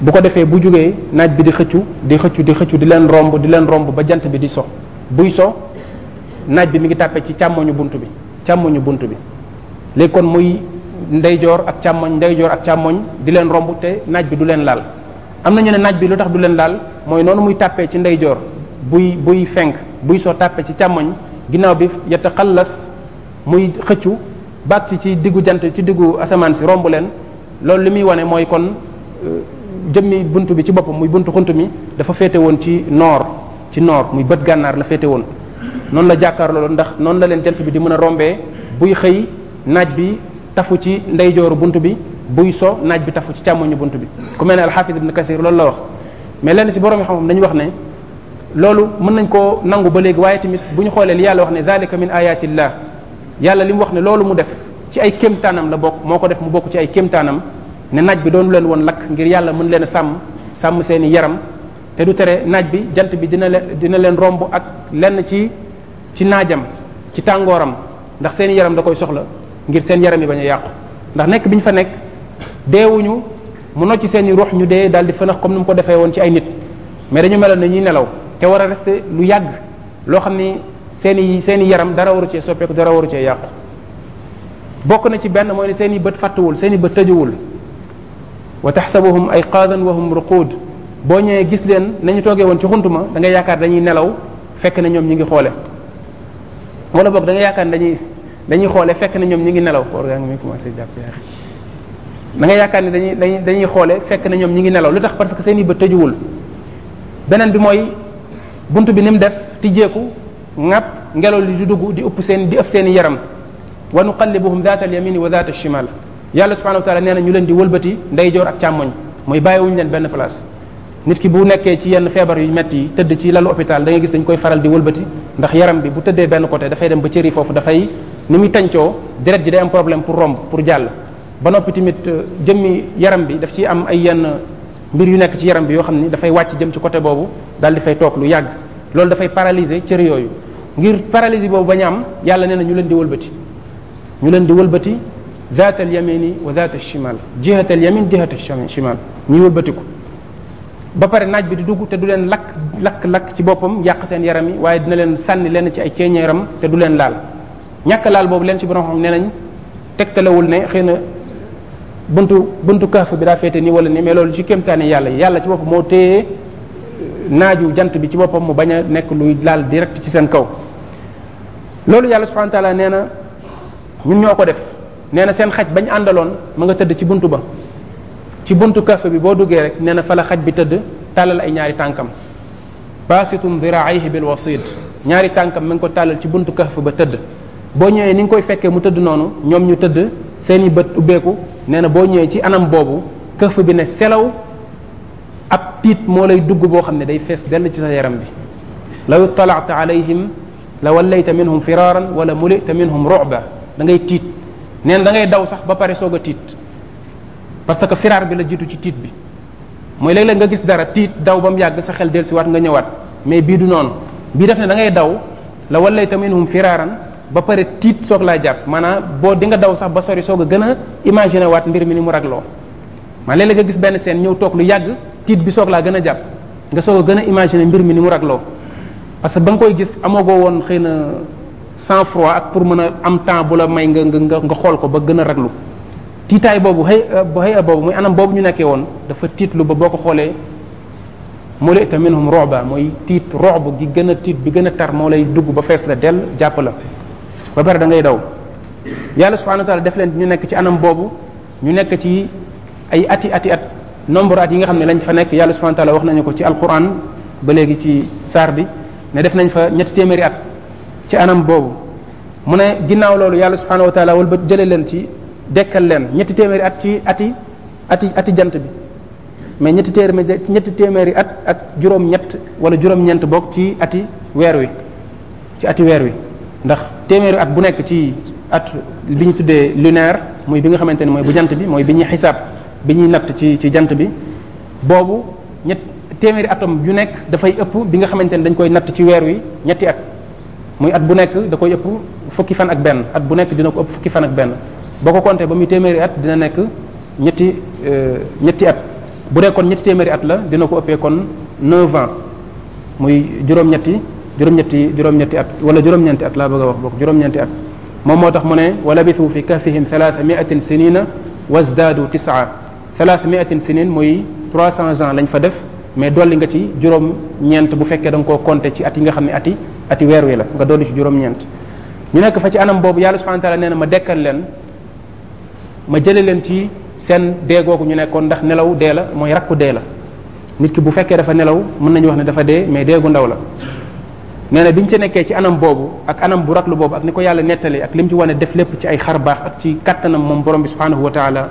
bu ko defee bu jógee naaj bi di xëccu di xëccu di xëccu di leen romb di leen romb ba jant bi di so buy so naaj bi mi ngi tàppe ci càmmoñu bunt bi càmmoñu bunt bi léegi kon muy ndeyjoor ak càmmoñ ndeyjoor ak càmmoñ di leen romb te naaj bi du leen laal am na ñu ne naaj bi lu tax du leen daal mooy noonu muy tàppee ci ndeyjoor buy buy fenk buy soo tàppee ci càmmoñ ginnaaw bi yetta xallas muy xëccu baat ci ci diggu jant ci diggu asamaan si romb leen loolu li muy wane mooy kon euh, jëmmi bunt bi ci boppam muy buntu xunt mi dafa féete woon ci noor ci noor muy bët gànnaar la féete woon noonu la jàkkaarloo ndax noonu la leen jant bi di mën a rombee buy xëy naaj bi tafu ci ndeyjooru bunt bi buy so naaj bi tafu ci càmmoñu bunt bi ku mel ne alxaafid ibn kathir loolu la wax mais lenn si borom yi xam-xam dañu wax ne loolu mën nañ koo nangu ba léegi waaye tamit bu ñu xoolee li yàlla wax ne zalika min ayatillah yàlla li mu wax ne loolu mu def ci ay kéemtaanam la bokk moo ko def mu bokk ci ay kéemtaanam ne naaj bi doonu leen woon lakk ngir yàlla mun leen sàmm sàmm seen i yaram te du tere naaj bi jant bi dina leen dina leen romb ak lenn ci ci naajam ci tàngooram ndax seen yaram da koy soxla ngir seen yaram yi bañ a yàqu ndax nekk bi ñu fa nekk deewuñu mu nocc seen i ruux ñu dee daal di fënax comme ni mu ko defee woon ci ay nit mais dañu meloon ne ñuy nelaw te war a rester lu yàgg loo xam ni seen i seen yaram dara waru cee soppeeku dara waru cee yàqu bokk na ci benn mooy ne seen i bët fàttewul seen i bët tëjuwul wa taxsabuhum ayqaadan wa hum ruquud boo ñëwee gis leen nañu toogee woon ci xuntuma da nga yaakaar dañuy nelaw fekk na ñoom ñi ngi xoole wala boog da nga yaakaar dañuy dañuy xoole fekk na ñoom ñi ngi nelaw koor gaa commencé jàpp da nga yaakaar ni dañuy dañuy dañuy xoole fekk na ñoom ñi ngi nelaw lu tax parce que seen i bët tëjuwul beneen bi mooy bunt bi ni mu def tijjeeku ŋàpp ngelaw li di dugg di ëpp seen di ëpp seen i yaram wa nuqallibuhum daata alyamini wa daata alchimal yàlla subhanahu wa taala nee na ñu leen di wëlbati ndeyjoor ak càmmoñ mooy bàyyiwuñu leen benn place nit ki bu nekkee ci yenn feebar yu metti yi tëdd ci lalu hôpital da ngay gis dañ koy faral di wëlbati ndax yaram bi bu tëddee benn côté dafay dem ba cëri foofu dafay ni muy tancoo deret ji day am problème pour romb pour jàll ba noppi tamit euh, jëmmi yaram bi daf ci am ay yenn mbir yu nekk ci yaram bi yoo xam ni dafay wàcc jëm ci côté boobu daal di fay toog lu yàgg loolu dafay paralyser cër yooyu ngir paralysie boobu bañ am yàlla nee na ñu leen di wëlbati ñu leen di wëlbati zaat al yamini wa zaat al shimal jihat al yamin jihat al wëlbatiku ba pare naaj bi di dugg te du leen lakk lakk lakk ci boppam yàq seen yaram yi waaye dina leen sànni leen ci ay ceeñeeram te du leen laal ñàkk laal boobu leen ci borom xam nee nañ tegtalewul ne xëy na buntu buntu kaaf bi daa féete nii wala nii mais loolu ci kéemtaani yàlla yàlla ci boppam moo téye naaju jant bi ci boppam mu bañ a nekk luy laal direct ci seen kaw loolu yàlla subhanahu wa taala nee na ñun ñoo ko def nee na seen xaj bañ àndaloon ma nga tëdd ci buntu ba ci buntu kaaf bi boo duggee rek nee na fa xaj bi tëdd tàllal ay ñaari tànkam baasitum diraihi bil wasid ñaari tànkam ma ngi ko tàllal ci buntu kaaf ba tëdd boo ñëwee ni nga koy fekkee mu tëdd noonu ñoom ñu tëdd seen bët ubbeeku nee na boo ñëwee ci anam boobu këf bi ne selaw ab tiit moo lay dugg boo xam ne day fees dell ci sa yaram bi law italata alayhim la wallayta minhum firaaran wala mulita minhum ruba da ngay tiit neen na da ngay daw sax ba pare soog a tiit parce que firaar bi la jiitu ci tiit bi mooy léeg-léeg nga gis dara tiit daw ba mu yàgg sa xel dellusiwaat nga ñëwaat mais bii du noonu bii def ne dangay daw la wallayta minhum firaaran ba pare tiit soog laa jàpp maanaa boo di nga daw sax ba sori soog a gën a imaginer waat mbir mi ni mu ragloo man léeg-léeg nga gis benn scène ñëw toog lu yàgg tiit bi soog laa gën a jàpp nga soog a gën a imaginer mbir mi ni mu ragloo parce que ba nga koy gis amoogoo woon xëy na sang froid ak pour mën a am temps bu la may nga nga nga xool ko ba gën a raglu tiitaay boobu xëy xëy a boobu muy anam boobu ñu nekkee woon dafa tiit lu ba boo ko xoolee mulita minhum roba mooy tiit rob gi gën a tiit bi gën a tar moo lay dugg ba fees la dell jàpp la ba bari da ngay daw yàlla subhanahu wa def leen ñu nekk ci anam boobu ñu nekk ci ay ati ati at nombre at yi nga xam ne lañ fa nekk yàlla subhanahu wa taala wax nañu ko ci alquran ba léegi ci saar bi ne def nañ fa ñetti téeméeri at ci anam boobu mu ne ginnaaw loolu yàlla subhanahu wa taala wala ba jële leen ci dekkal leen ñetti téeméeri at ci ati ati ati jant bi mais ñetti téeméer ñetti téeméeri at ak juróom-ñett wala juróom-ñeent bokk ci ati weer wi ci ati weer wi ndax téeméeri at bu nekk ci at bi ñu tuddee lunaire mooy bi nga xamante ne mooy bu jant bi mooy bi ñuy xisaab bi ñuy natt ci ci jant bi boobu ñett téeméeri atom yu nekk dafay ëpp bi nga xamante ne dañ koy natt ci weer wi ñetti at muy at bu nekk da koy ëpp fukki fan ak benn at bu nekk dina ko ëpp fukki fan ak benn boo ko kontee ba muy téeméeri at dina nekk ñetti euh, ñetti at bu dee kon ñetti téeméeri at la dina ko ëppee kon 9 ans muy juróom-ñetti juróom-ñetti juróom-ñetti at wala juróom-ñeenti at laa bëgg a wax bokk juróom-ñeenti at moom moo tax mu ne wa labithu fi kahfihim thalatha miatin sinina wasdaadu tisaa thalatha miatin sinin muy trois cent ans lañ fa def mais dolli nga ci juróom-ñeent bu fekkee da koo compter ci at yi nga xam ne ati ati weer wi la nga dolli ci juróom-ñeent ñu nekk fa ci anam boobu yàlla subhanahu wa nee na ma dekkal leen ma jële leen ci seen dee googu ñu nekkoon ndax nelaw dee la mooy rakku dee la nit ki bu fekkee dafa nelaw mën nañu wax ne dafa dee mais dee ndaw la nee na bi ñu ca nekkee ci anam boobu ak anam bu ratlu boobu ak ni ko yàlla nettalee ak lim ci wane def lépp ci ay xar baax ak ci kàttanam moom borom bi subhanahu wa taala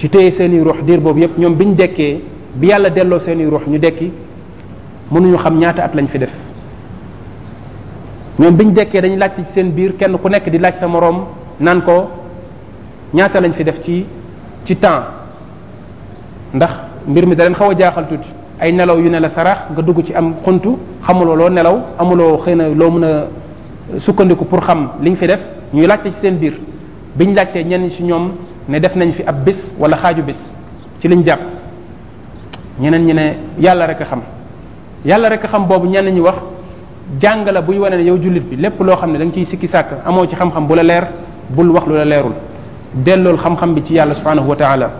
ci téye seen i ruux diir boobu yépp ñoom dekkee bi yàlla delloo seen i ñu dekki mënuñu xam ñaata at lañ fi def ñoom bi ñu dekkee dañuy ci seen biir kenn ku nekk di laaj sa morom naan ko ñaata lañ fi def ci ci temps ndax mbir mi da leen xaw a jaaxal tuuti ay nelaw yu ne la sarax nga dugg ci am xuntu xamuloo loo nelaw amuloo xëy na loo mën a euh, sukkandiku pour xam li liñ fi def ñuy laajte ci seen biir biñ laajtee ñenn ci ñoom ne def nañ fi ab bés wala xaaju bés ci liñ jàpp ñeneen ñi ne yàlla rek a xam yàlla rekk xam boobu ñenn ñi wax jàng la buy wane ne yow jullit bi lépp loo xam ne da ciy sikki sàkk amoo ci xam-xam bu la leer bul wax lu la leerul dellool xam-xam bi ci yàlla subhanahu wa taala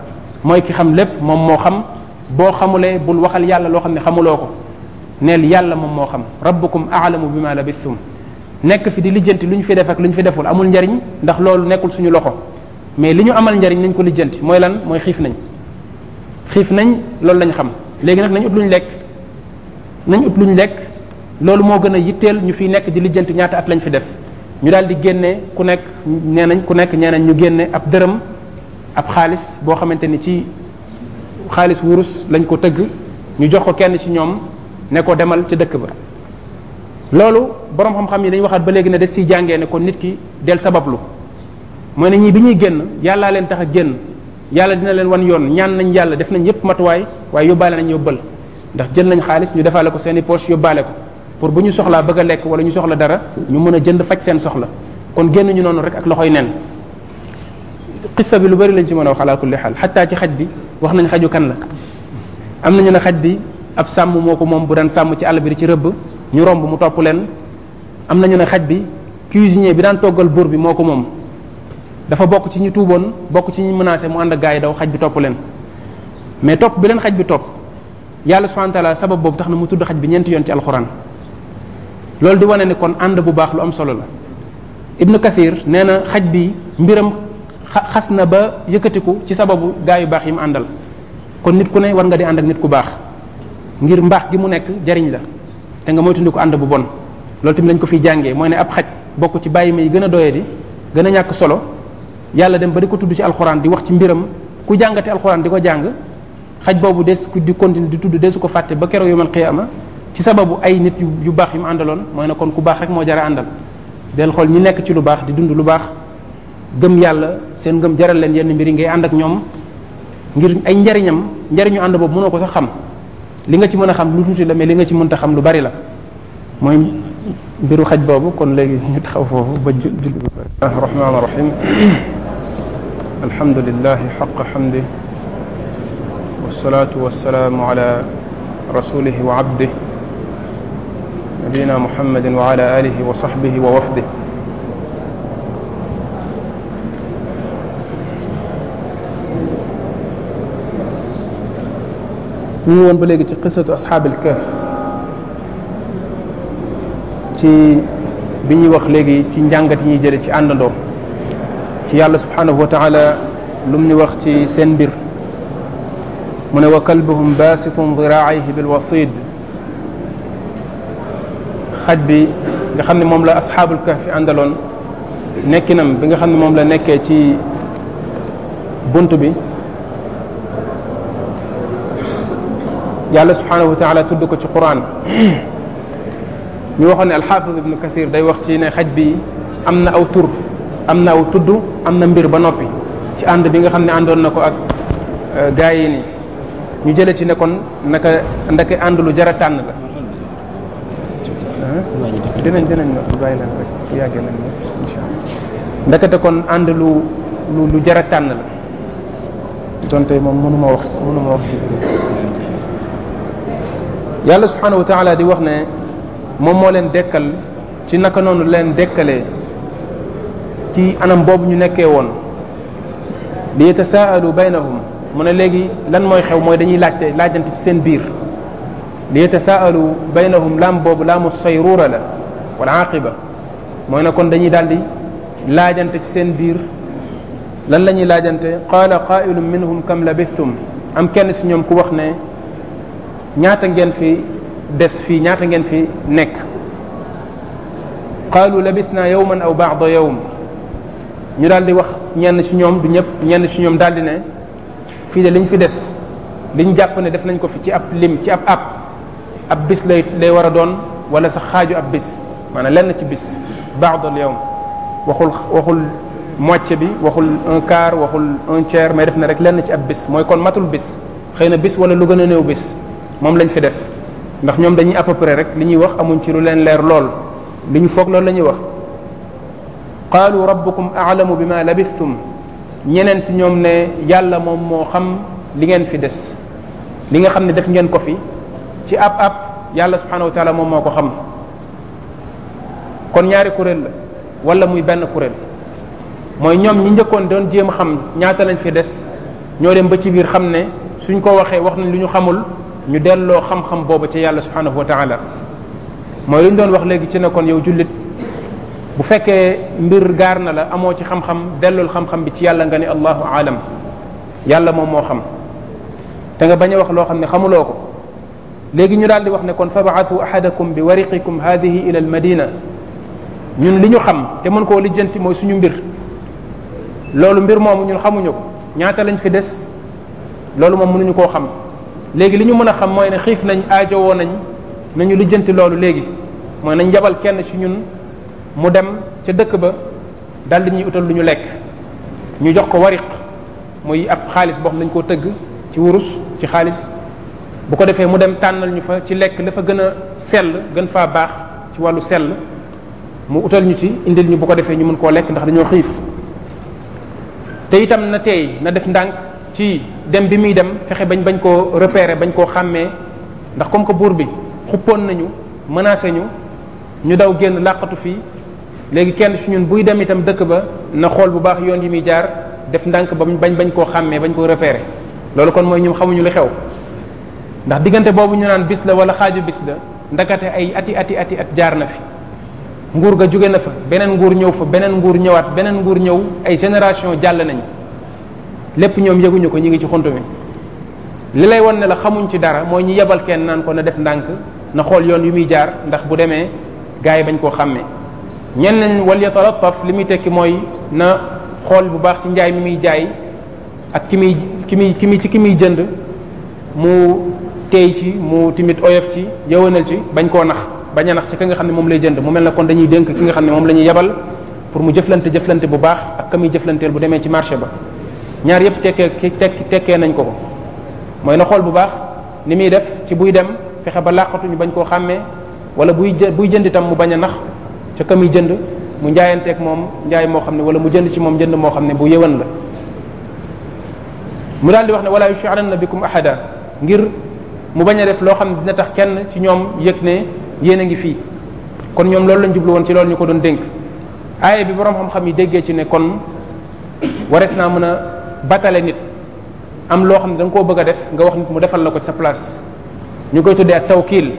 mooy kii xam lépp moom moo xam boo xamulee bul waxal yàlla loo xam ne xamuloo ko neel yàlla moom moo xam rabbukum aalamu bi ma labistum nekk fi di lijjanti lu ñu fi def ak lu ñu fi deful amul njariñ ndax loolu nekkul suñu loxo mais li ñu amal njariñ nañ ko lijjanti mooy lan mooy xiif nañ xiif nañ loolu lañ xam léegi nag nañ ut lu ñu lekk nañ ñu lekk loolu moo gën a yitteel ñu fiy nekk di lijjanti ñaata at lañ fi def ñu daal génne ku nekk nee nañ ku nekk nee ñu génne ab dërëm ab xaalis boo xamante ni ci xaalis wurus lañ ko tëgg ñu jox ko kenn ci ñoom ne ko demal ca dëkk ba loolu boroom xam-xam yi dañuy waxaat ba léegi ne des si jàngee ne ko nit ki del sabablu mooy ne ñii bi ñuy génn yàllaa leen tax a génn yàlla dina leen wan yoon ñaan nañ yàlla def nañ yépp matuwaay waaye yóbbaale nañ yóbbal ndax jël nañ xaalis ñu defaale ko seeni poche yóbbaale ko pour bu ñu soxlaa bëgg a lekk wala ñu soxla dara ñu mën a jënd faj seen soxla kon génn ñu noonu rek ak loxoy nen xissa bi lu bari lañ ci mën a wax ala kulli xaal ci xaj bi wax nañ xaju kan la am nañu ne xaj bi ab sàmm moo ko moom bu daan sàmm ci àll bi di ci rëbb ñu romb mu topp leen am nañu ne xaj bi cuisinier bi daan toggal buur bi moo ko moom dafa bokk ci ñu tuuboon bokk ci ñu menacé mu ànd ak gaa yi daw xaj bi topp leen mais topp bi leen xaj bi topp yàlla subhanahu wa taala sabab boobu tax na mu tudd xaj bi ñeenti yoon ci alxuraan loolu di wane ne kon ànd bu baax lu am solo la ibnu kathir nee na xaj bi mbiram xas na ba yëkkatiku ci sababu gaa yu baax yi mu àndal kon nit ku ne war nga di ànd ak nit ku baax ngir mbaax gi mu nekk jariñ la te nga ko ànd bu bon loolu tamit lañ ko fi jàngee mooy ne ab xaj bokk ci bàyyi ma yi gën a doye di gën a ñàkk solo yàlla dem ba di ko tudd ci alxuraan di wax ci mbiram ku jàngate alxuraan di ko jàng xaj boobu des ku di continue di tudd desu ko fàtte ba keroog yomal xiyaama ci sababu ay nit yu baax yu mu àndaloon mooy ne kon ku baax rek moo jara àndal del xool ñi nekk ci lu baax di dund lu baax gëm yàlla seen ngëm jaral leen yenn mbir yi ngay ànd ak ñoom ngir ay njariñam njariñu ànd boobu mënoo ko sax xam li nga ci mën a xam lu tuuti la mais li nga ci mënta xam lu bari la mooy mbiru xaj boobu kon léegi ñu taxaw foofu ba ju julli bismillahi rahmaani rahim alhamdulilahi xaqa xamdi wasalaatu wasalaamu ala rasulihi wa abdih nabiyina muhammadin wa ala alihi wa sahbihi wa wafdih ñu ngi woon ba léegi ci qisatu ashaabil kahf ci bi ñuy wax léegi ci njàngat yi ñuy jële ci àndandoo ci yàlla subhanahu wa taala lum ñu wax ci seen mbir mu ne wa kalbuhum baasitun diraaihi bilwasid xaj bi nga xam ne moom la asxaabul kahfi àndaloon nekkinam bi nga xam ne moom la nekkee ci bunt bi yàlla subhanahu wa taala tudd ko ci quran ñu waxoon ne alxaafis ibnu kasir day wax ci ne xaj bi am na aw tur am na aw tudd am na mbir ba noppi ci ànd bi nga xam ne àndoon na ko ak euh, gaa yi ni ñu jële ci ne kon naka ndake ànd lu jara tànn la dinañ dinañ bàyyi leen kon ànd lu lu lu jara moom mënuma wax mënuma wax ci yàlla subhanahu wa taala di wax ne moom moo leen dekkal ci naka noonu leen dekkalee ci anam boobu ñu nekkee woon li yatasaalu baynahum mu ne léegi lan mooy xew mooy dañuy laajte laajante ci seen biir li yatasaalu baynahum laam boobu laamu sayruura la wal aqiba mooy na kon dañuy daldi laajante ci seen biir lan lañuy laajante qaala qaa'ilun minhum kam labithtum am kenn si ñoom ku wax ne ñaata ngeen fi des fii ñaata ngeen fi nekk qaalu labisna yawman aw ba'da yawm ñu daal di wax ñenn ci ñoom du ñëpp ñenn ci ñoom daal di ne fii de liñ fi des liñ jàpp ne def nañ ko fi ci ab lim ci ab ab ab bis lay lay war a doon wala sax xaaju ab bis maanaam lenn ci bis ba'da yawm waxul waxul moitié bi waxul un quart waxul un tiers mais def na rek lenn ci ab bis mooy kon matul bis xëy na bis wala lu gën a néew bis moom lañ fi def ndax ñoom dañuy à peu rek li ñuy wax amuñ ci lu leen leer lool li ñu foog loolu la ñuy wax qaalu rabbukum a'lamu bima labithtum ñeneen si ñoom ne yàlla moom moo xam li ngeen fi des li nga xam ne def ngeen ko fi ci ab ab yàlla subhanahu wa taala moom moo ko xam kon ñaari kuréel la wala muy benn kuréel mooy ñoom ñi njëkkoon doon jéem xam ñaata lañ fi des ñoo dem ba ci biir xam ne suñ ko waxee wax nañ lu ñu xamul ñu delloo xam-xam boobu ci yàlla subhanahu wa taala mooy lu ñu doon wax léegi ci ne kon yow jullit bu fekkee mbir gaar na la amoo ci xam-xam dellool xam-xam bi ci yàlla nga ne allahu aalam yàlla moom moo xam te nga bañ wax loo xam ne xamuloo ko léegi ñu daal di wax ne kon fabaatu ahadakum bi wariqikum hadihi ila al madina ñun li ñu xam te mën koo lijjanti mooy suñu mbir loolu mbir moomu ñun xamuñu ko ñaata lañ fi des loolu moom mënuñu koo xam léegi li ñu mën a xam mooy ne xiif nañ aajowoo nañ nañu lijjanti loolu léegi mooy nañ yabal kenn ci ñun mu dem ca dëkk ba dal ñuy utal lu ñu lekk ñu jox ko wariq muy ab xaalis boo xam dañ koo tëgg ci wurus ci xaalis bu ko defee mu dem tànnal ñu fa ci lekk dafa gën a sell gën faa baax ci wàllu sell mu utal ñu ci indil ñu bu ko defee ñu mën koo lekk ndax dañoo xiif te itam na tey na def ndànk ci dem bi muy dem fexe bañ bañ koo repérer bañ koo xàmmee ndax comme que buur bi xuppoon nañu menacé ñu ñu daw génn làqatu fii léegi kenn si ñun buy dem itam dëkk ba na xool bu baax yoon yi muy jaar def ndànk ba bañ bañ koo xàmmee bañ koo repérer loolu kon mooy ñoom xamuñu lu xew ndax diggante boobu ñu naan bis la wala xaaju bis la ndakate ay ati ati ati at jaar na fi nguur ga jóge na fa beneen nguur ñëw fa beneen nguur ñëwaat beneen nguur ñëw ay génération jàll nañu lépp ñoom yëguñu ko ñu ngi ci xuntu mi li lay won ne la xamuñ ci dara mooy ñu yebal kenn naan ko na def ndànk na xool yoon yu muy jaar ndax bu demee gars yi bañ koo xàmmee ñenn nañ wal li muy tekki mooy na xool bu baax ci njaay mi muy jaay ak ki muy ki muy ki muy ci ki muy jënd mu tey ci mu timit oyof ci yëwanal ci bañ koo nax bañ a nax ci ki nga xam ne moom lay jënd mu mel na kon dañuy dénk ki nga xam ne moom la ñuy yebal pour mu jëflante jëflante bu baax ka muy jëflanteel bu demee ci marché ba ñaar yëpp tekkee tekk tekkee nañ ko ko mooy na xool bu baax ni muy def ci buy dem fexe ba làqatuñu bañ koo xàmmee wala buy jë buy jënd itam mu bañ a nax ca ka jënd mu njaayanteeg moom njaay moo xam ne wala mu jënd ci moom jënd moo xam ne bu yëwan la mu daal di wax ne wala yushiranna bikum ahada ngir mu bañ a def loo xam ne dina tax kenn ci ñoom yëg ne yéen a ngi fii kon ñoom loolu lañ jublu woon ci loolu ñu ko doon dénk aaya bi boroom xam-xam yi déggee ci ne kon naa mën a batale nit am loo xam ne da nga koo bëgg a def nga wax nit mu defal la ko sa place ñu koy tuddee ak tawkiil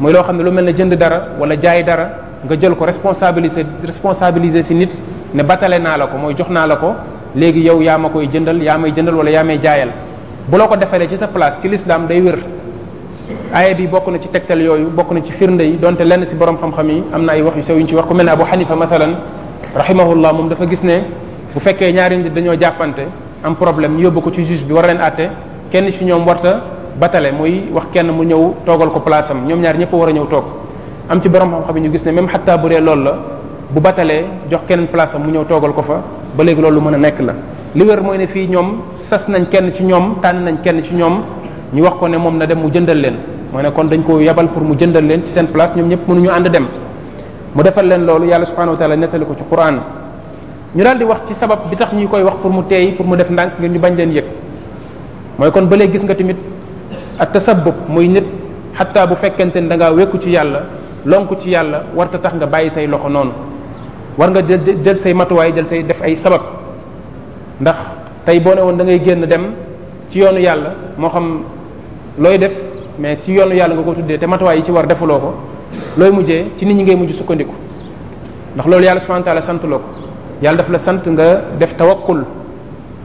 muy loo xam ne lu mel ne jënd dara wala jaay dara nga jël ko responsabiliser responsabiliser si nit ne batale naa la ko mooy jox naa la ko léegi yow yaa ma koy jëndal yaa may jëndal wala yaa may jaayal bu la ko defalee ci sa place ci lislaam day wér aaya bi bokk na ci tegtal yooyu bokk na ci firnde yi donte lenn si borom xam-xam yi am na ay wax yu sew yu ci wax ku mel ne Abu Xanifa mathalan rahimahullah moom dafa gis ne bu fekkee ñaari nit dañoo jàppante am problème ñu yóbbu ko ci juge bi war a leen àtte kenn ci ñoom warta batale muy wax kenn mu ñëw toogal ko place ñoom ñaar ñëpp war a ñëw toog am ci borom xam-xam yi ñu gis ne même xataa bu dee loolu la bu batalee jox kenn place am mu ñëw toogal ko fa ba léegi loolu mën a nekk la li wér mooy ne fii ñoom sas nañ kenn ci ñoom tànn nañ kenn ci ñoom ñu wax ko ne moom na dem mu jëndal leen mooy ne kon dañ ko yabal pour mu jëndal leen ci seen ñoom ñëpp mënuñu ànd dem mu defal leen loolu yàlla subhanahu wa taala nettali ko ci quran ñu daal di wax ci sabab bi tax ñuy koy wax pour mu teey pour mu def ndànk ngir ñu bañ leen yëg mooy kon ba léegi gis nga tamit ak bopp muy nit xataa bu fekkente ni da ngaa wekku ci yàlla lonku ci yàlla war warta tax nga bàyyi say loxo noonu war nga jël jël say matuwaay jël say def ay sabab ndax tey boo ne woon da ngay génn dem ci yoonu yàlla moo xam looy def mais ci yoonu yàlla nga ko tuddee te matuwaay yi ci war defuloo ko looy mujjee ci nit ñi ngay mujj sukkandiku ndax loolu yàlla subhanahu sant loo yàlla dafa la sant nga def tawakkul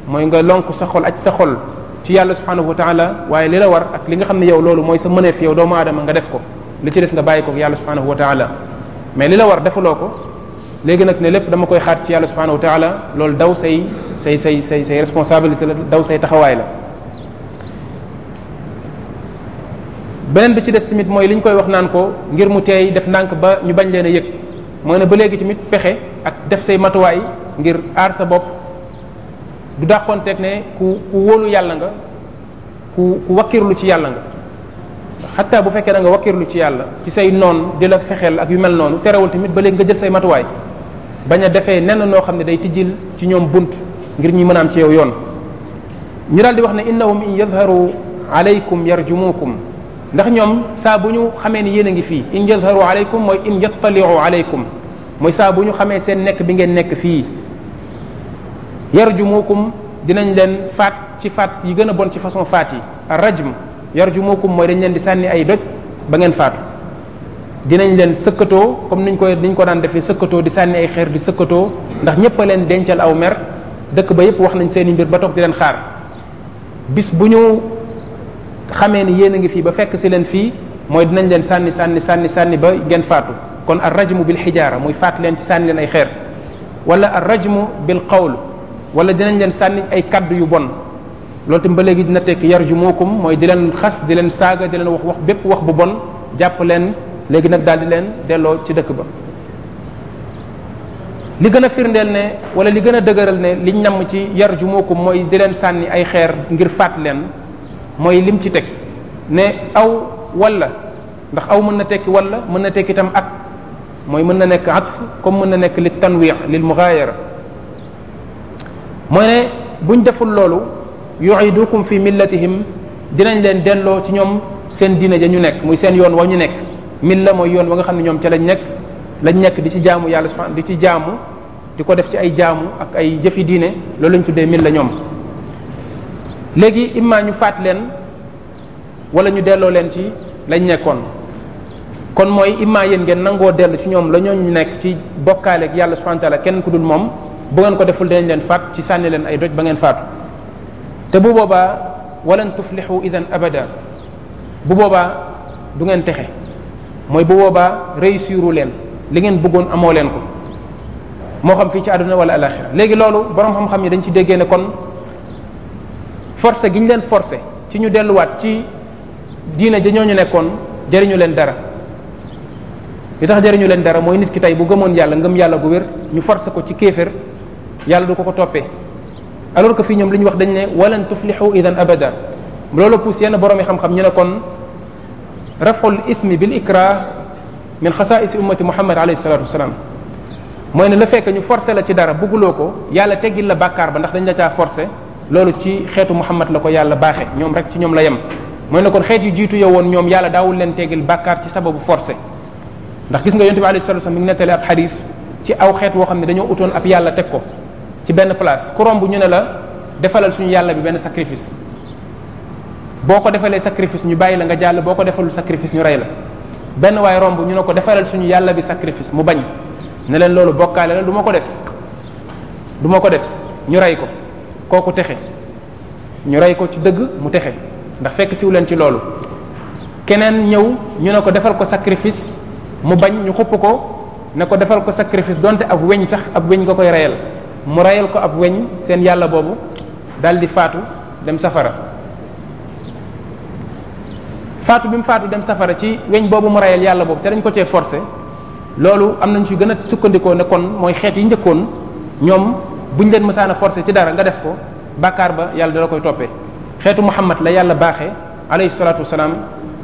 mooy nga lonk sa xol ak sa xol ci yàlla subhanahu wa taala waaye li la war ak li nga xam ne yow loolu mooy sa mëneef yow doomu aadama nga def ko li ci des nga bàyyi ko yàlla subhanahu wa taala mais li la war defaloo ko léegi nag ne lépp dama koy xaat ci yàlla subhanahu wa taala loolu daw say say say say say responsabilité la daw say taxawaay la beneen bi ci des tamit mooy li ñu koy wax naan ko ngir mu teey def ndànk ba ñu bañ leen a yëg moo ne ba léegi tamit pexe ak def say matuwaay ngir aar sa bopp du dàqonteeg ne ku ku wóolu yàlla nga ku ku wakkirlu ci yàlla nga xataa bu fekkee na nga wakkirlu ci yàlla ci say noon jël la fexeel ak yu mel noonu terewul tamit ba léegi nga jël say matuwaay bañ a defee nenn noo xam ne day tijjil ci ñoom bunt ngir ñi mën ci yow yoon ñu daal di wax ne innahum in yadharu alaykum yarjumukum ndax ñoom saa bu ñu xamee ni yéen a ngi fii in yadharu aleykum mooy in yattaliu aleykum mooy saa bu ñu xamee seen nekk bi ngeen nekk fii yar ju yarjumukum dinañ leen faat ci faat yi gën a bon ci façon faat yi ju yarjumukum mooy dañ leen di sànni ay doj ba ngeen faatu dinañ leen sëkkatoo comme niñ koy niñ ko daan defee sëkkatoo di sànni ay xeer di sëkkatoo ndax ñëpp leen dencal aw mer dëkk ba yépp wax nañ seen i mbir ba toog di leen xaar xamee ni yéen a ngi fii ba fekk si leen fii mooy dinañ leen sànni sànni sànni sànni ba ngeen faatu kon ar rajmu bil xijaara muy faat leen ci sànni leen ay xeer wala ar rajmu bil qawl wala dinañ leen sànni ay kaddu yu bon loolu tam ba léegi dina tekki yarjumukum mooy di xas di leen saaga di wax wax wax bu bon jàpp leen léegi nag daal di leen delloo ci dëkk ba li gën a firndeel ne wala li gën a dëgëral ne liñ namm ci yar yarjumukum mooy di leen sànni ay xeer ngir faat leen mooy lim ci teg ne aw wala ndax aw mën na tekki wala mën na tekki itam ak mooy mën na nekk atf comme mën na nekk li tanwi lil mughayara mooy ne buñ deful loolu yu'idukum fi millatihim dinañ leen delloo ci ñoom seen diine ja ñu nekk muy seen yoon wa ñu nekk milla mooy yoon wa nga xam ne ñoom ca lañ nekk lañ nekk di ci jaamu yàlla subhanahu di ci jaamu di ko def ci ay jaamu ak ay jëfi diine loolu lañ tuddee milla ñoom léegi imma ñu faat leen wala ñu delloo leen ci lañ nekkoon kon mooy imma yéen ngeen nangoo dellu ci ñoom la ñu nekk ci bokkaale yàlla subhanahu wa taala kenn ku dul moom bu ngeen ko deful dinañ leen faat ci sànni leen ay doj ba ngeen faatu te bu boobaa walan tuflixu idan abada bu boobaa du ngeen texe mooy bu boobaa réussiru leen li ngeen bëggoon amoo leen ko moo xam fii ci àdduna wala alaxira léegi loolu borom xam-xam yi dañ ci déggee ne kon forcé gi ñu leen forcé ci ñu delluwaat ci diine ja ñu nekkoon jëriñu leen dara li tax jëriñu leen dara mooy nit ki tey bu gëmoon yàlla ngëm yàlla gu wér ñu forcé ko ci kéefér yàlla du ko ko toppee alors que fii ñoom li ñu wax dañ ne walan tuflixu idan abada loolu pousse yenn borom yi xam-xam ñu ne kon raful ismi bil ikrah min xasaisi ummati muhammad alayhi salatu wasalaam mooy ne la fekk ñu forcé la ci dara bugguloo ko yàlla teggil la bàkkaar ba ndax dañ la caa forcé loolu ci xeetu Muhammad la ko yàlla baaxe ñoom rek ci ñoom la yem mooy ne kon xeet yu jiitu yow woon ñoom yàlla daawul leen teggil bàkkaar ci sababu forcé ndax gis nga yonte bi alayhi salatu wasallam mi ngi nettali ab xadis ci aw xeet woo xam ne dañoo utoon ab yàlla teg ko ci benn place ku romb ñu ne la defalal suñu yàlla bi benn sacrifice boo ko defalee sacrifice ñu bàyyi la nga jàll boo ko defalul sacrifice ñu rey la benn waaye romb ñu ne ko defalal suñu yàlla bi sacrifice mu bañ ne loolu bokkaale du ma ko def du ko def ñu rey ko kooku texe ñu rey ko ci dëgg mu texe ndax fekk siw leen ci loolu keneen ñëw ñu ne ko defal ko sacrifice mu bañ ñu xupp ko ne ko defal ko sacrifice donte ab weñ sax ab weñ nga koy reyal mu reyal ko ab weñ seen yàlla boobu daldi faatu dem safara faatu bi mu faatu dem safara ci weñ boobu mu reyal yàlla boobu te dañ ko cee forcé loolu am nañ ci gën a sukkandikoo ne kon mooy xeet yi njëkkoon ñoom bu buñ leen mësaan a forcé ci dara nga def ko bàkkaar ba yàlla dala koy toppee xeetu muhammad la yàlla baaxee alayhi salaatu wasalaam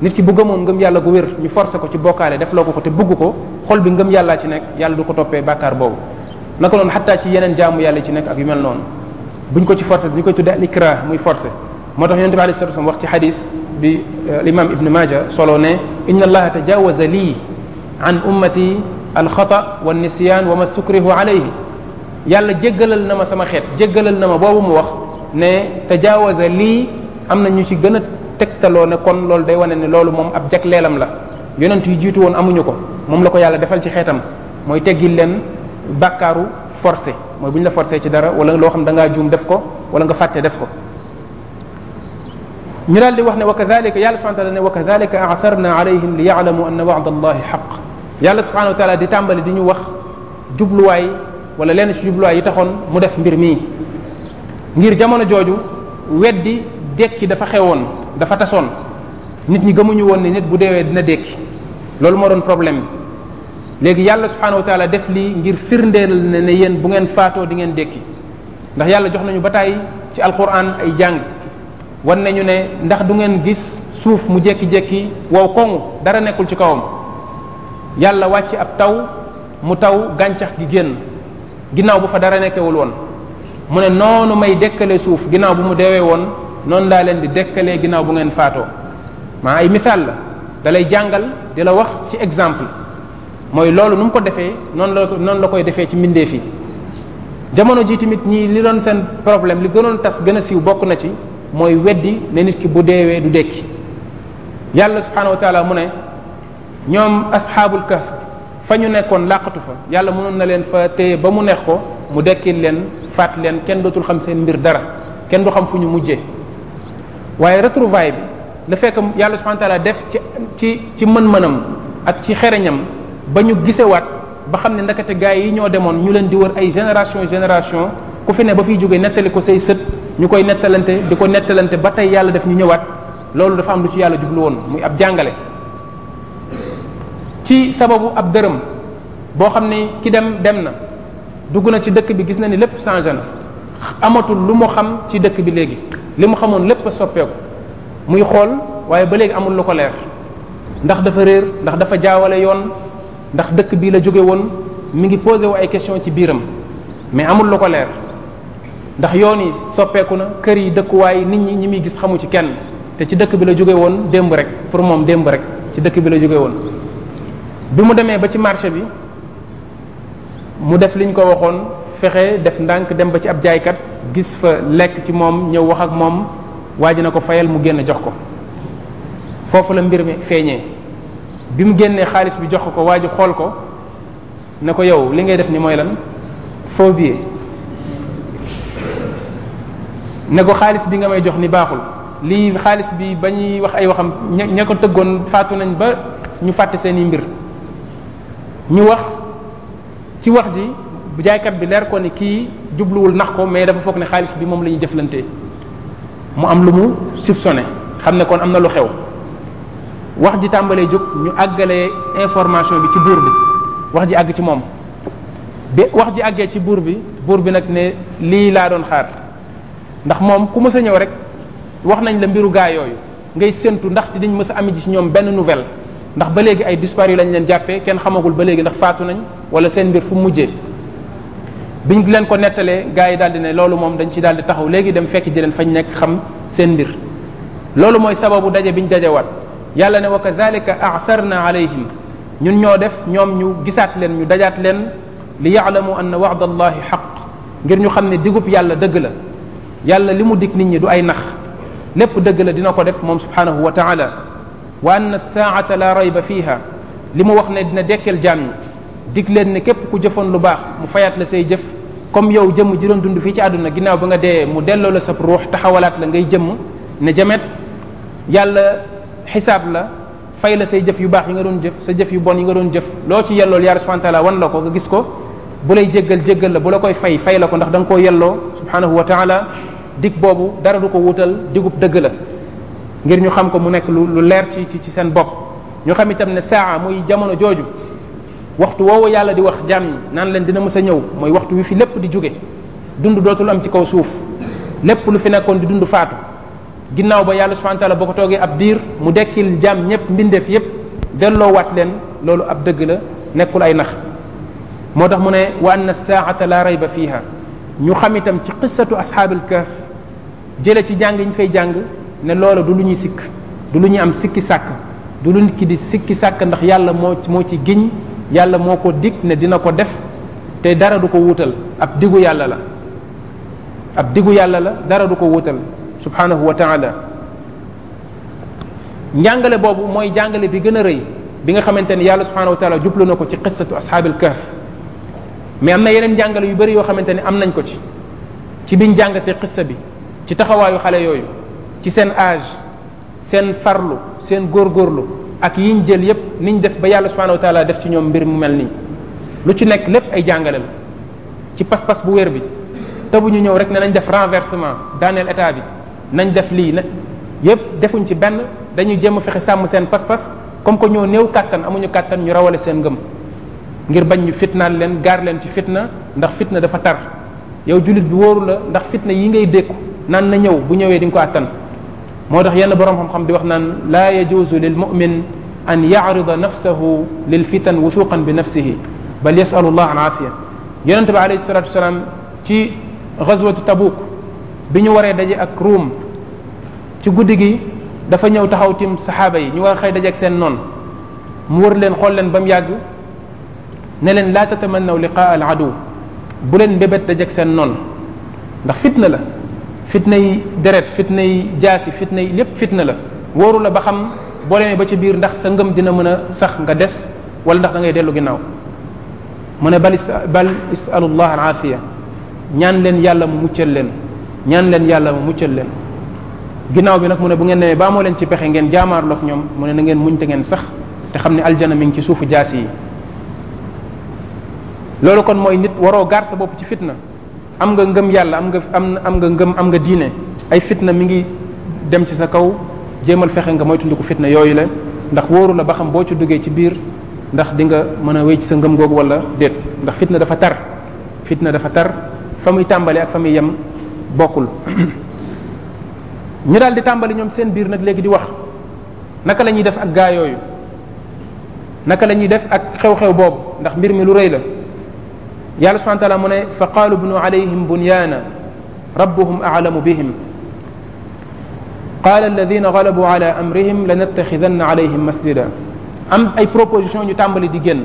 nit ki bu gëmoon ngëm yàlla ko wér ñu forcé ko ci bokkaale def loo ko ko te bugg ko xol bi ngëm yàllaa ci nekk yàlla du ko toppee bàkkaar boobu naka noonu xattaa ci yeneen jaamu yàlla ci nekk ak yu mel noonu buñ ko ci bi ñu koy tudde al ikra muy forcé moo tax yonente bi alayhi wax ci xadis bi euh, l'imam ibnu maaja solo ne inna allaha tajawaza lii an ummati alxata wa nisyan wa ma sukrihu alayhi yàlla jéggalal na ma sama xeet jéggalal na ma boobu mu wax ne tajaawaza lii am na ñu ci gën a tegtaloo ne kon loolu day wane ne loolu moom ab jagleelam la yonent yu jiitu woon amuñu ko moom la ko yàlla defal ci xeetam mooy teggil leen bàkkaaru force mooy bu ñu la forcé ci dara wala loo xam da ngaa juum def ko wala nga fàtte def ko ñu daal di wax ne wa kadalika yàlla subhanahu wa taala ne wa kadalika asarna alayhim li yaalamu anna wa'da allahi xaq yàlla subhanahu wa taala di tàmbali di ñu wax jubluwaay wala lenn ci jubluwaay yi taxoon mu def mbir mii ngir jamono jooju weddi dekki dafa xewoon dafa tasoon nit ñi gëmuñu woon ne nit bu deewee dina dékki loolu moo doon problème bi léegi yàlla subhanahu wa taala def lii ngir firndeel ne ne yéen bu ngeen faatoo di ngeen dekki ndax yàlla jox nañu ba bataay ci alquran ay jàng wan nañu ne ndax du ngeen gis suuf mu jékki jékki wow koŋu dara nekkul ci kawam yàlla wàcc ab taw mu taw gàncax gi génn ginnaaw bu fa dara nekkewul woon mu ne noonu may dekkale suuf ginnaaw bu mu deewee woon noonu laa leen di dekkalee ginnaaw bu ngeen faatoo maa ay misaal la dalay jàngal di la wax ci exemple mooy loolu nu mu ko defee noonu la noonu la koy defee ci mbindeef yi jamono ji tamit ñii li doon seen problème li gënoon tas gën a siiw bokk na ci mooy weddi ne nit ki bu deewee du dekki yàlla subhanahu wa taala mu ne ñoom asxaabul ka fa ñu nekkoon làqatu fa yàlla mënoon na leen fa téye ba mu neex ko mu dekkil leen faat leen kenn dootul xam seen mbir dara kenn du xam fu ñu mujjee waaye retrouvaille bi la fekk yàlla subhanahu wa def ci ci ci mën-mënam ak ci xereñam ba ñu gisee waat ba xam ne ndakate gars yi ñoo demoon ñu leen di wër ay génération génération ku fi ne ba fiy jógee nettali ko say sët ñu koy nettalante di ko nettalante ba tey yàlla def ñu ñëwaat loolu dafa am lu ci yàlla jublu woon muy ab jàngale ci sababu ab dërëm boo xam ni ki dem dem na dugg na ci dëkk bi gis na ni lépp changé na amatul lu mu xam ci dëkk bi léegi li mu xamoon lépp soppeeku muy xool waaye ba léegi amul lu ko leer ndax dafa réer ndax dafa jaawale yoon ndax dëkk bii la jóge woon mi ngi posé wu ay question ci biiram mais amul lu ko leer ndax yoon yi soppeeku na kër yi dëkkuwaay nit ñi ñi muy gis xamu ci kenn te ci dëkk bi la jóge woon démb rek pour moom démb rek ci dëkk bi la jóge bi mu demee ba ci marché bi mu def liñ ko waxoon fexe def ndànk dem ba ci ab jaaykat gis fa lekk ci moom ñëw wax ak moom waa ji na ko fayal mu génn jox ko foofu la mbir mi feeñee bi mu génnee xaalis bi jox ko waa ji xool ko ne ko yow li ngay def ni mooy lan faux billet ne ko xaalis bi nga may jox ni baaxul lii xaalis bi ba ñuy wax ay waxam ña ña ko tëggoon faatu nañ ba ñu fàtte seeni mbir ñu wax ci wax ji bu jaaykat bi leer ko ni kii jubluwul nax ko mais dafa foog ne xaalis bi moom la ñuy mu am lu mu soupçonné xam ne kon am na lu xew wax ji tàmbalee jóg ñu àggale information bi ci buur bi wax ji àgg ci moom bi wax ji àggee ci buur bi buur bi nag ne lii laa doon xaar ndax moom ku mës a ñëw rek wax nañ la mbiru gaa yooyu ngay séntu ndax dinañ mës a am ji ci ñoom benn nouvelle ndax ba léegi ay disparu lañ leen jàppee kenn xamagul ba léegi ndax faatu nañ wala seen mbir fu mu mujjee biñ leen ko nettalee gars yi daal di ne loolu moom dañ ci daal di taxaw léegi dem fekk ji leen fañ nekk xam seen mbir loolu mooy sababu daje bi biñ dajewaat yàlla ne wa kadhalika asarna alayhim ñun ñoo def ñoom ñu gisaat leen ñu dajaat leen li yaalamu anna wa'da allahi xaq ngir ñu xam ne digub yàlla dëgg la yàlla li mu dig nit ñi du ay nax lépp dëgg la dina ko def moom subhanahu wa taala wa anna saata la rayba fiha li mu wax ne dina dekkeel jaam yi dig leen ne képp ku jëfoon lu baax mu fayaat la say jëf comme yow jëmm ji doon dund fii ci àdduna ginnaaw ba nga dee mu delloo la sab ruux taxawalaat la ngay jëmm ne jamet yàlla xisaab la fey la say jëf yu baax yi nga doon jëf sa jëf yu bon yi nga doon jëf loo ci yellool yàlla subhanahu wa taala wan la ko nga gis ko bu lay jéggal jéggal la bu la koy fay fay la ko ndax danga nga koo yelloo subhanahu wa taala boobu dara du ko wutal digub dëgg la ngir ñu xam ko mu nekk lu leer ci ci ci seen bopp ñu xam itam ne saa muy jamono jooju waxtu woowu yàlla di wax jàmm ñi naan leen dina mës a ñëw mooy waxtu wi fi lépp di jóge dund dootul am ci kaw suuf lépp lu fi nekkoon di dund faatu ginnaaw ba yàlla subhanahu wa boo ko toogee ab diir mu dekkil jaam ñëpp mbindeef yépp delloowaat leen loolu ab dëgg la nekkul ay nax moo tax mu ne wa anna saata la rayba fiha ñu xam itam ci qissatu ashaabul kahf jële ci jàng yi fay jàng ne loolu du lu ñuy sikk du lu ñuy am sikki sàkk du lu nit di sikki sàkk ndax yàlla moo moo ci giñ yàlla moo ko dikk ne dina ko def te dara du ko wuutal ab digu yàlla la ab digu yàlla la dara du ko wuutal subhanahu wa taala njàngale boobu mooy jàngale bi gën a rëy bi nga xamante ni yàlla subhanahu wa taala jublu na ko ci qissatu ashaabil kahf mais am na yeneen njàngale yu bëri yoo xamante ni am nañ ko ci ci biñ jàngatee qissa bi ci taxawaayu xale yooyu ci seen âge seen farlu seen góor góorlu ak yi yiñ jël yépp ñu def ba yàlla subhanahu wa def ci ñoom mbir mu mel nii lu ci nekk lépp ay jàngale la ci pas-pas bu wér bi te ñu ñëw rek ne nañ def renversement daaneel état bi nañ def lii na yépp defuñ ci benn dañuy jéem a fexe sàmm seen pas-pas comme que ñoo néew kàttan amuñu kàttan ñu rawale seen ngëm ngir bañ ñu fitnaan leen gaar leen ci fitna ndax fitna dafa tar yow jullit bi wóoru la ndax fitna ngay dékku naan na ñëw bu ñëwee di ko àttan moo tax yenn borom xam di wax naan laa yajuusu lil mumin an yacrida nafsahu lil fitan wusuqan bi nafsihi bal yasalu llah an aafia yonente bi alayhi salatu wasalaam ci gazwatu tabuk bi ñu waree daje ak ruum ci guddi gi dafa ñëw taxaw tim saxaaba yi ñu war xëy daje seen noon mu wër leen xool leen ba mu yàgg ne leen laa tatamannaw liqaa al aduw leen mbébét daje ak seen noon ndax fitna la fitna yi deret fitna yi jaasi fitna yi lépp fitna la wóoru ba xam boo ba ci biir ndax sa ngëm dina mën a sax nga des wala ndax dangay ngay dellu ginnaaw mu ne bal bal isalullah al afiya ñaan leen yàlla mu muccal leen ñaan leen yàlla mu muccal leen ginnaaw bi nag mu ne bu ngeen demee baa moo leen ci pexe ngeen jaamaarloog ñoom mu ne na ngeen muñ te ngeen sax te xam ne aljana mi ngi ci suufu jaasi yi loolu kon mooy nit waroo gaar sa bopp ci fitna am nga ngëm yàlla am nga am nga ngëm am nga diine ay fitna mi ngi dem ci sa kaw jéemal fexe nga moytundiku fitna yooyu la ndax wóoru ba xam boo ci duggee ci biir ndax di nga mën a wéy ci sa ngëm googu wala déet ndax fitna dafa tar fitna dafa tar fa muy tàmbali ak fa muy yem bokkul ñu daal di tàmbali ñoom seen biir nag léegi di wax naka la ñuy def ak gaa yooyu naka la ñuy def ak xew-xew boobu ndax mbir mi lu rëy la yàlla subhana taala mu ne fa qaalu bnu alayhim bunyaana rabbuhum aclamu bihim qaala alladina galabu ala amrihim lanattaxidanna alayhim masjida am ay proposition yu tàmbali di génn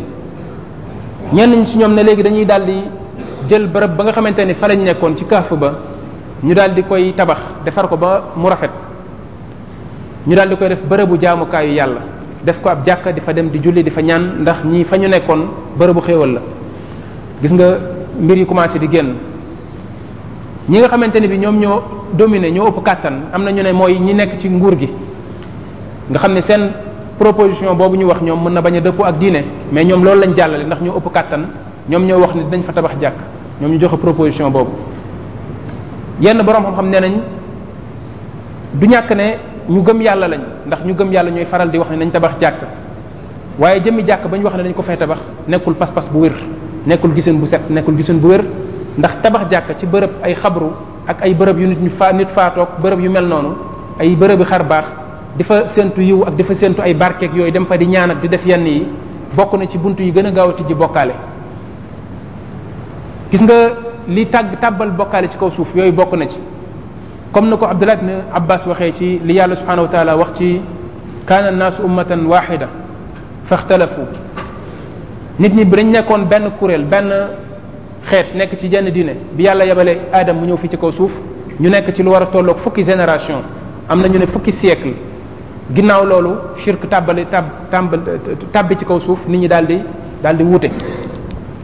ñenn ñi si ñoom ne léegi dañuy daal di jël bërëb ba nga xamante ni fa lañ nekkoon ci kaafu ba ñu daal di koy tabax defar ko ba mu rafet ñu daal di koy def bërëbu jaamukaayu yàlla def ko ab jàkka dafa dem di julli di fa ñaan ndax ñi fa ñu nekkoon bërëbu xéewal la gis nga mbir yu commencé di génn ñi nga xamante ni bi ñoom ñoo dominé ñoo ëpp kàttan am na ñu ne mooy ñi nekk ci nguur gi nga xam ne seen proposition boobu ñu wax ñoom mën na bañ a dëppoo ak diine mais ñoom loolu lañ jàllale ndax ñoo ëpp kàttan ñoom ñoo wax ne dinañ fa tabax jàkk ñoom ñu joxe proposition boobu yenn borom xam-xam nee nañ du ñàkk ne ñu gëm yàlla lañ ndax ñu gëm yàlla ñooy faral di wax ne nañ tabax jàkk waaye jëmmi jàkk ba ñu wax ne dañ ko fay tabax nekkul pas-pas bu wér nekkul gisin bu set nekkul gisin bu wér ndax tabax jàkka ci bërëb ay xabru ak ay bërëb yu nit ñu fa nit faatoog bërëb yu mel noonu ay bërëb yu xar baax di fa séentu yiw ak di fa séentu ay barkeeg yooyu dem fa di ñaan ak di def yenn yi bokk na ci bunt yu gën a gaaw a tijji bokkaale gis nga li tàgg tàbbal bokkaale ci kaw suuf yooyu bokk na ci comme na ko Abdullah ibn Abbas waxee ci li yàlla subhanahu wa wax ci kaana annaasu ummatan waxida faxtalafu nit ñi bi dañ nekkoon benn kuréel benn xeet nekk ci jenn dine bi yàlla yebale aadam mu ñëw fi ci kaw suuf ñu nekk ci lu war a tollook fukki génération am na ñu ne fukki siècle ginnaaw loolu shirk tàbbali tab tàmbal tàbbi ci kaw suuf nit ñi daal di daal di wuute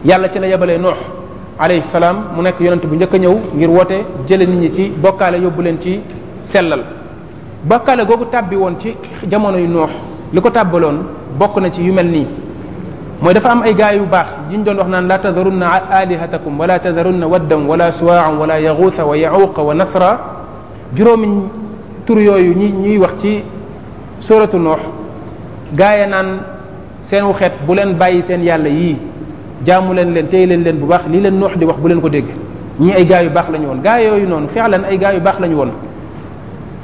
yàlla ci la yebale noox alayhi salaam mu nekk yonent bu njëkk a ñëw ngir woote jële nit ñi ci bokkaale yóbbu leen ci sellal bokkaale googu tàbbi woon ci jamono yu noox li ko tàbbaloon bokk na ci yu mel nii mooy dafa am ay gaa yu baax jiñ doon wax naan laa tadarunna alihatakum wala tadarunna waddan wala suwaan wala yaxuusa wa yaxuuqa wa nasra juróomi tur yooyu ñi ñuy wax ci suratu noox gaa ya naan seenu xeet bu leen bàyyi seen yàlla yii jaamu leen leen téye leen leen bu baax lii leen noox di wax bu leen ko dégg ñii gaa yu baax woon gaa yooyu noonu fexlan ay gaa yu baax la ñu woon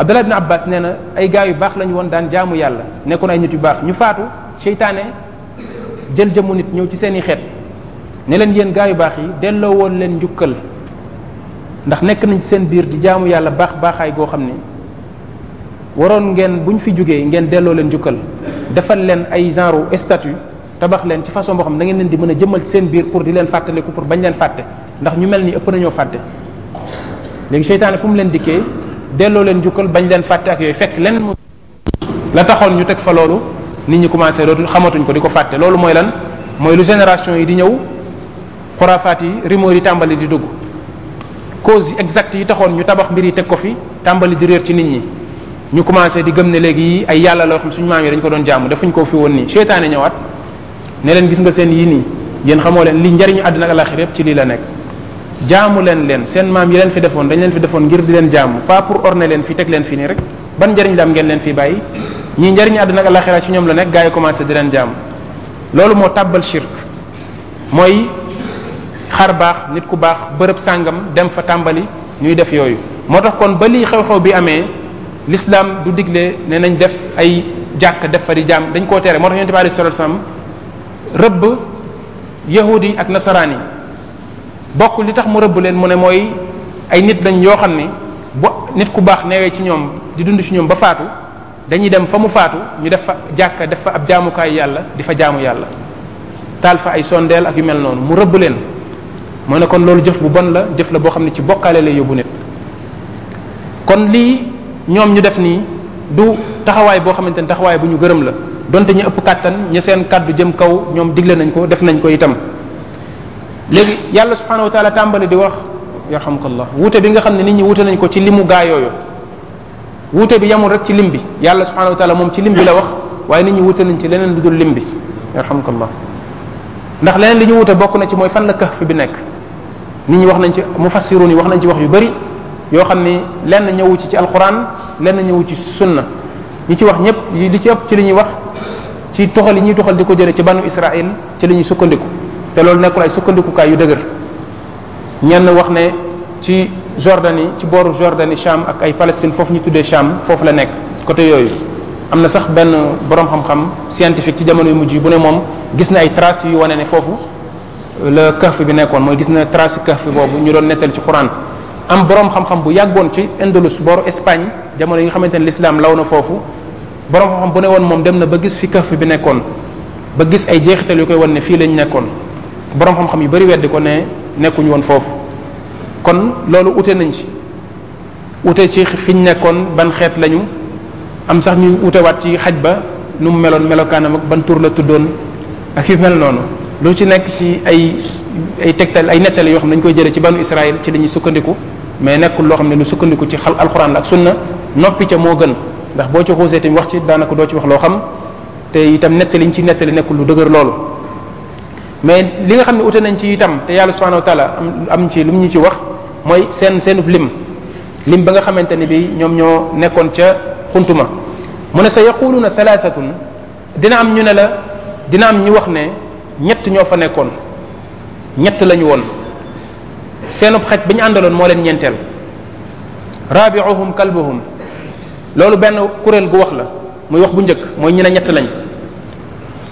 abdullah ibn abbas nee na ay gaa yu baax la woon daan jaamu yàlla nekkoon ay nit yu baax ñu faatu seytaane jël jëmu nit ñëw ci seen i xet ne leen yéen gaa yu baax yi delloo woon leen njukkal ndax nekk nañ seen biir di jaamu yàlla baax baaxaay goo xam ne waroon ngeen bu ñu fi jógee ngeen delloo leen njukkal defal leen ay genre statut tabax leen ci façon boo xam ne da leen di mën a jëmmal ci seen biir pour di leen fàttaliku pour bañ leen fàtte ndax ñu mel ni ëpp nañoo fàtte léegi seytaane fu mu leen dikkee delloo leen njukkal bañ leen fàtte ak yooyu fekk leen la taxoon ñu teg fa loolu nit ñi commencé dootu xamatuñ ko di ko fàtte loolu mooy lan mooy lu génération yi di ñëw xuraafaat yi rumeur yi tàmbali di dugg cause yi exacte yi taxoon ñu tabax mbir yi teg ko fi tàmbali di réer ci nit ñi ñu commencé di gëm ne léegi yi ay yàlla loo xam suñu maam yi dañ ko doon jàmm defuñ ko fi woon nii seytaane ñëwaat ne leen gis nga seen yii nii yéen xamoo leen li njariñu àddina ak alaxir yépp ci lii la nekk jaamu leen leen seen maam yi leen fi defoon dañ leen fi defoon di leen jaamu pas pour orner leen fii teg leen fii nii rek ban njariñ la ngeen leen fii bàyyi ñii njariñ àdduna ak ci ñoom la nekk gaa yi commencé di leen jaam loolu moo tàbbal shirk mooy xar baax nit ku baax bërëb sàngam dem fa tàmbali ñuy def yooyu moo tax kon ba lii xew-xew bi amee l'islam du digle ne nañ def ay jàkk def fa di jaam dañ koo tere moo tax yonent bi sallallahu alayhi wasallam rëbb yahudi yi ak nasaraan yi bokk li tax mu rëbb leen mu ne mooy ay nit lañ yoo xam ne bu nit ku baax neewee ci ñoom di dund ci ñoom ba faatu dañuy dem fa mu faatu ñu def fa jàkka def fa ab jaamukaay yàlla di fa jaamu yàlla taal fa ay sondeel ak yu mel noonu mu rëbb leen moo ne kon loolu jëf bu bon la jëf la boo xam ne ci bokkaale lay yóbbu nit kon lii ñoom ñu def nii du taxawaay boo xamante ne taxawaay bu ñu gërëm la donte ñu ëpp kàttan ña seen kàddu jëm kaw ñoom digle nañ ko def nañ ko itam léegi yàlla subhanahu wa taala tàmbali di wax yarhamukallah wuute bi nga xam ne nit ñi wuute nañ ko ci limu gaa yooyu wuute bi yamul rek ci lim bi yàlla subhanahu wa taala moom ci lim bi la wax waaye nit ñi wuute nañ ci leneen lu dul lim bi xam ka alhamdulilah ndax leneen li ñu wuute bokk na ci mooy fan la fi bi nekk nit ñi wax nañ ci mufassirun yi wax nañ ci wax yu bari yoo xam ni lenn ñëwu ci ci alquran lenn ñëwu ci sunna ñi ci wax ñëpp li ci ëpp ci li ñuy wax ci toxal yi ñuy toxal di ko jëlee ci banu israil ci li ñuy sukkandiku te loolu nekkul ay sukkandikukaay yu dëgër jordani ci booru Jordanie Cham ak ay Palestine foofu ñu tuddee Cham foofu la nekk côté yooyu am na sax benn boroom xam-xam scientifique ci jamono yu mujj yi bu ne moom gis na ay traces yu wane ne foofu euh, la kahf bi nekkoon mooy gis na trace kahf boobu ñu doon nettal ci Quran am borom xam-xam bu yàggoon ci Andalus booru Espagne jamono yi nga xamante ne l'islam law na foofu borom xam-xam bu ne woon moom dem na ba gis fi kahf bi nekkoon ba gis ay jeexital yu koy wan ne fii lañ nekkoon borom xam-xam yu bari weddi ko ne nekkuñu woon foofu. kon loolu ute nañ ci ute ci fiñ nekkoon ban xeet lañu am sax ñu utewaat ci xaj ba nu mu meloon melokaanam ak ban tur la tuddoon ak yu mel noonu lu ci nekk ci ay ay tegtal ay nettali yoo xam dañ koy jëlee ci banu Israël ci dañuy sukkandiku mais nekkul loo xam ne lu sukkandiku ci xal alxuraan la ak sunna noppi ca moo gën ndax boo ci xuusee tamit wax ci daanaka doo ci wax loo xam te itam nettali ñu ci nettali nekkul lu dëgër loolu mais li nga xam ne ute nañ ci itam te yàlla subhanahu wa am am ci lu mu ñu ci wax mooy seen seenub lim lim ba nga xamante ni bi ñoom ñoo nekkoon ca xuntuma mu ne sa yaquluuna thalathatun dina am ñu ne la dina am ñu wax ne ñett ñoo fa nekkoon ñett lañu woon seenub xaj bi ñu àndaloon moo leen ñeenteel rabiuhum kalbuhum loolu benn kuréel gu wax la muy wax bu njëkk mooy ñu ne ñett lañ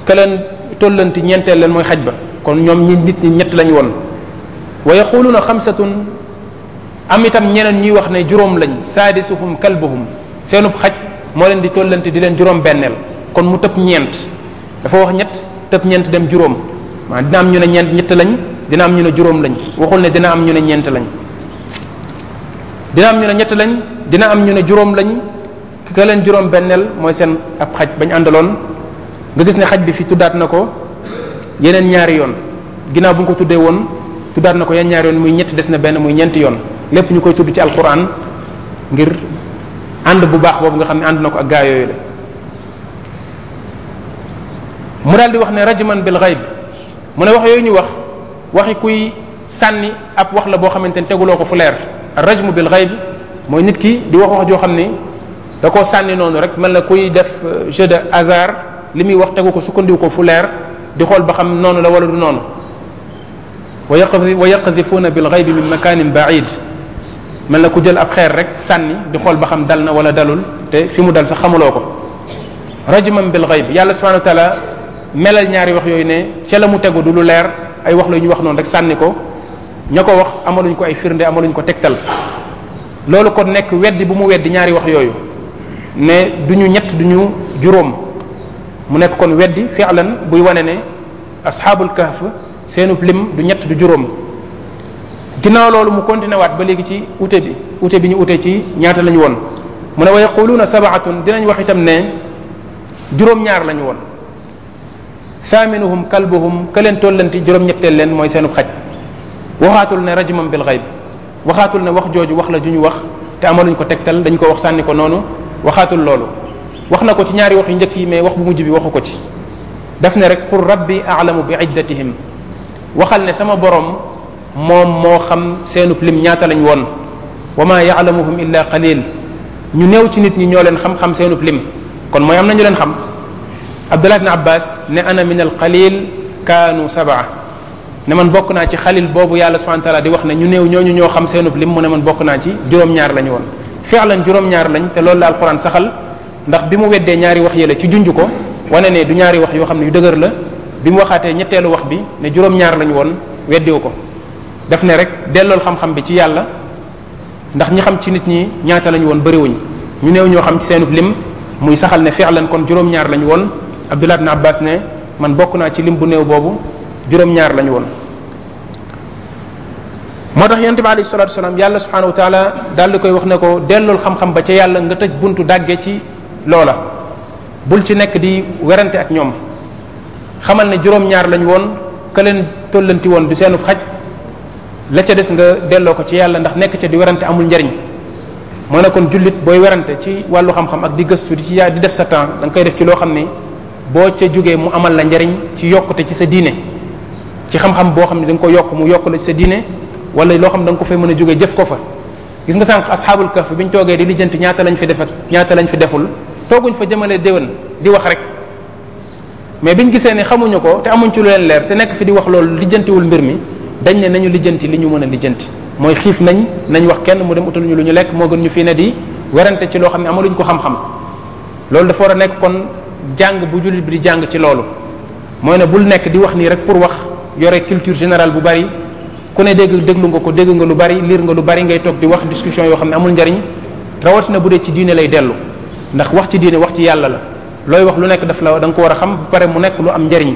ke leen tollanti ñeenteel leen mooy xaj ba kon ñoom ñi nit ñi ñett lañ woon wa yaquluuna xamsatun am itam ñeneen ñuy wax ne juróom lañ saadisuhum kalbuhum seenub xaj moo leen di tollante di leen juróom benneel kon mu tëb ñeent dafa wax ñett tëb ñeent dem juróom maanaam dina am ñu ne ñeent ñett lañ dina am ñu ne juróom lañ waxul ne dina am ñu ne ñeent lañ dina ñu ne ñett lañ dina am ñu ne juróom lañ ka leen juróom benneel mooy seen ab xaj bañ àndaloon nga gis ne xaj bi fi tuddaat na ko yeneen ñaari yoon ginnaaw bu nga ko tuddee woon tuddaat na ko yeneen ñaari yoon muy ñett des na benn muy ñeenti yoon lépp ñu koy tudd ci alquran ngir ànd bu baax boobu nga xam ne ànd na ko ak gaa yooyu la mu daal di wax ne rajman bil ghaib mu ne wax yooyu ñu wax waxi kuy sànni ab wax la boo xamante ne teguloo ko fu leer rajmu bil ghaib mooy nit ki di wax wax joo xam ni da koo sànni noonu rek mel na kuy def euh, jeu de hasard li muy wax tegu ko sukkandiw ko fu leer di xool ba xam noonu la wala du noonu wa yaqdhifuuna bil ghaibi min makanin ba'id mel na ku jël ab xeer rek sànni di xool ba xam dal na wala dalul te fi mu dal sax xamuloo ko rajman bil ghaib yàlla subhanahu wa taala melal ñaari wax yooyu ne ca la mu tegu du lu leer ay wax la ñu wax noonu rek sànni ko ña ko wax amaluñ ko ay firnde amaluñ ko tegtal loolu kon nekk weddi bu mu weddi ñaari wax yooyu ne du ñu ñett du ñu juróom mu nekk kon weddi fi'lan buy wane ne asxaabul kahf seenub lim du ñett du juróom ginnaaw loolu mu continué waat ba léegi ci ute bi ute bi ñu ute ci ñaata lañu woon mu ne wa yaquluuna sabaatun dinañ wax itam ne juróom-ñaar la ñu woon thaaminuhum kalbuhum ka leen tollanti juróom-ñetteel leen mooy seenub xaj waxaatul ne rajmam bil xayb waxaatul ne wax jooju wax la ju ñu wax te amaluñ ko tegtal dañ ko wax sànni ko noonu waxaatul loolu wax na ko ci ñaari wax yu njëkk yi mais wax bu mujj bi waxu ko ci def ne rek pour rabbi aalamu bi iddatihim waxal ne sama borom moom moo xam seenub lim ñaata lañ woon wa ma yaalamuhum illa qalil ñu néew ci nit ñi ñoo leen xam-xam seenub lim kon mooy am na ñu leen xam abdullah ibn abbas ne ana min al qalil kaanu sabaa ne bokk naa ci xalil yàlla subhanahu wa di wax ne ñu néew ñooñu ñoo xam seenub lim mu ne man bokk naa ci juróom-ñaar lañu woon fi'lan juróom-ñaar lañ te loolu la alquran saxal ndax bi mu weddee ñaari wax yële ci junj ko wane ne du ñaari wax yoo xam ne yu dëgër la bi mu waxaatee ñetteelu wax bi ne juróom-ñaar lañ woon weddiwu ko def na rek dellool xam-xam bi ci yàlla ndax ñi xam ci nit ñi ñaata lañu woon bariwuñ ñu néew ñoo xam ci seenub lim muy saxal ne fi'lan kon juróom-ñaar lañu woon Abdullah ibn Abbas ne man bokk naa ci lim bu néew boobu juróom-ñaar lañu woon. moo tax yonent bi alayhi salaatu wasalaam yàlla subhanahu wa taala daal di koy wax ne ko dellool xam-xam ba ca yàlla nga tëj buntu dàggee ci loola bul ci nekk di werante ak ñoom xamal ne juróom-ñaar lañu woon ka leen tollanti woon du seenub xaj. la ca des nga delloo ko ci yàlla ndax nekk ca di werante amul njariñ moo ne kon jullit booy werante ci wàllu xam-xam ak di gëstu di ci di def sa temps danga nga koy def ci loo xam ne boo ca jógee mu amal la njariñ ci yokkute ci sa diine ci xam boo xam ne da ko yokk mu yokk la ci sa diine wala loo xam da ko fay mën a jógee jëf ko fa gis nga sànq asxaabul kahf bi ñu toogee di lijjanti ñaata lañ fi def ak ñaata lañ fi deful tooguñ fa jëmale déwén di wax rek mais bi biñ gisee ne xamuñu ko te amuñ ci lu leen leer te nekk fi di wax loolu lijjantiwul mbir mi dañ ne nañu lijjanti li ñu mën a lijjanti mooy xiif nañ nañ wax kenn mu dem utal ñu lu ñu lekk moo gën ñu fii ne di werante ci loo xam ne amaluñ ko xam-xam loolu dafa war a nekk kon jàng bu jullit di jàng ci loolu mooy ne bul nekk di wax nii rek pour wax yore culture générale bu bari ku ne dégg déglu nga ko dégg nga lu bari liir nga lu bari ngay di wax discussion yoo xam ne amul njariñ rawatina bu dee ci diine lay dellu ndax wax ci diine wax ci yàlla la looy wax lu nekk daf la da nga ko war a xam ba pare mu nekk lu am njariñ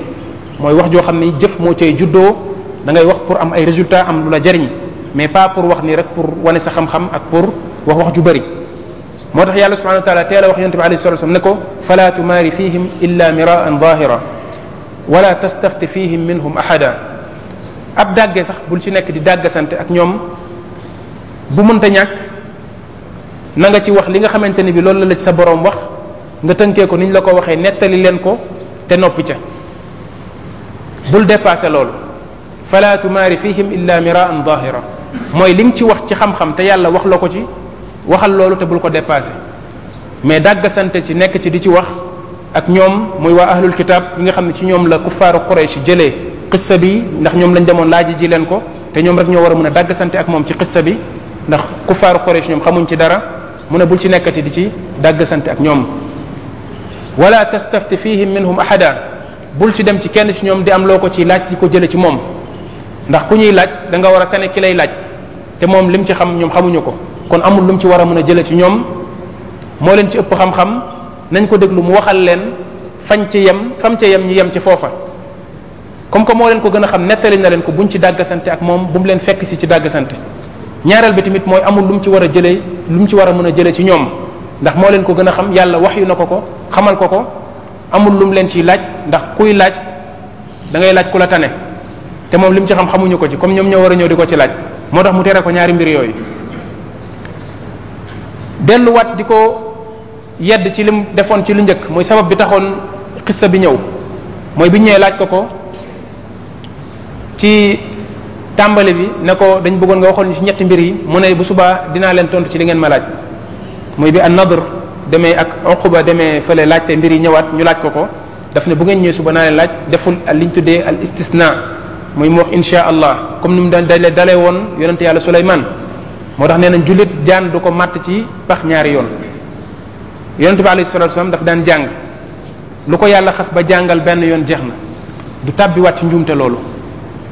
mooy wax joo xam ne jëf moo cay juddoo da ngay wax pour am ay résultats am lu la jariñ mais pas pour wax nii rek pour wane sa xam-xam ak pour wax wax ju bari moo tax yàlla subhanahu wa taala a wax yonent bi alayhi salatu wasallam ne ko fala tumaari fihim illa miraan zahira wala tastafti fihim minhum ahada ab dàggee sax bul ci nekk di dàggasante ak ñoom bu mënta ñàkk na nga ci wax li nga xamante ni bi loolu la la ci sa boroom wax nga tënkee ko ni ñu la ko waxee nettali leen ko te noppi ca bul dépasser loolu fala tumaari fihim illa miraan dahira mooy li mu ci wax ci xam-xam te yàlla wax la ko ci waxal loolu te bul ko dépassé mais dàggasante ci nekk ci di ci wax ak ñoom muy waa ahlul kitab yi nga xam ne ci ñoom la kuffaaru Quraysh jëlee qissa bi ndax ñoom lañ demoon laaji ji leen ko te ñoom rek ñoo war a mën a dàggasante ak moom ci qissa bi ndax kuffaaru Quraysh ñoom xamuñ ci dara mu ne bul ci nekkati di ci dàggasante ak ñoom wala tastafti fihim minhum ahada bul ci dem ci kenn ci ñoom di am loo ko ci laaj di ko jële ci moom ndax ku ñuy laaj danga war a tane ki lay laaj te moom lim ci xam ñoom xamuñu ko kon amul lu mu ci war a mën a jële ci ñoom moo leen ci ëpp xam nañ ko déglu mu waxal leen fañ ci yem fam ci yem ñi yem ci foofa comme que moo leen ko gën a xam nettali na leen ko buñ ci dàggasante ak moom bu leen fekk si ci dàggasante ñaareel bi tamit mooy amul lu mu ci war a jëlee lu mu ci war a mën a jëlee ci ñoom ndax moo leen ko gën a xam yàlla wax yu na ko ko xamal ko ko amul lu leen ciy laaj ndax kuy laaj da ngay laaj ku la tane te moom li mu ci xam xamuñu ko ci comme ñoom ñoo war a ñëw di ko ci laaj moo tax mu tere ko ñaari mbir yooyu delluwaat di ko yedd ci lim defoon ci lu njëkk mooy sabab bi taxoon xissa bi ñëw mooy bi ñëwee laaj ko ko ci tàmbali bi ne ko dañ bëggoon nga waxoon ci ñetti mbir yi mu ne bu subaa dinaa leen tontu ci li ngeen ma laaj mooy bi an nadr demee ak uquba demee fële laajte mbir yi ñëwaat ñu laaj ko ko daf ne bu ngeen ñëwee suba naa leen laaj deful liñ tuddee al istisna mooy mu wax insha allah comme ni mu daan dalee dalee woon yonente yàlla Suleymaan moo tax nee nañ jullit jaan du ko màtt ci pax ñaari yoon yonente bi alayhi salatu wasallam daf daan jàng lu ko yàlla xas ba jàngal benn yoon jeex na du tàbbiwaat ci njuumte loolu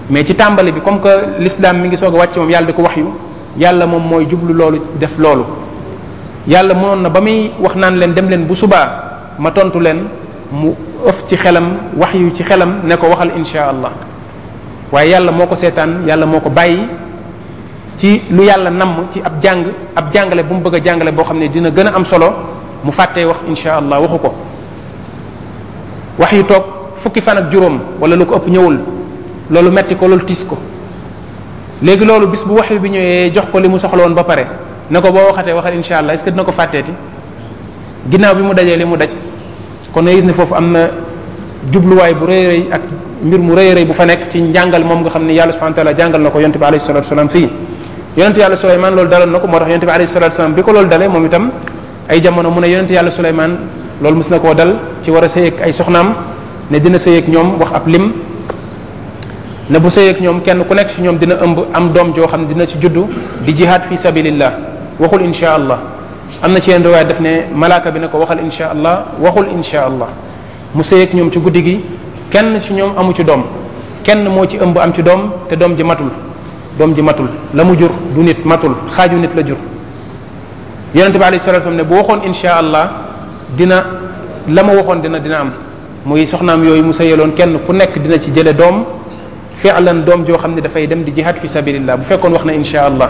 mais ci tàmbali bi comme que l'islam mi ngi soog a wàcc moom yàlla di ko wax yu yàlla moom mooy jublu loolu def loolu yàlla mënoon na ba muy wax naan leen dem leen bu subaa ma tontu leen mu ëf ci xelam wax yu ci xelam ne ko waxal insha waaye yàlla moo ko seetaan yàlla moo ko bàyyi ci lu yàlla namm ci ab jàng ab jàngale bu mu bëgg a jàngale boo xam ne dina gën a am solo mu fàttee wax insha allah waxu ko wax yu toog fukki fan ak juróom wala lu ko ëpp ñëwul loolu metti ko loolu tiis ko léegi loolu bis bu wax bi ñëwee jox ko li mu soxla woon ba pare na ko boo waxatee waxal insha allah est-ce dina ko fàtteeti ginnaaw bi mu dajee li mu daj kon nga gis ne foofu am na jubluwaay bu rëy rëy ak mbir mu rëy rëy bu fa nekk ci njàngal moom nga xam ne yàlla subhanahu wa taala jàngal na ko yonte bi alayhi salatu wasalam fii yonente yàlla Suleymaan loolu daloon na ko moo tax yonente bi alayhi salatu wasalam bi ko loolu dalee moom itam ay jamono mu ne yonente yàlla Suleymaan loolu mës na koo dal ci war a sëyeeg ay soxnaam ne dina sëyeeg ñoom wax ab lim ne bu sëyeeg ñoom kenn ku nekk ci ñoom dina ëmb am doom joo xam ne dina ci juddu di jihaad fi sabilillah waxul insha allah am na ci yenn riwaaya def ne malaaka bi ko waxal insha allah waxul insha allah mu sëy ñoom ci guddi gi kenn ci ñoom amu ci doom kenn moo ci ëmb am ci doom te doom ji matul doom ji matul la mu jur du nit matul xaaju nit la jur yonente bi alayhi salatu ne bu waxoon insha allah dina la ma waxoon dina dina am muy soxnaam yooyu mu sëyaloon kenn ku nekk dina ci jële doom fi'lan doom joo xam ne dafay dem di jihad fi sabilillah bu fekkoon wax na insha allah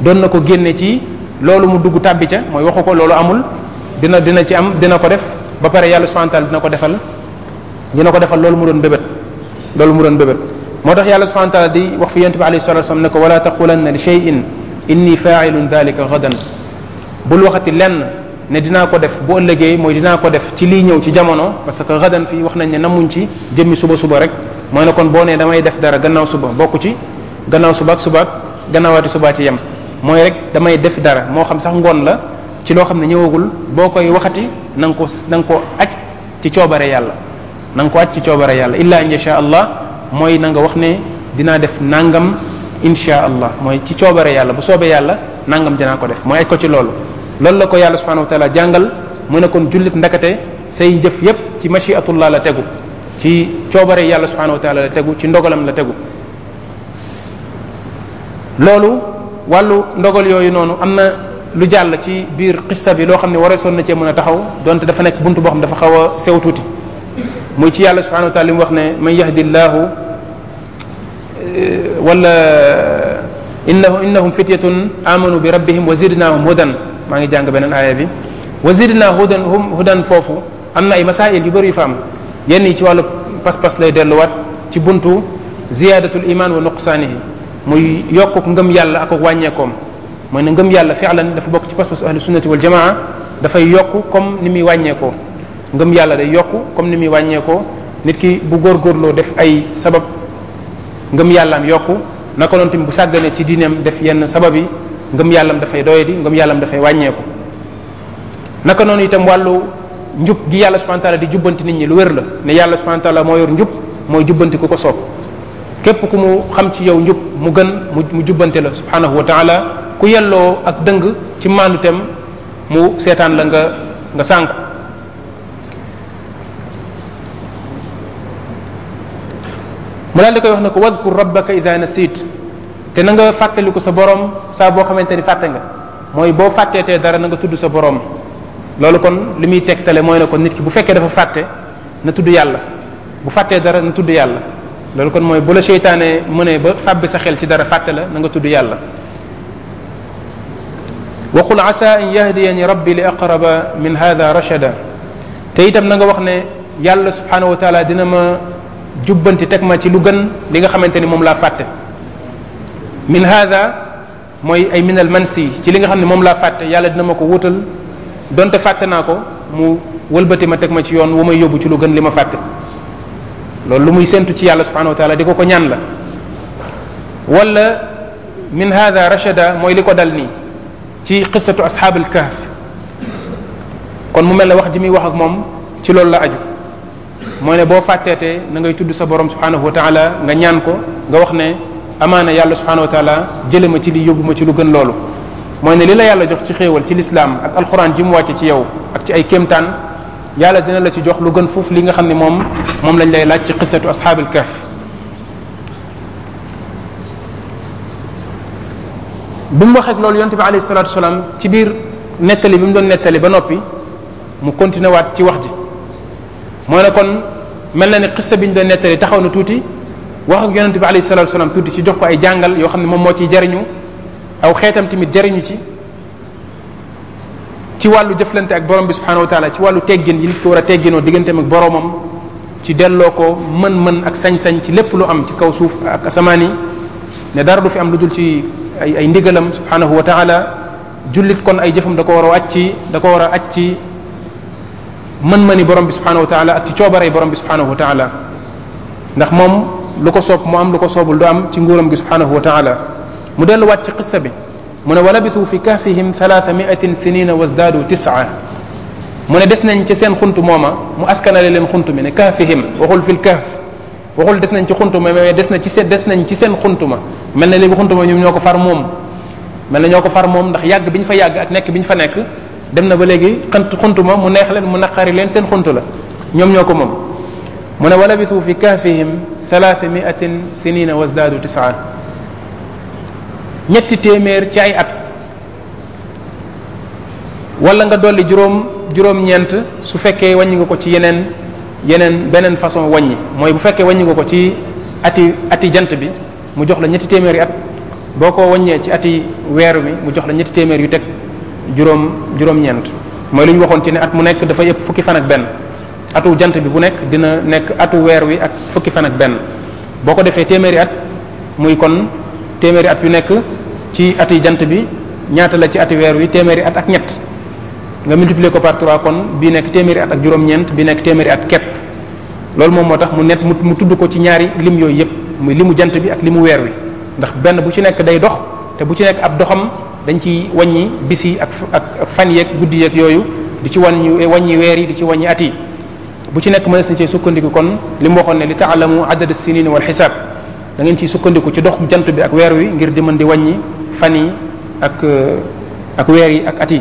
doon na ko génne ci loolu mu dugg tàbbi ca mooy waxu ko loolu amul dina dina ci am dina ko def ba pare yàlla subhanahu dina ko defal dina ko defal loolu mu doon bébét loolu mu doon bébét moo tax yàlla subhanahu di wax fi yonent bi alayhi salatu wasallam ne ko wala taqulanna li shay'in inni fa'ilun dhalika ghadan bul waxati lenn ne dinaa ko def bu ëllëgee mooy dinaa ko def ci lii ñëw ci jamono parce que gadan fii wax nañ ne namuñ ci jëmmi suba suba rek mooy ne kon boo nee damay def dara gannaaw suba bokku ci gannaaw suba ak suba ak gannaawaati suba ci yem mooy rek damay def dara moo xam sax ngoon la ci loo xam ne ñëwagul boo koy waxati na nga ko nanga ko aj ci coobare yàlla na ko aj ci coobare yàlla illa insha allah mooy na wax ne dinaa def nangam insha allah mooy ci coobare yàlla bu soobee yàlla nangam dinaa ko def mooy aj ko ci loolu loolu la ko yàlla subhanahu wa taala jàngal mu ne kon jullit ndakate say jëf yépp ci machiatullah la tegu ci coobare yàlla subhanahu wa taala la tegu ci ndogalam la tegu loolu wàllu ndogal yooyu noonu am na lu jàll ci biir xissa bi loo xam ne wareesoon na cee mën a taxaw donte dafa nekk bunt boo xam ne dafa xaw sew tuuti muy ci yàlla subhanahu wa taala li mu wax ne man yahdi llaahu eh, wala innahu innahum fityatun amanu bi rabbihim wa zidnahum hudan maa ngi jàng beneen bi wa zidna hudan hum hudan foofu am na ay masail yu bëri yu fa am yenn yi ci wàllu pas-pas lay delluwaat ci buntu ziyaadatul iman wa nuqsaanihi muy yokkuk ngëm yàlla ak wàññeekoom mooy na ngëm yàlla fi'lan dafa bokk ci pas-pas ahlu sunnati wal jamaa dafay yokk comme ni muy wàññeekoo ngëm yàlla day yokk comme ni muy wàññeekoo nit ki bu góor góorgóorloo def ay sabab ngëm yàllaam yokk naka noonu tamit bu sàgganee ci diineem def yenn sabab yi ngëm yàllam dafay doyadi ngëm yàllam dafay wàññeeku naka noonu itam wàllu njub gi yàlla subhanahu wa di jubbanti nit ñi lu wér la ne yàlla subhanahu wa moo yor njub mooy jubbanti ku ko soob képp ku mu xam ci yow njub mu gën mu jubbante la subhanahu wa taala ku yelloo ak dëng ci maandutem mu seetaan la nga nga sànku mu daal di koy wax na ko wadkur rabbaka ida nasit te na nga ko sa borom saa boo xamante ni fàtte nga mooy boo fàttee fàtteetee dara na nga tudd sa borom loolu kon li muy tegtale mooy na kon nit ki bu fekkee dafa fàtte na tudd yàlla bu fàttee dara na tudd yàlla loolu kon mooy bu la mu ne ba fàbbi sa xel ci dara fàtte la na nga tudd yàlla waqul in an yahdiyani rabbi li aqraba min hada rachada te itam na nga wax ne yàlla subhanahu wa dina ma jubbanti teg ma ci lu gën li nga xamante ni moom laa fàtte min hada mooy ay minal mansi ci li nga xam ne moom laa fàtte yàlla dina ma ko wutal donte fàtte naa ko mu wëlbati ma teg ma ci yoon wu may yóbbu ci lu gën li ma fàtte loolu lu muy séntu ci yàlla subhanahu wa di ko ko ñaan la wala min hada rachada mooy li ko dal nii ci qissatu ashaabul kahf kon mu mel ne wax ji muy wax ak moom ci loolu la aju mooy ne boo fàtteetee na ngay tudd sa borom subhanahu wa taala nga ñaan ko nga wax ne amaana yàlla subhanahu wa taala jële ma ci li yóbbu ma ci lu gën loolu mooy ne li la yàlla jox ci xéewal ci lislaam ak alxuraan ji mu wàcce ci yow ak ci ay kéemtaan yàlla dina la ci jox lu gën foofu li nga xam ne moom moom lañ lay laaj ci qissatu ashaabul kahf bi mu waxee ak loolu yonte bi alayhi salatu wasalaam ci biir nettali bi mu doon nettali ba noppi mu continué ci wax ji mooy ne kon mel na ni xissa bi ñu doon nettali taxaw na tuuti wax ak yonente bi alayhi salatu wasalaam tuuti ci jox ko ay jàngal yoo xam ne moom moo ciy jariñu aw xeetam tamit jariñu ci ci wàllu jëflante ak borom bi subhanahu wa ci wàllu teggin yi nit ko war a tegginoo digganteem ak boroomam ci delloo ko mën-mën ak sañ-sañ ci lépp lu am ci kaw suuf ak asamaan yi dara du fi am lu dul ci ay ay ndigalam subhanahu wa taala jullit kon ay jëfam da ko war a wàcc da ko war a acc mën-mëni borom bi subhanahu wa taala ak ci coobaree borom bi subhanahu wa ndax moom lu ko soob mu am lu ko soobul du am ci nguuram gi subhanahu wa taala mu delluwaat ci qissa bi mu ne walabisu fi kahfihim thalaatha miatin sinina wasdaadu tisaa mu ne des nañ ci seen xunt mooma mu askanale leen xunt mi ne kahfihim waxul fil kahf waxul des nañ ci xuntuma mais des na ci seen des nañ ci seen xuntuma mel na léegi xuntuma ñoom ñoo ko far moom mel na ñoo ko far moom ndax yàgg bi ñu fa yàgg ak nekk bi ñu fa nekk dem na ba léegi xant xuntuma mu neex leen mu naqari leen seen xunt la ñoom ñoo ko moom mu ne wa labisu fi kahfihim thalaatha miatin sinina wasdaadu tisaa ñetti téeméer ci ay at wala nga dolli juróom juróom-ñeent su fekkee wàññi nga ko ci yeneen yeneen beneen façon wàññi mooy bu fekkee wàññi nga ko ci ati ati jant bi mu jox la ñetti téeméeri at boo ko wàññee ci ati weer wi mu jox la ñetti téeméer yu teg juróom juróom-ñeent mooy waxoon ci ne at mu nekk dafay ëpp fukki fan benn atu jant bi bu nekk dina nekk atu weer wi ak fukki fan ak benn boo ko defee téeméeri at muy kon téeméeri at yu nekk ci ati jant bi ñaata la ci ati weer wi téeméeri at ak ñett nga multiplier ko par 3 kon bii nekk téeméeri at ak juróom-ñeent bii nekk téeméeri at kepp loolu moom moo tax mu net mu tudd ko ci ñaari lim yooyu yëpp muy limu jant bi ak limu weer wi ndax benn bu ci nekk day dox te bu ci nekk ab doxam dañ ci wàññi bis yi ak ak fan yeeg guddi yeeg yooyu di ci wàññi wàññi weer yi di ci wàññi at yi bu ci nekk mënees na cee sukkandiku kon li mu waxoon ne li taalamu adad sinin wal xisaab da ngeen ciy sukkandiku ci dox jant bi ak weer wi ngir di di wàññi fan yi ak ak weer yi ak at yi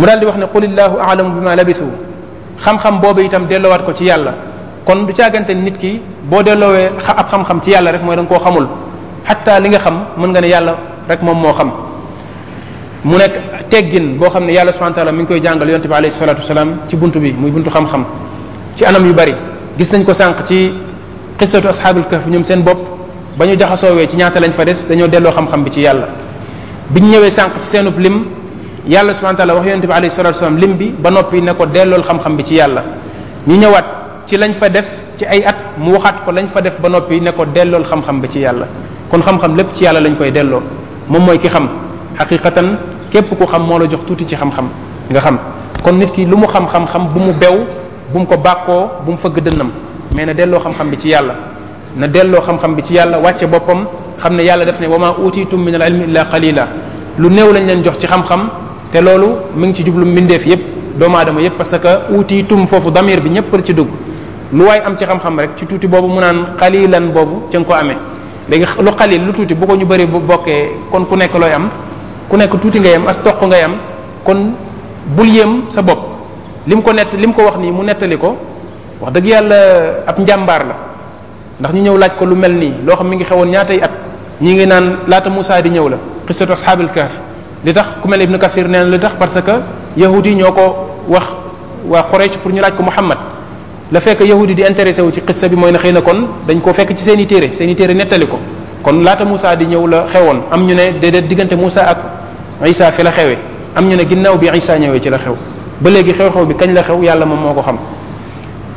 mu daal di wax ne qulillahu alamu bi ma labisu xam-xam boobu itam delloowaat ko ci yàlla kon du caagante nit ki boo delloowee ab xam-xam ci yàlla rek mooy da nga koo xamul xatta li nga xam mën nga ne yàlla rek moom moo xam mu nekk teggin boo xam ne yàlla subhanahu wa mi ngi koy jàngal yonte bi alayhi salatu wasalaam ci bunt bi muy buntu xam-xam ci anam yu bari gis nañ ko sànq ci qissatu ashabul kahf ñoom seen bopp ba ñu jaxasoowee ci ñaata lañ fa des dañoo delloo xam-xam bi ci yàlla biñ yàlla subhanahu wa taala wax yonente bi lim bi ba noppi ne ko dellool xam-xam bi ci yàlla ñu ñëwaat ci lañ fa def ci ay at mu waxaat ko lañ fa def ba noppi ne ko dellool xam-xam bi ci yàlla kon xam-xam lépp ci yàlla lañ koy delloo moom mooy ki xam xaqiqatan képp ku xam moo la jox tuuti ci xam nga xam kon nit ki lu mu xam xam bu mu bew bu mu ko bàkkoo bu mu fëgg dënnam mais ne delloo xam-xam bi ci yàlla na delloo xam-xam bi ci yàlla wàcce boppam xam ne yàlla def ne wa ma utitum min al ilmi illa qalila lu néew lañu leen jox ci xam-xam te loolu mu ngi ci jublu mbindeef yépp doomu aadama yépp parce que uuti tum foofu damir bi ñépp la ci dugg lu waay am ci xam-xam rek ci tuuti boobu mu naan xalilan boobu ca nga ko amee léegi lu xalil lu tuuti bu ko ñu bëri bu bokkee kon ku nekk looy am ku nekk tuuti ngay am as toq ngay am kon bul yéem sa bopp li mu ko nett li mu ko wax nii mu nettali ko wax dëgg yàlla ab njàmbaar la ndax ñu ñëw laaj ko lu mel nii loo xam mi ngi xewoon ñaatay at ñi ngi naan laata Moussa di ñëw la xisatu ashaabul li tax ku mel ne Ibn Kathir nee na li tax parce que yahud yi ñoo ko wax waa Quraysh pour ñu laaj ko Muhammad la fekk yahudi di intéressé wu ci xissa bi mooy ne xëy na kon dañ koo fekk ci seen téere seen téere nettali ko kon laata musa di ñëw la xewoon am ñu ne déedéet diggante Moussa ak Isa fi la xewee am ñu ne ginnaaw bi Isa ñëwee ci la xew ba léegi xew-xew bi kañ la xew yàlla moom moo ko xam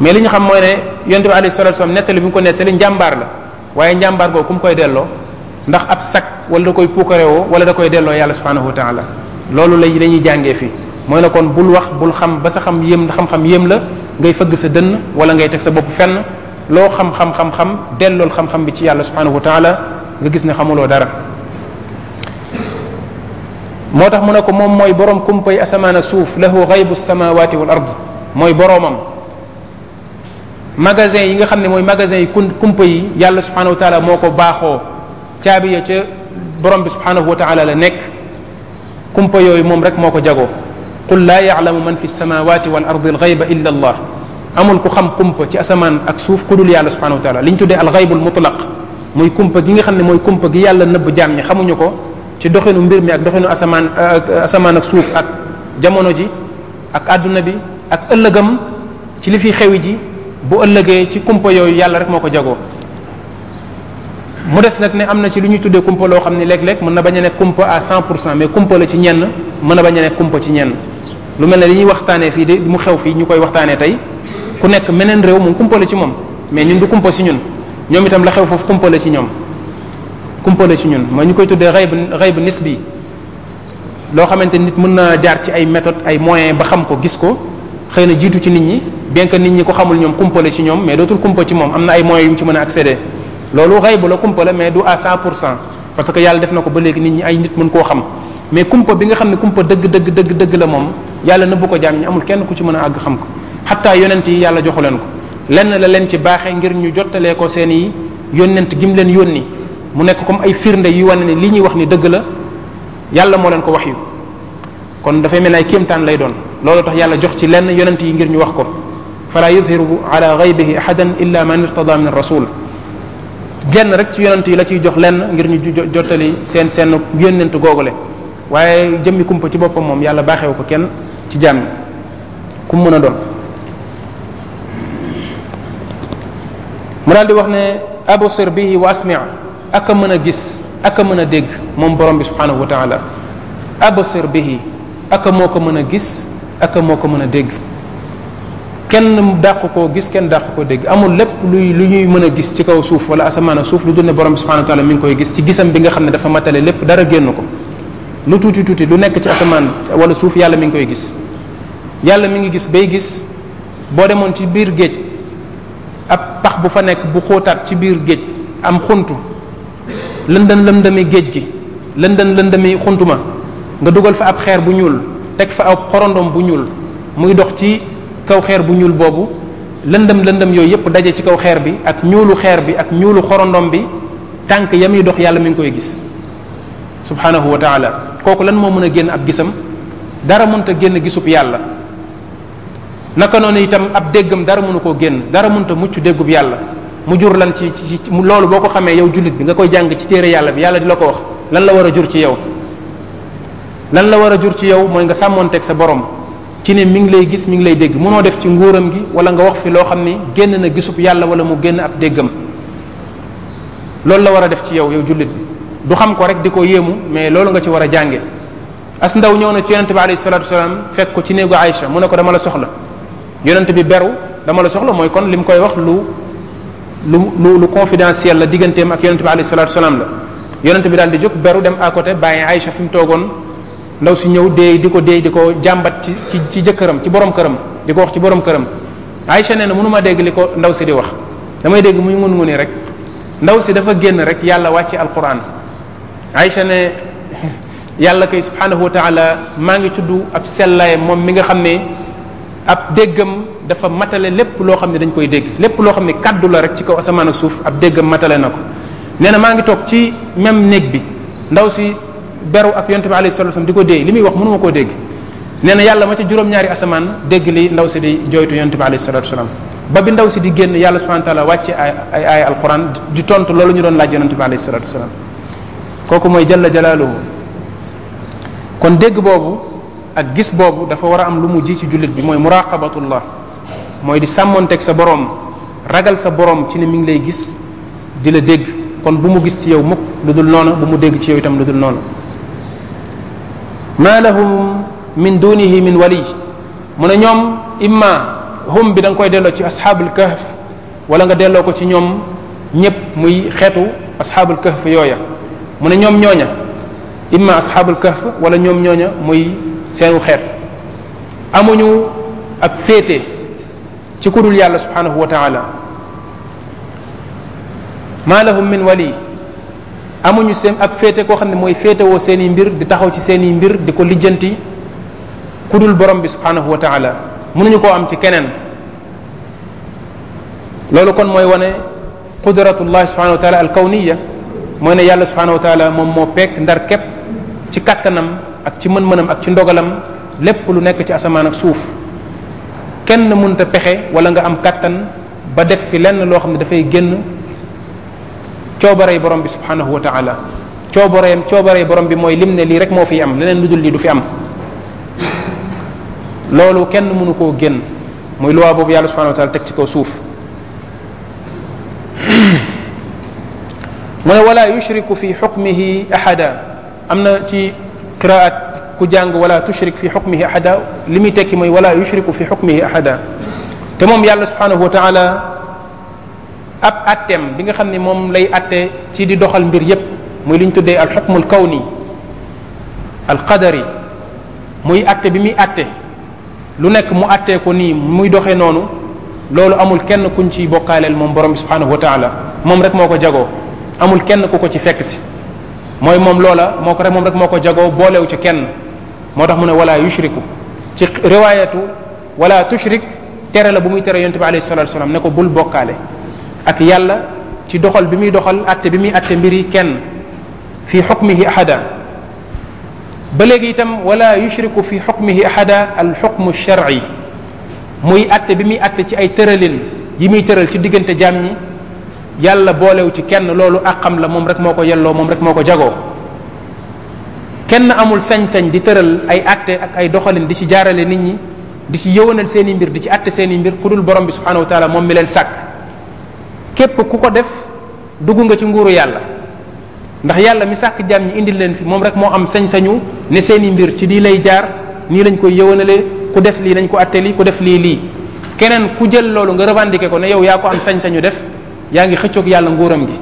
mais li ñu xam mooy ne yonent bi alayhi salatu wasallam nettali bi mu ko la waaye njàmbaar googu ku mu koy delloo ndax ab sag wala da koy puukare woo wala da koy delloo yàlla subhanahu wa taala loolu la dañuy jàngee fii mooy na kon bul wax bul xam ba sa xam yéem xam-xam yéem la ngay fëgg sa dënn wala ngay teg sa bopp fenn loo xam-xam-xam-xam dellool xam-xam bi ci yàlla subhanahu wa taala nga gis ne xamuloo dara moo tax mu ne ko moom mooy boroom kumpay asamaan ak suuf lahu xaybu samawati wal ard mooy boroomam magasin yi nga xam ne mooy magasin yi kumpa yi yàlla subhanahu wa taala moo ko baaxoo caabi ya ca borom bi subhanahu wa taala la nekk kumpa yooyu moom rek moo ko jagoo qul laa yaalamu man fi samawati wal ardi alxayba illa allah amul ku xam kumpa ci asamaan ak suuf ku dul yàlla subhanahu wa taala li ñu tuddee alxaybul mutlaq muy kumpa gi nga xam ne mooy kumpa gi yàlla nëbb jaam ñi xamuñu ko ci doxinu mbir mi ak doxinu asamaan asamaan ak suuf ak jamono ji ak àdduna bi ak ëllëgam ci li fi xewi ji bu ëllëgee ci kumpa yooyu yàlla rek moo ko jagoo mu des nag ne am na ci lu ñuy tuddee kumpa loo xam ni léeg-léeg mën na bañ a nekk kumpa à 100 pour cent mais kumpa la ci ñenn mën na bañ lu mel ne li ñuy waxtaanee fii de mu xew fii ñu koy waxtaanee tey ku nekk meneen réew moom kumpa la moom mais ñun du kumpa si ñun ñoom itam la xew foofu kumpa ci ñoom kumpa la ñun mooy ñu koy tuddee xayb xayb nisbi loo xamante nit mën na jaar ci ay méthode ay moyen ba xam ko gis ko xëy na jiitu ci nit ñi bien que nit ñi ko xamul ñoom kumpa la ci ñoom mais dootul kumpa ci moom am na ay moyens yu ci mën a accéder loolu xaybu la kumpa la mais du à 100 pour cent parce que yàlla def na ko ba léegi nit ñi ay nit mën koo xam mais kumpa bi nga xam ne kumpa dëgg dëgg dëgg dëgg la moom yàlla nëbbu ko jaam ñi amul kenn ku ci mën a àgg xam ko xataa yonent yi yàlla joxu leen ko lenn la leen ci baaxee ngir ñu jottalee ko seen i yónnent gim leen yónni mu nekk comme ay firnde yu wane ne li ñuy wax ni dëgg la yàlla moo leen ko wax yu kon dafay mel ay kéemtaan lay doon loolu tax yàlla jox ci lenn yonent yi ngir ñu wax ko fala yudhiru ala ghaybihi ahadan illa man irtada min rasul genn rek ci yonent yi la ciy jox lenn ngir ñu jottali seen seen yónnent googule waaye jëmmi kumpa ci boppam moom yàlla baaxewu ko kenn ci jaam yi ku mën a doon mu daal di wax ne absir bihi wa asmi aka a mën a gis aka a mën a dégg moom borom bi subhanahu wa taala absir bihi ak a moo ko mën a gis aka moo ko mën a dégg kenn dàq koo gis kenn dàq koo dégg amul lépp luy lu ñuy mën a gis ci kaw suuf wala asamaan ak suuf lu dul ne borom bi subhanahu wa taala mi ngi koy gis ci gisam bi nga xam ne dafa matale lépp dara génn ko lu tuuti tuuti lu nekk ci asamaan wala suuf yàlla mi ngi koy gis yàlla mi ngi gis bay gis boo demoon ci biir géej ab pax bu fa nekk bu xóotaat ci biir géej am xuntu lëndën lëndëmi géej gi lëndën lëndëmi xuntu ma nga dugal fa ab xeer bu ñuul teg fa ab xorondom bu ñuul kaw xeer bu ñuul boobu lëndëm lëndëm yooyu yëpp daje ci kaw xeer bi ak ñuulu xeer bi ak ñuulu xorondom bi tànk ya muy dox yàlla mi ngi koy gis subhanahu wa taala kooku lan moo mën a génn ab gisam dara mënut a génn gisub yàlla naka noonu itam ab déggam dara mënu koo génn dara mënut a mucc déggub yàlla mu jur lan ci ci loolu boo ko xamee yow jullit bi nga koy jàng ci téere yàlla bi yàlla di la ko wax lan la war a jur ci yow lan la war a jur ci yow mooy nga sàmmoonteeg sa borom ci ne mi ngi lay gis mi ngi lay dégg mënoo def ci nguuram gi wala nga wax fi loo xam ne génn na gisub yàlla wala mu génn ab déggam loolu la war a def ci yow yow jullit bi du xam ko rek di ko yéemu mais loolu nga ci war a jànge as ndaw ñëw na ci yonente bi alayhi salatu wasalaam fekk ko ci néegu Aïcha mu ne ko dama la soxla yonente bi beru dama la soxla mooy kon li mu koy wax lu lu lu lu confidentiel la digganteem ak yonente bi alayhi salatu wasalaam la yonente bi daal di jóg beru dem à côté bàyyi Aïcha fi mu toogoon ndaw si ñëw deey di ko deey di ko jàmbat ci ci ci jëkkëram ci borom këram di ko wax ci borom këram Aïcha nee na mënuma dégg li ko ndaw si di wax damay dégg muy ngun nguni rek ndaw si dafa génn rek yàlla wàcce alquran Aïcha ne yàlla kay subhanahu wa taala maa ngi tudd ab sellaay moom mi nga xam ne ab déggam dafa matale lépp loo xam ne dañ koy dégg lépp loo xam ne kàddu la rek ci kaw asamaan ak suuf ab déggam matale na ko nee maa ngi toog ci même néeg bi beru ak yonte bi alayhi salatu di ko déey li muy wax mënuma koo dégg nee na yàlla ma ca juróom-ñaari asamaan dégg li ndaw si di jooytu yonte bi alayhi salatu wasalam ba bi ndaw si di génn yàlla subhanahu wa wàcce ay ay alquran di tontu loolu ñu doon laaj yonente bi alayhi salatu wasalam kooku mooy jalla jalaaluhu kon dégg boobu ak gis boobu dafa war a am lu mu ji ci jullit bi mooy muraqabatullah mooy di sàmmonteeg sa boroom ragal sa boroom ci ne mi ngi lay gis di la dégg kon bu mu gis ci yow mukk lu dul noonu bu mu dégg ci yow itam lu dul noonu ma lahum min dunihi min wali mu ne ñoom imma hum bi da nga koy delloo ci asxaabul kahf wala nga delloo ko ci ñoom ñëpp muy xeetu asxaabul kahf yooya mun ne ñoom ñooña imma asxaabul kahf wala ñoom ñooña muy seenu xeet amuñu ab féete ci kudul yàlla subhanahu wa taala ma lahum min wali amuñu seen ak féete koo xam ne mooy féetewoo seeni mbir di taxaw ci seeni mbir di ko lijjanti ku dul borom bi subhanahu wa taala mënuñu koo am ci keneen loolu kon mooy wane qudratullahi subhanahu wa taala al kawniya mooy ne yàlla subhanahu wa taala moom moo pekk ndar képp ci kàttanam ak ci mën-mënam ak ci ndogalam lépp lu nekk ci asamaan ak suuf kenn mënta pexe wala nga am kàttan ba def fi lenn loo xam ne dafay génn coobarey borom bi subhanahu wa taala coobareem coobarey borom bi mooy lim ne lii rek moo fi am leneen lu dul li du fi am loolu kenn mënu koo génn muy luwaa boobu yàlla subhanahu wa taala teg ci kaw suuf mu ne wala yushriku fi xukmihi am na ci qiraat ku jàng wala tushrik fi xukmihi ahada li muy tekki mooy wala yushriku fi xukmihi ahada te moom yàlla subhanahu wa taala ab atteem bi nga xam ne moom lay atte ci di doxal mbir yépp muy li ñu tuddee al xukmu al kawni al qadari muy atte bi muy atte lu nekk mu attee ko nii muy doxee noonu loolu amul kenn kuñ ciy bokkaaleel moom borom bi subhanahu wa taala moom rek moo ko jagoo amul kenn ku ko ci fekk si mooy moom loola moo ko rek moom rek moo ko jagoo boolewu ci kenn moo tax mu ne wala yushriku ci riwaayatu wala tushrik tere la bu muy teree yonte bi alayhi salatu ne ko bul bokkaale ak yàlla ci doxal bi muy doxal atte bi muy atte mbir yi kenn fi xukmihi ahada ba léegi itam wala yushriku fi xukmihi ahada al xukmu shar'i muy atte bi muy atte ci ay tëralin yi muy tëral ci diggante jaam ñi yàlla boolew ci kenn loolu àqam la moom rek moo ko yelloo moom rek moo ko jagoo kenn amul sañ-sañ di tëral ay atte ak ay doxalin di ci jaarale nit ñi di ci yëwanal seen i mbir di ci atte seen i mbir ku dul borom bi subhanahu wa taala moom mi leen sàkk képp ku ko def dugg nga ci nguuru yàlla ndax yàlla mi sàkk jaam ñi indil leen fi moom rek moo am sañ-sañu ne seeni mbir ci lii lay jaar nii lañ koy yëwanale ku def lii nañ ko atteli ku def lii lii keneen ku jël loolu nga revendiquer ko ne yow yaa ko sañ-sañu def yaa ngi xëccoog yàlla nguuram gi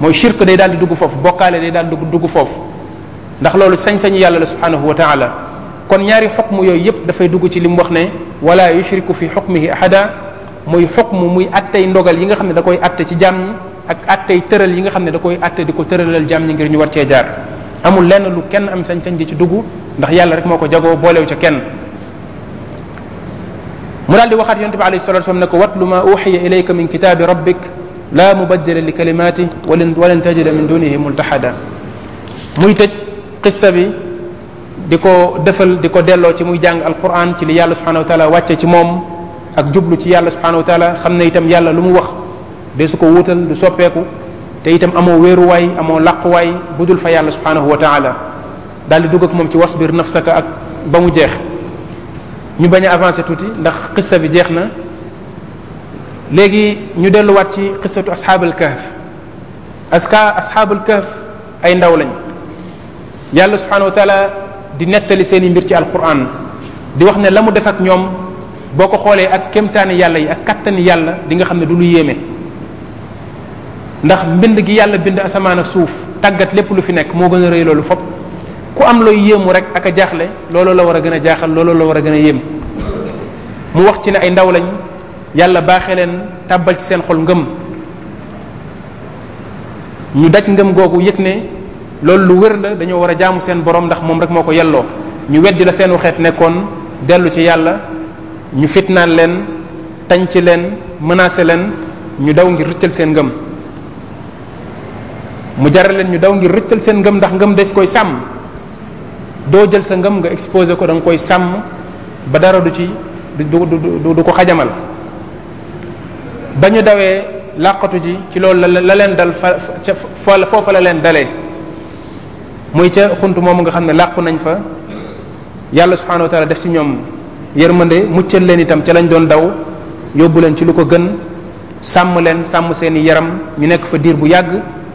mooy shirk daal di dugg foofu bokkaale day daal di dugg foofu ndax loolu sañ-sañu yàlla la subhanahu wa taala kon ñaari xukm yooyu yépp dafay dugg ci li wax ne wala yushriku fi xukmihi ahada muy xukmu muy attey ndogal yi nga xam ne da koy atte ci jaam ñi ak attey tëral yi nga xam ne da koy atte di ko tëralal jaam ñi ngir ñu war cee jaar amul lenn lu kenn am sañ-sañ di ci dugg ndax yàlla rek moo ko jagoo boolew ca kenn mu daal di waxaat yonte bi alayhi salatu wasallam ne ko watlu ma uxiya ilayka min kitaabi rabbik la mubaddila li kalimaati walan walan tajida min dunihi multahada muy tëj qissa bi di ko defal di ko delloo ci muy jàng alquran ci li yàlla subhanahu wa taala wàcce ci moom ak jublu ci yàlla subhanahu wa xam ne itam yàlla lu mu wax de su ko wuutal du soppeeku te itam amoo wéeruwaay amoo laquwaay bu dul fa yàlla subhanahu wa taala daal di dugg ak moom ci wasbir nafsaka ak ba mu jeex ñu bañ a avancer tuuti ndax xissa bi jeex na léegi ñu delluwaat ci xissatu asxaabul kahf aska asxaabul kahf ay ndaw lañ yàlla subhanahu wa di nettali seen i mbir ci alquran di wax ne la mu def ak ñoom boo ko xoolee ak kéemtaani yàlla yi ak kattani yàlla di nga xam ne du lu yéeme ndax mbind gi yàlla bind asamaan ak suuf tàggat lépp lu fi nekk moo gën a rëy loolu fop ku am looy yéemu rek ak a jaaxle looloo la war a gën a jaaxal looloo la war a gën a yéem mu wax ci ne ay ndaw lañ yàlla baaxee leen tàbbal ci seen xol ngëm ñu daj ngëm googu yëg ne loolu lu wér la dañoo war a jaamu seen borom ndax moom rek moo ko yelloo ñu weddi la seen waxeet nekkoon dellu ci yàlla ñu fitnaal leen tànc leen menacé leen ñu daw ngir rëccal seen ngëm mu jaral leen ñu daw ngir rëccal seen ngëm ndax ngëm des koy sàmm doo jël sa ngëm nga exposé ko danga koy sàmm ba dara du ci du du du ko xajamal ba ñu dawee làqatu ji ci loolu la la leen dal fa foofa la leen dalee muy ca xunt moomu nga xam ne làqu nañ fa yàlla subhanahu wa def ci ñoom yërmande muccal leen itam ca lañu doon daw yóbbu leen ci lu ko gën sàmm leen sàmm seeni yaram ñu nekk fa diir bu yàgg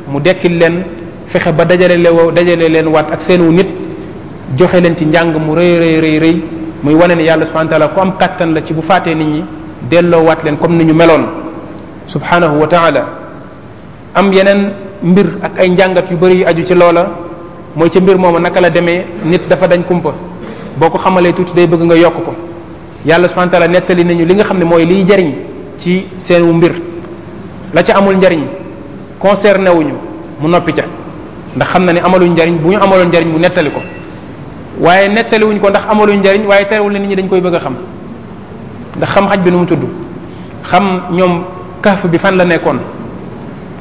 mu dekkil leen fexe ba dajale lewo dajale leen waat ak seenu nit joxe leen ci njàng mu rëy rëy rëy muy wane ne yàlla subhanahu wa taala ku am kàttan la ci bu faatee nit ñi delloo waat leen comme ni ñu meloon subhanahu wa taala am yeneen mbir ak ay njàngat yu bari aju ci loola mooy ci mbir mooma naka la demee nit dafa dañ kumpa boo ko xamalee tuuti day bëgg nga yokk ko yàlla subhanahu wa taala nettali nañu li nga xam ne mooy liy jariñ ci seen wu mbir la ca amul njariñ concerné wuñu mu noppi ca ndax xam na ni amaluñ njariñ bu ñu amaloon njariñ mu nettali ko waaye nettaliwuñ ko ndax amaluñ njariñ waaye terewul ne nit ñi dañ koy bëgg a xam ndax xam xaj bi nu mu tudd xam ñoom kaf bi fan la nekkoon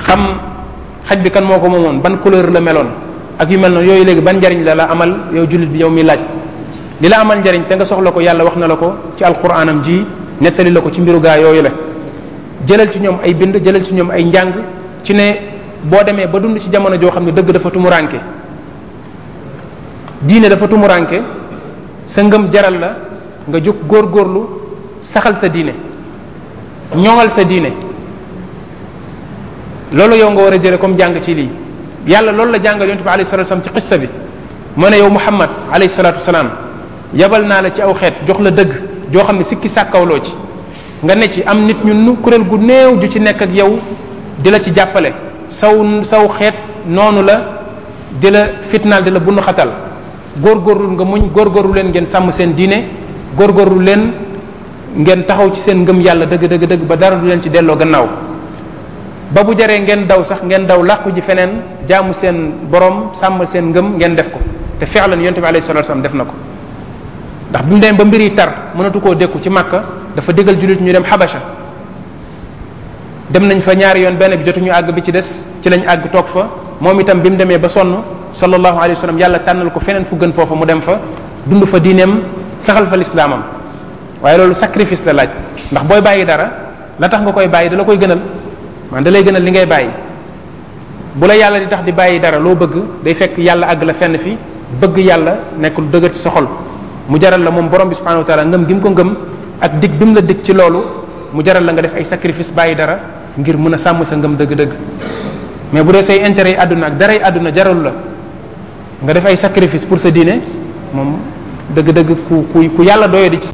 xam xaj bi kan moo ko moomoon ban couleur la meloon ak yu mel noonu yooyu léegi ban njariñ la la amal yow jullit bi yow mi laaj li la amal njariñ te nga soxla ko yàlla wax na la ko ci alquranam ji nettali la ko ci mbiru gaa yooyu la jëlal ci ñoom ay bind jëlal ci ñoom ay njàng ci ne boo demee ba dund ci jamono joo xam ne dëgg dafa tumuranke diine dafa tumuranke sa ngëm jaral la nga jóg góor góorlu saxal sa diine ñoŋal sa diine loolu yow nga war a jële comme jàng ci lii yàlla loolu la jàngal yonent bi alayhi salatu ci xissa bi mu ne yow muhammad alayhi salatu wasalam yabal naa la ci aw xeet jox la dëgg joo xam ne sikki sàkkawloo ci nga ne ci am nit ñu nu kuréel gu neew ju ci nekk ak yow di la ci jàppale saw saw xeet noonu la di la fitnaal di la bunu góor góorgóorlu nga muñ góorgóorlu leen ngeen sàmm seen diine góorgóorlu leen ngeen taxaw ci seen ngëm yàlla dëgg dëgg ba dara du leen ci delloo gannaaw ba bu jaree ngeen daw sax ngeen daw làqu ji feneen jaamu seen borom sàmm seen ngëm ngeen def ko te fi'lan yonent bi alayhi salatu wasallam def na ko ndax bi mu demee ba mbir yi tar mënatu koo dékku ci makka dafa digal jullit ñu dem xabasha dem nañ fa ñaari yoon benn bi jotuñu àgg bi ci des ci lañ àgg toog fa moom itam bi mu demee ba sonn sallallahu alayhi wa yàlla tànnal ko feneen fu gën foofa mu dem fa dund fa diineem saxal fa lislaamam waaye loolu sacrifice la laaj ndax booy bàyyi dara la tax nga koy bàyyi da la koy gënal man da lay gënal li ngay bàyyi bu la yàlla di tax di bàyyi dara loo bëgg day yàlla àgg la fenn fi bëgg yàlla nekk lu dëgër mu jaral la moom borom bi subhanahu wa taala ngëm gi mu ko ngëm ak dig bi mu la dig ci loolu mu jaral la nga def ay sacrifice bàyyi dara ngir mun a sàmm sa ngëm dëgg-dëgg mais bu dee say intérêt yi àdduna ak daray àdduna jaralu la nga def ay sacrifice pour sa diine moom dëgg-dëgg ku ku ku yàlla doyoo di ci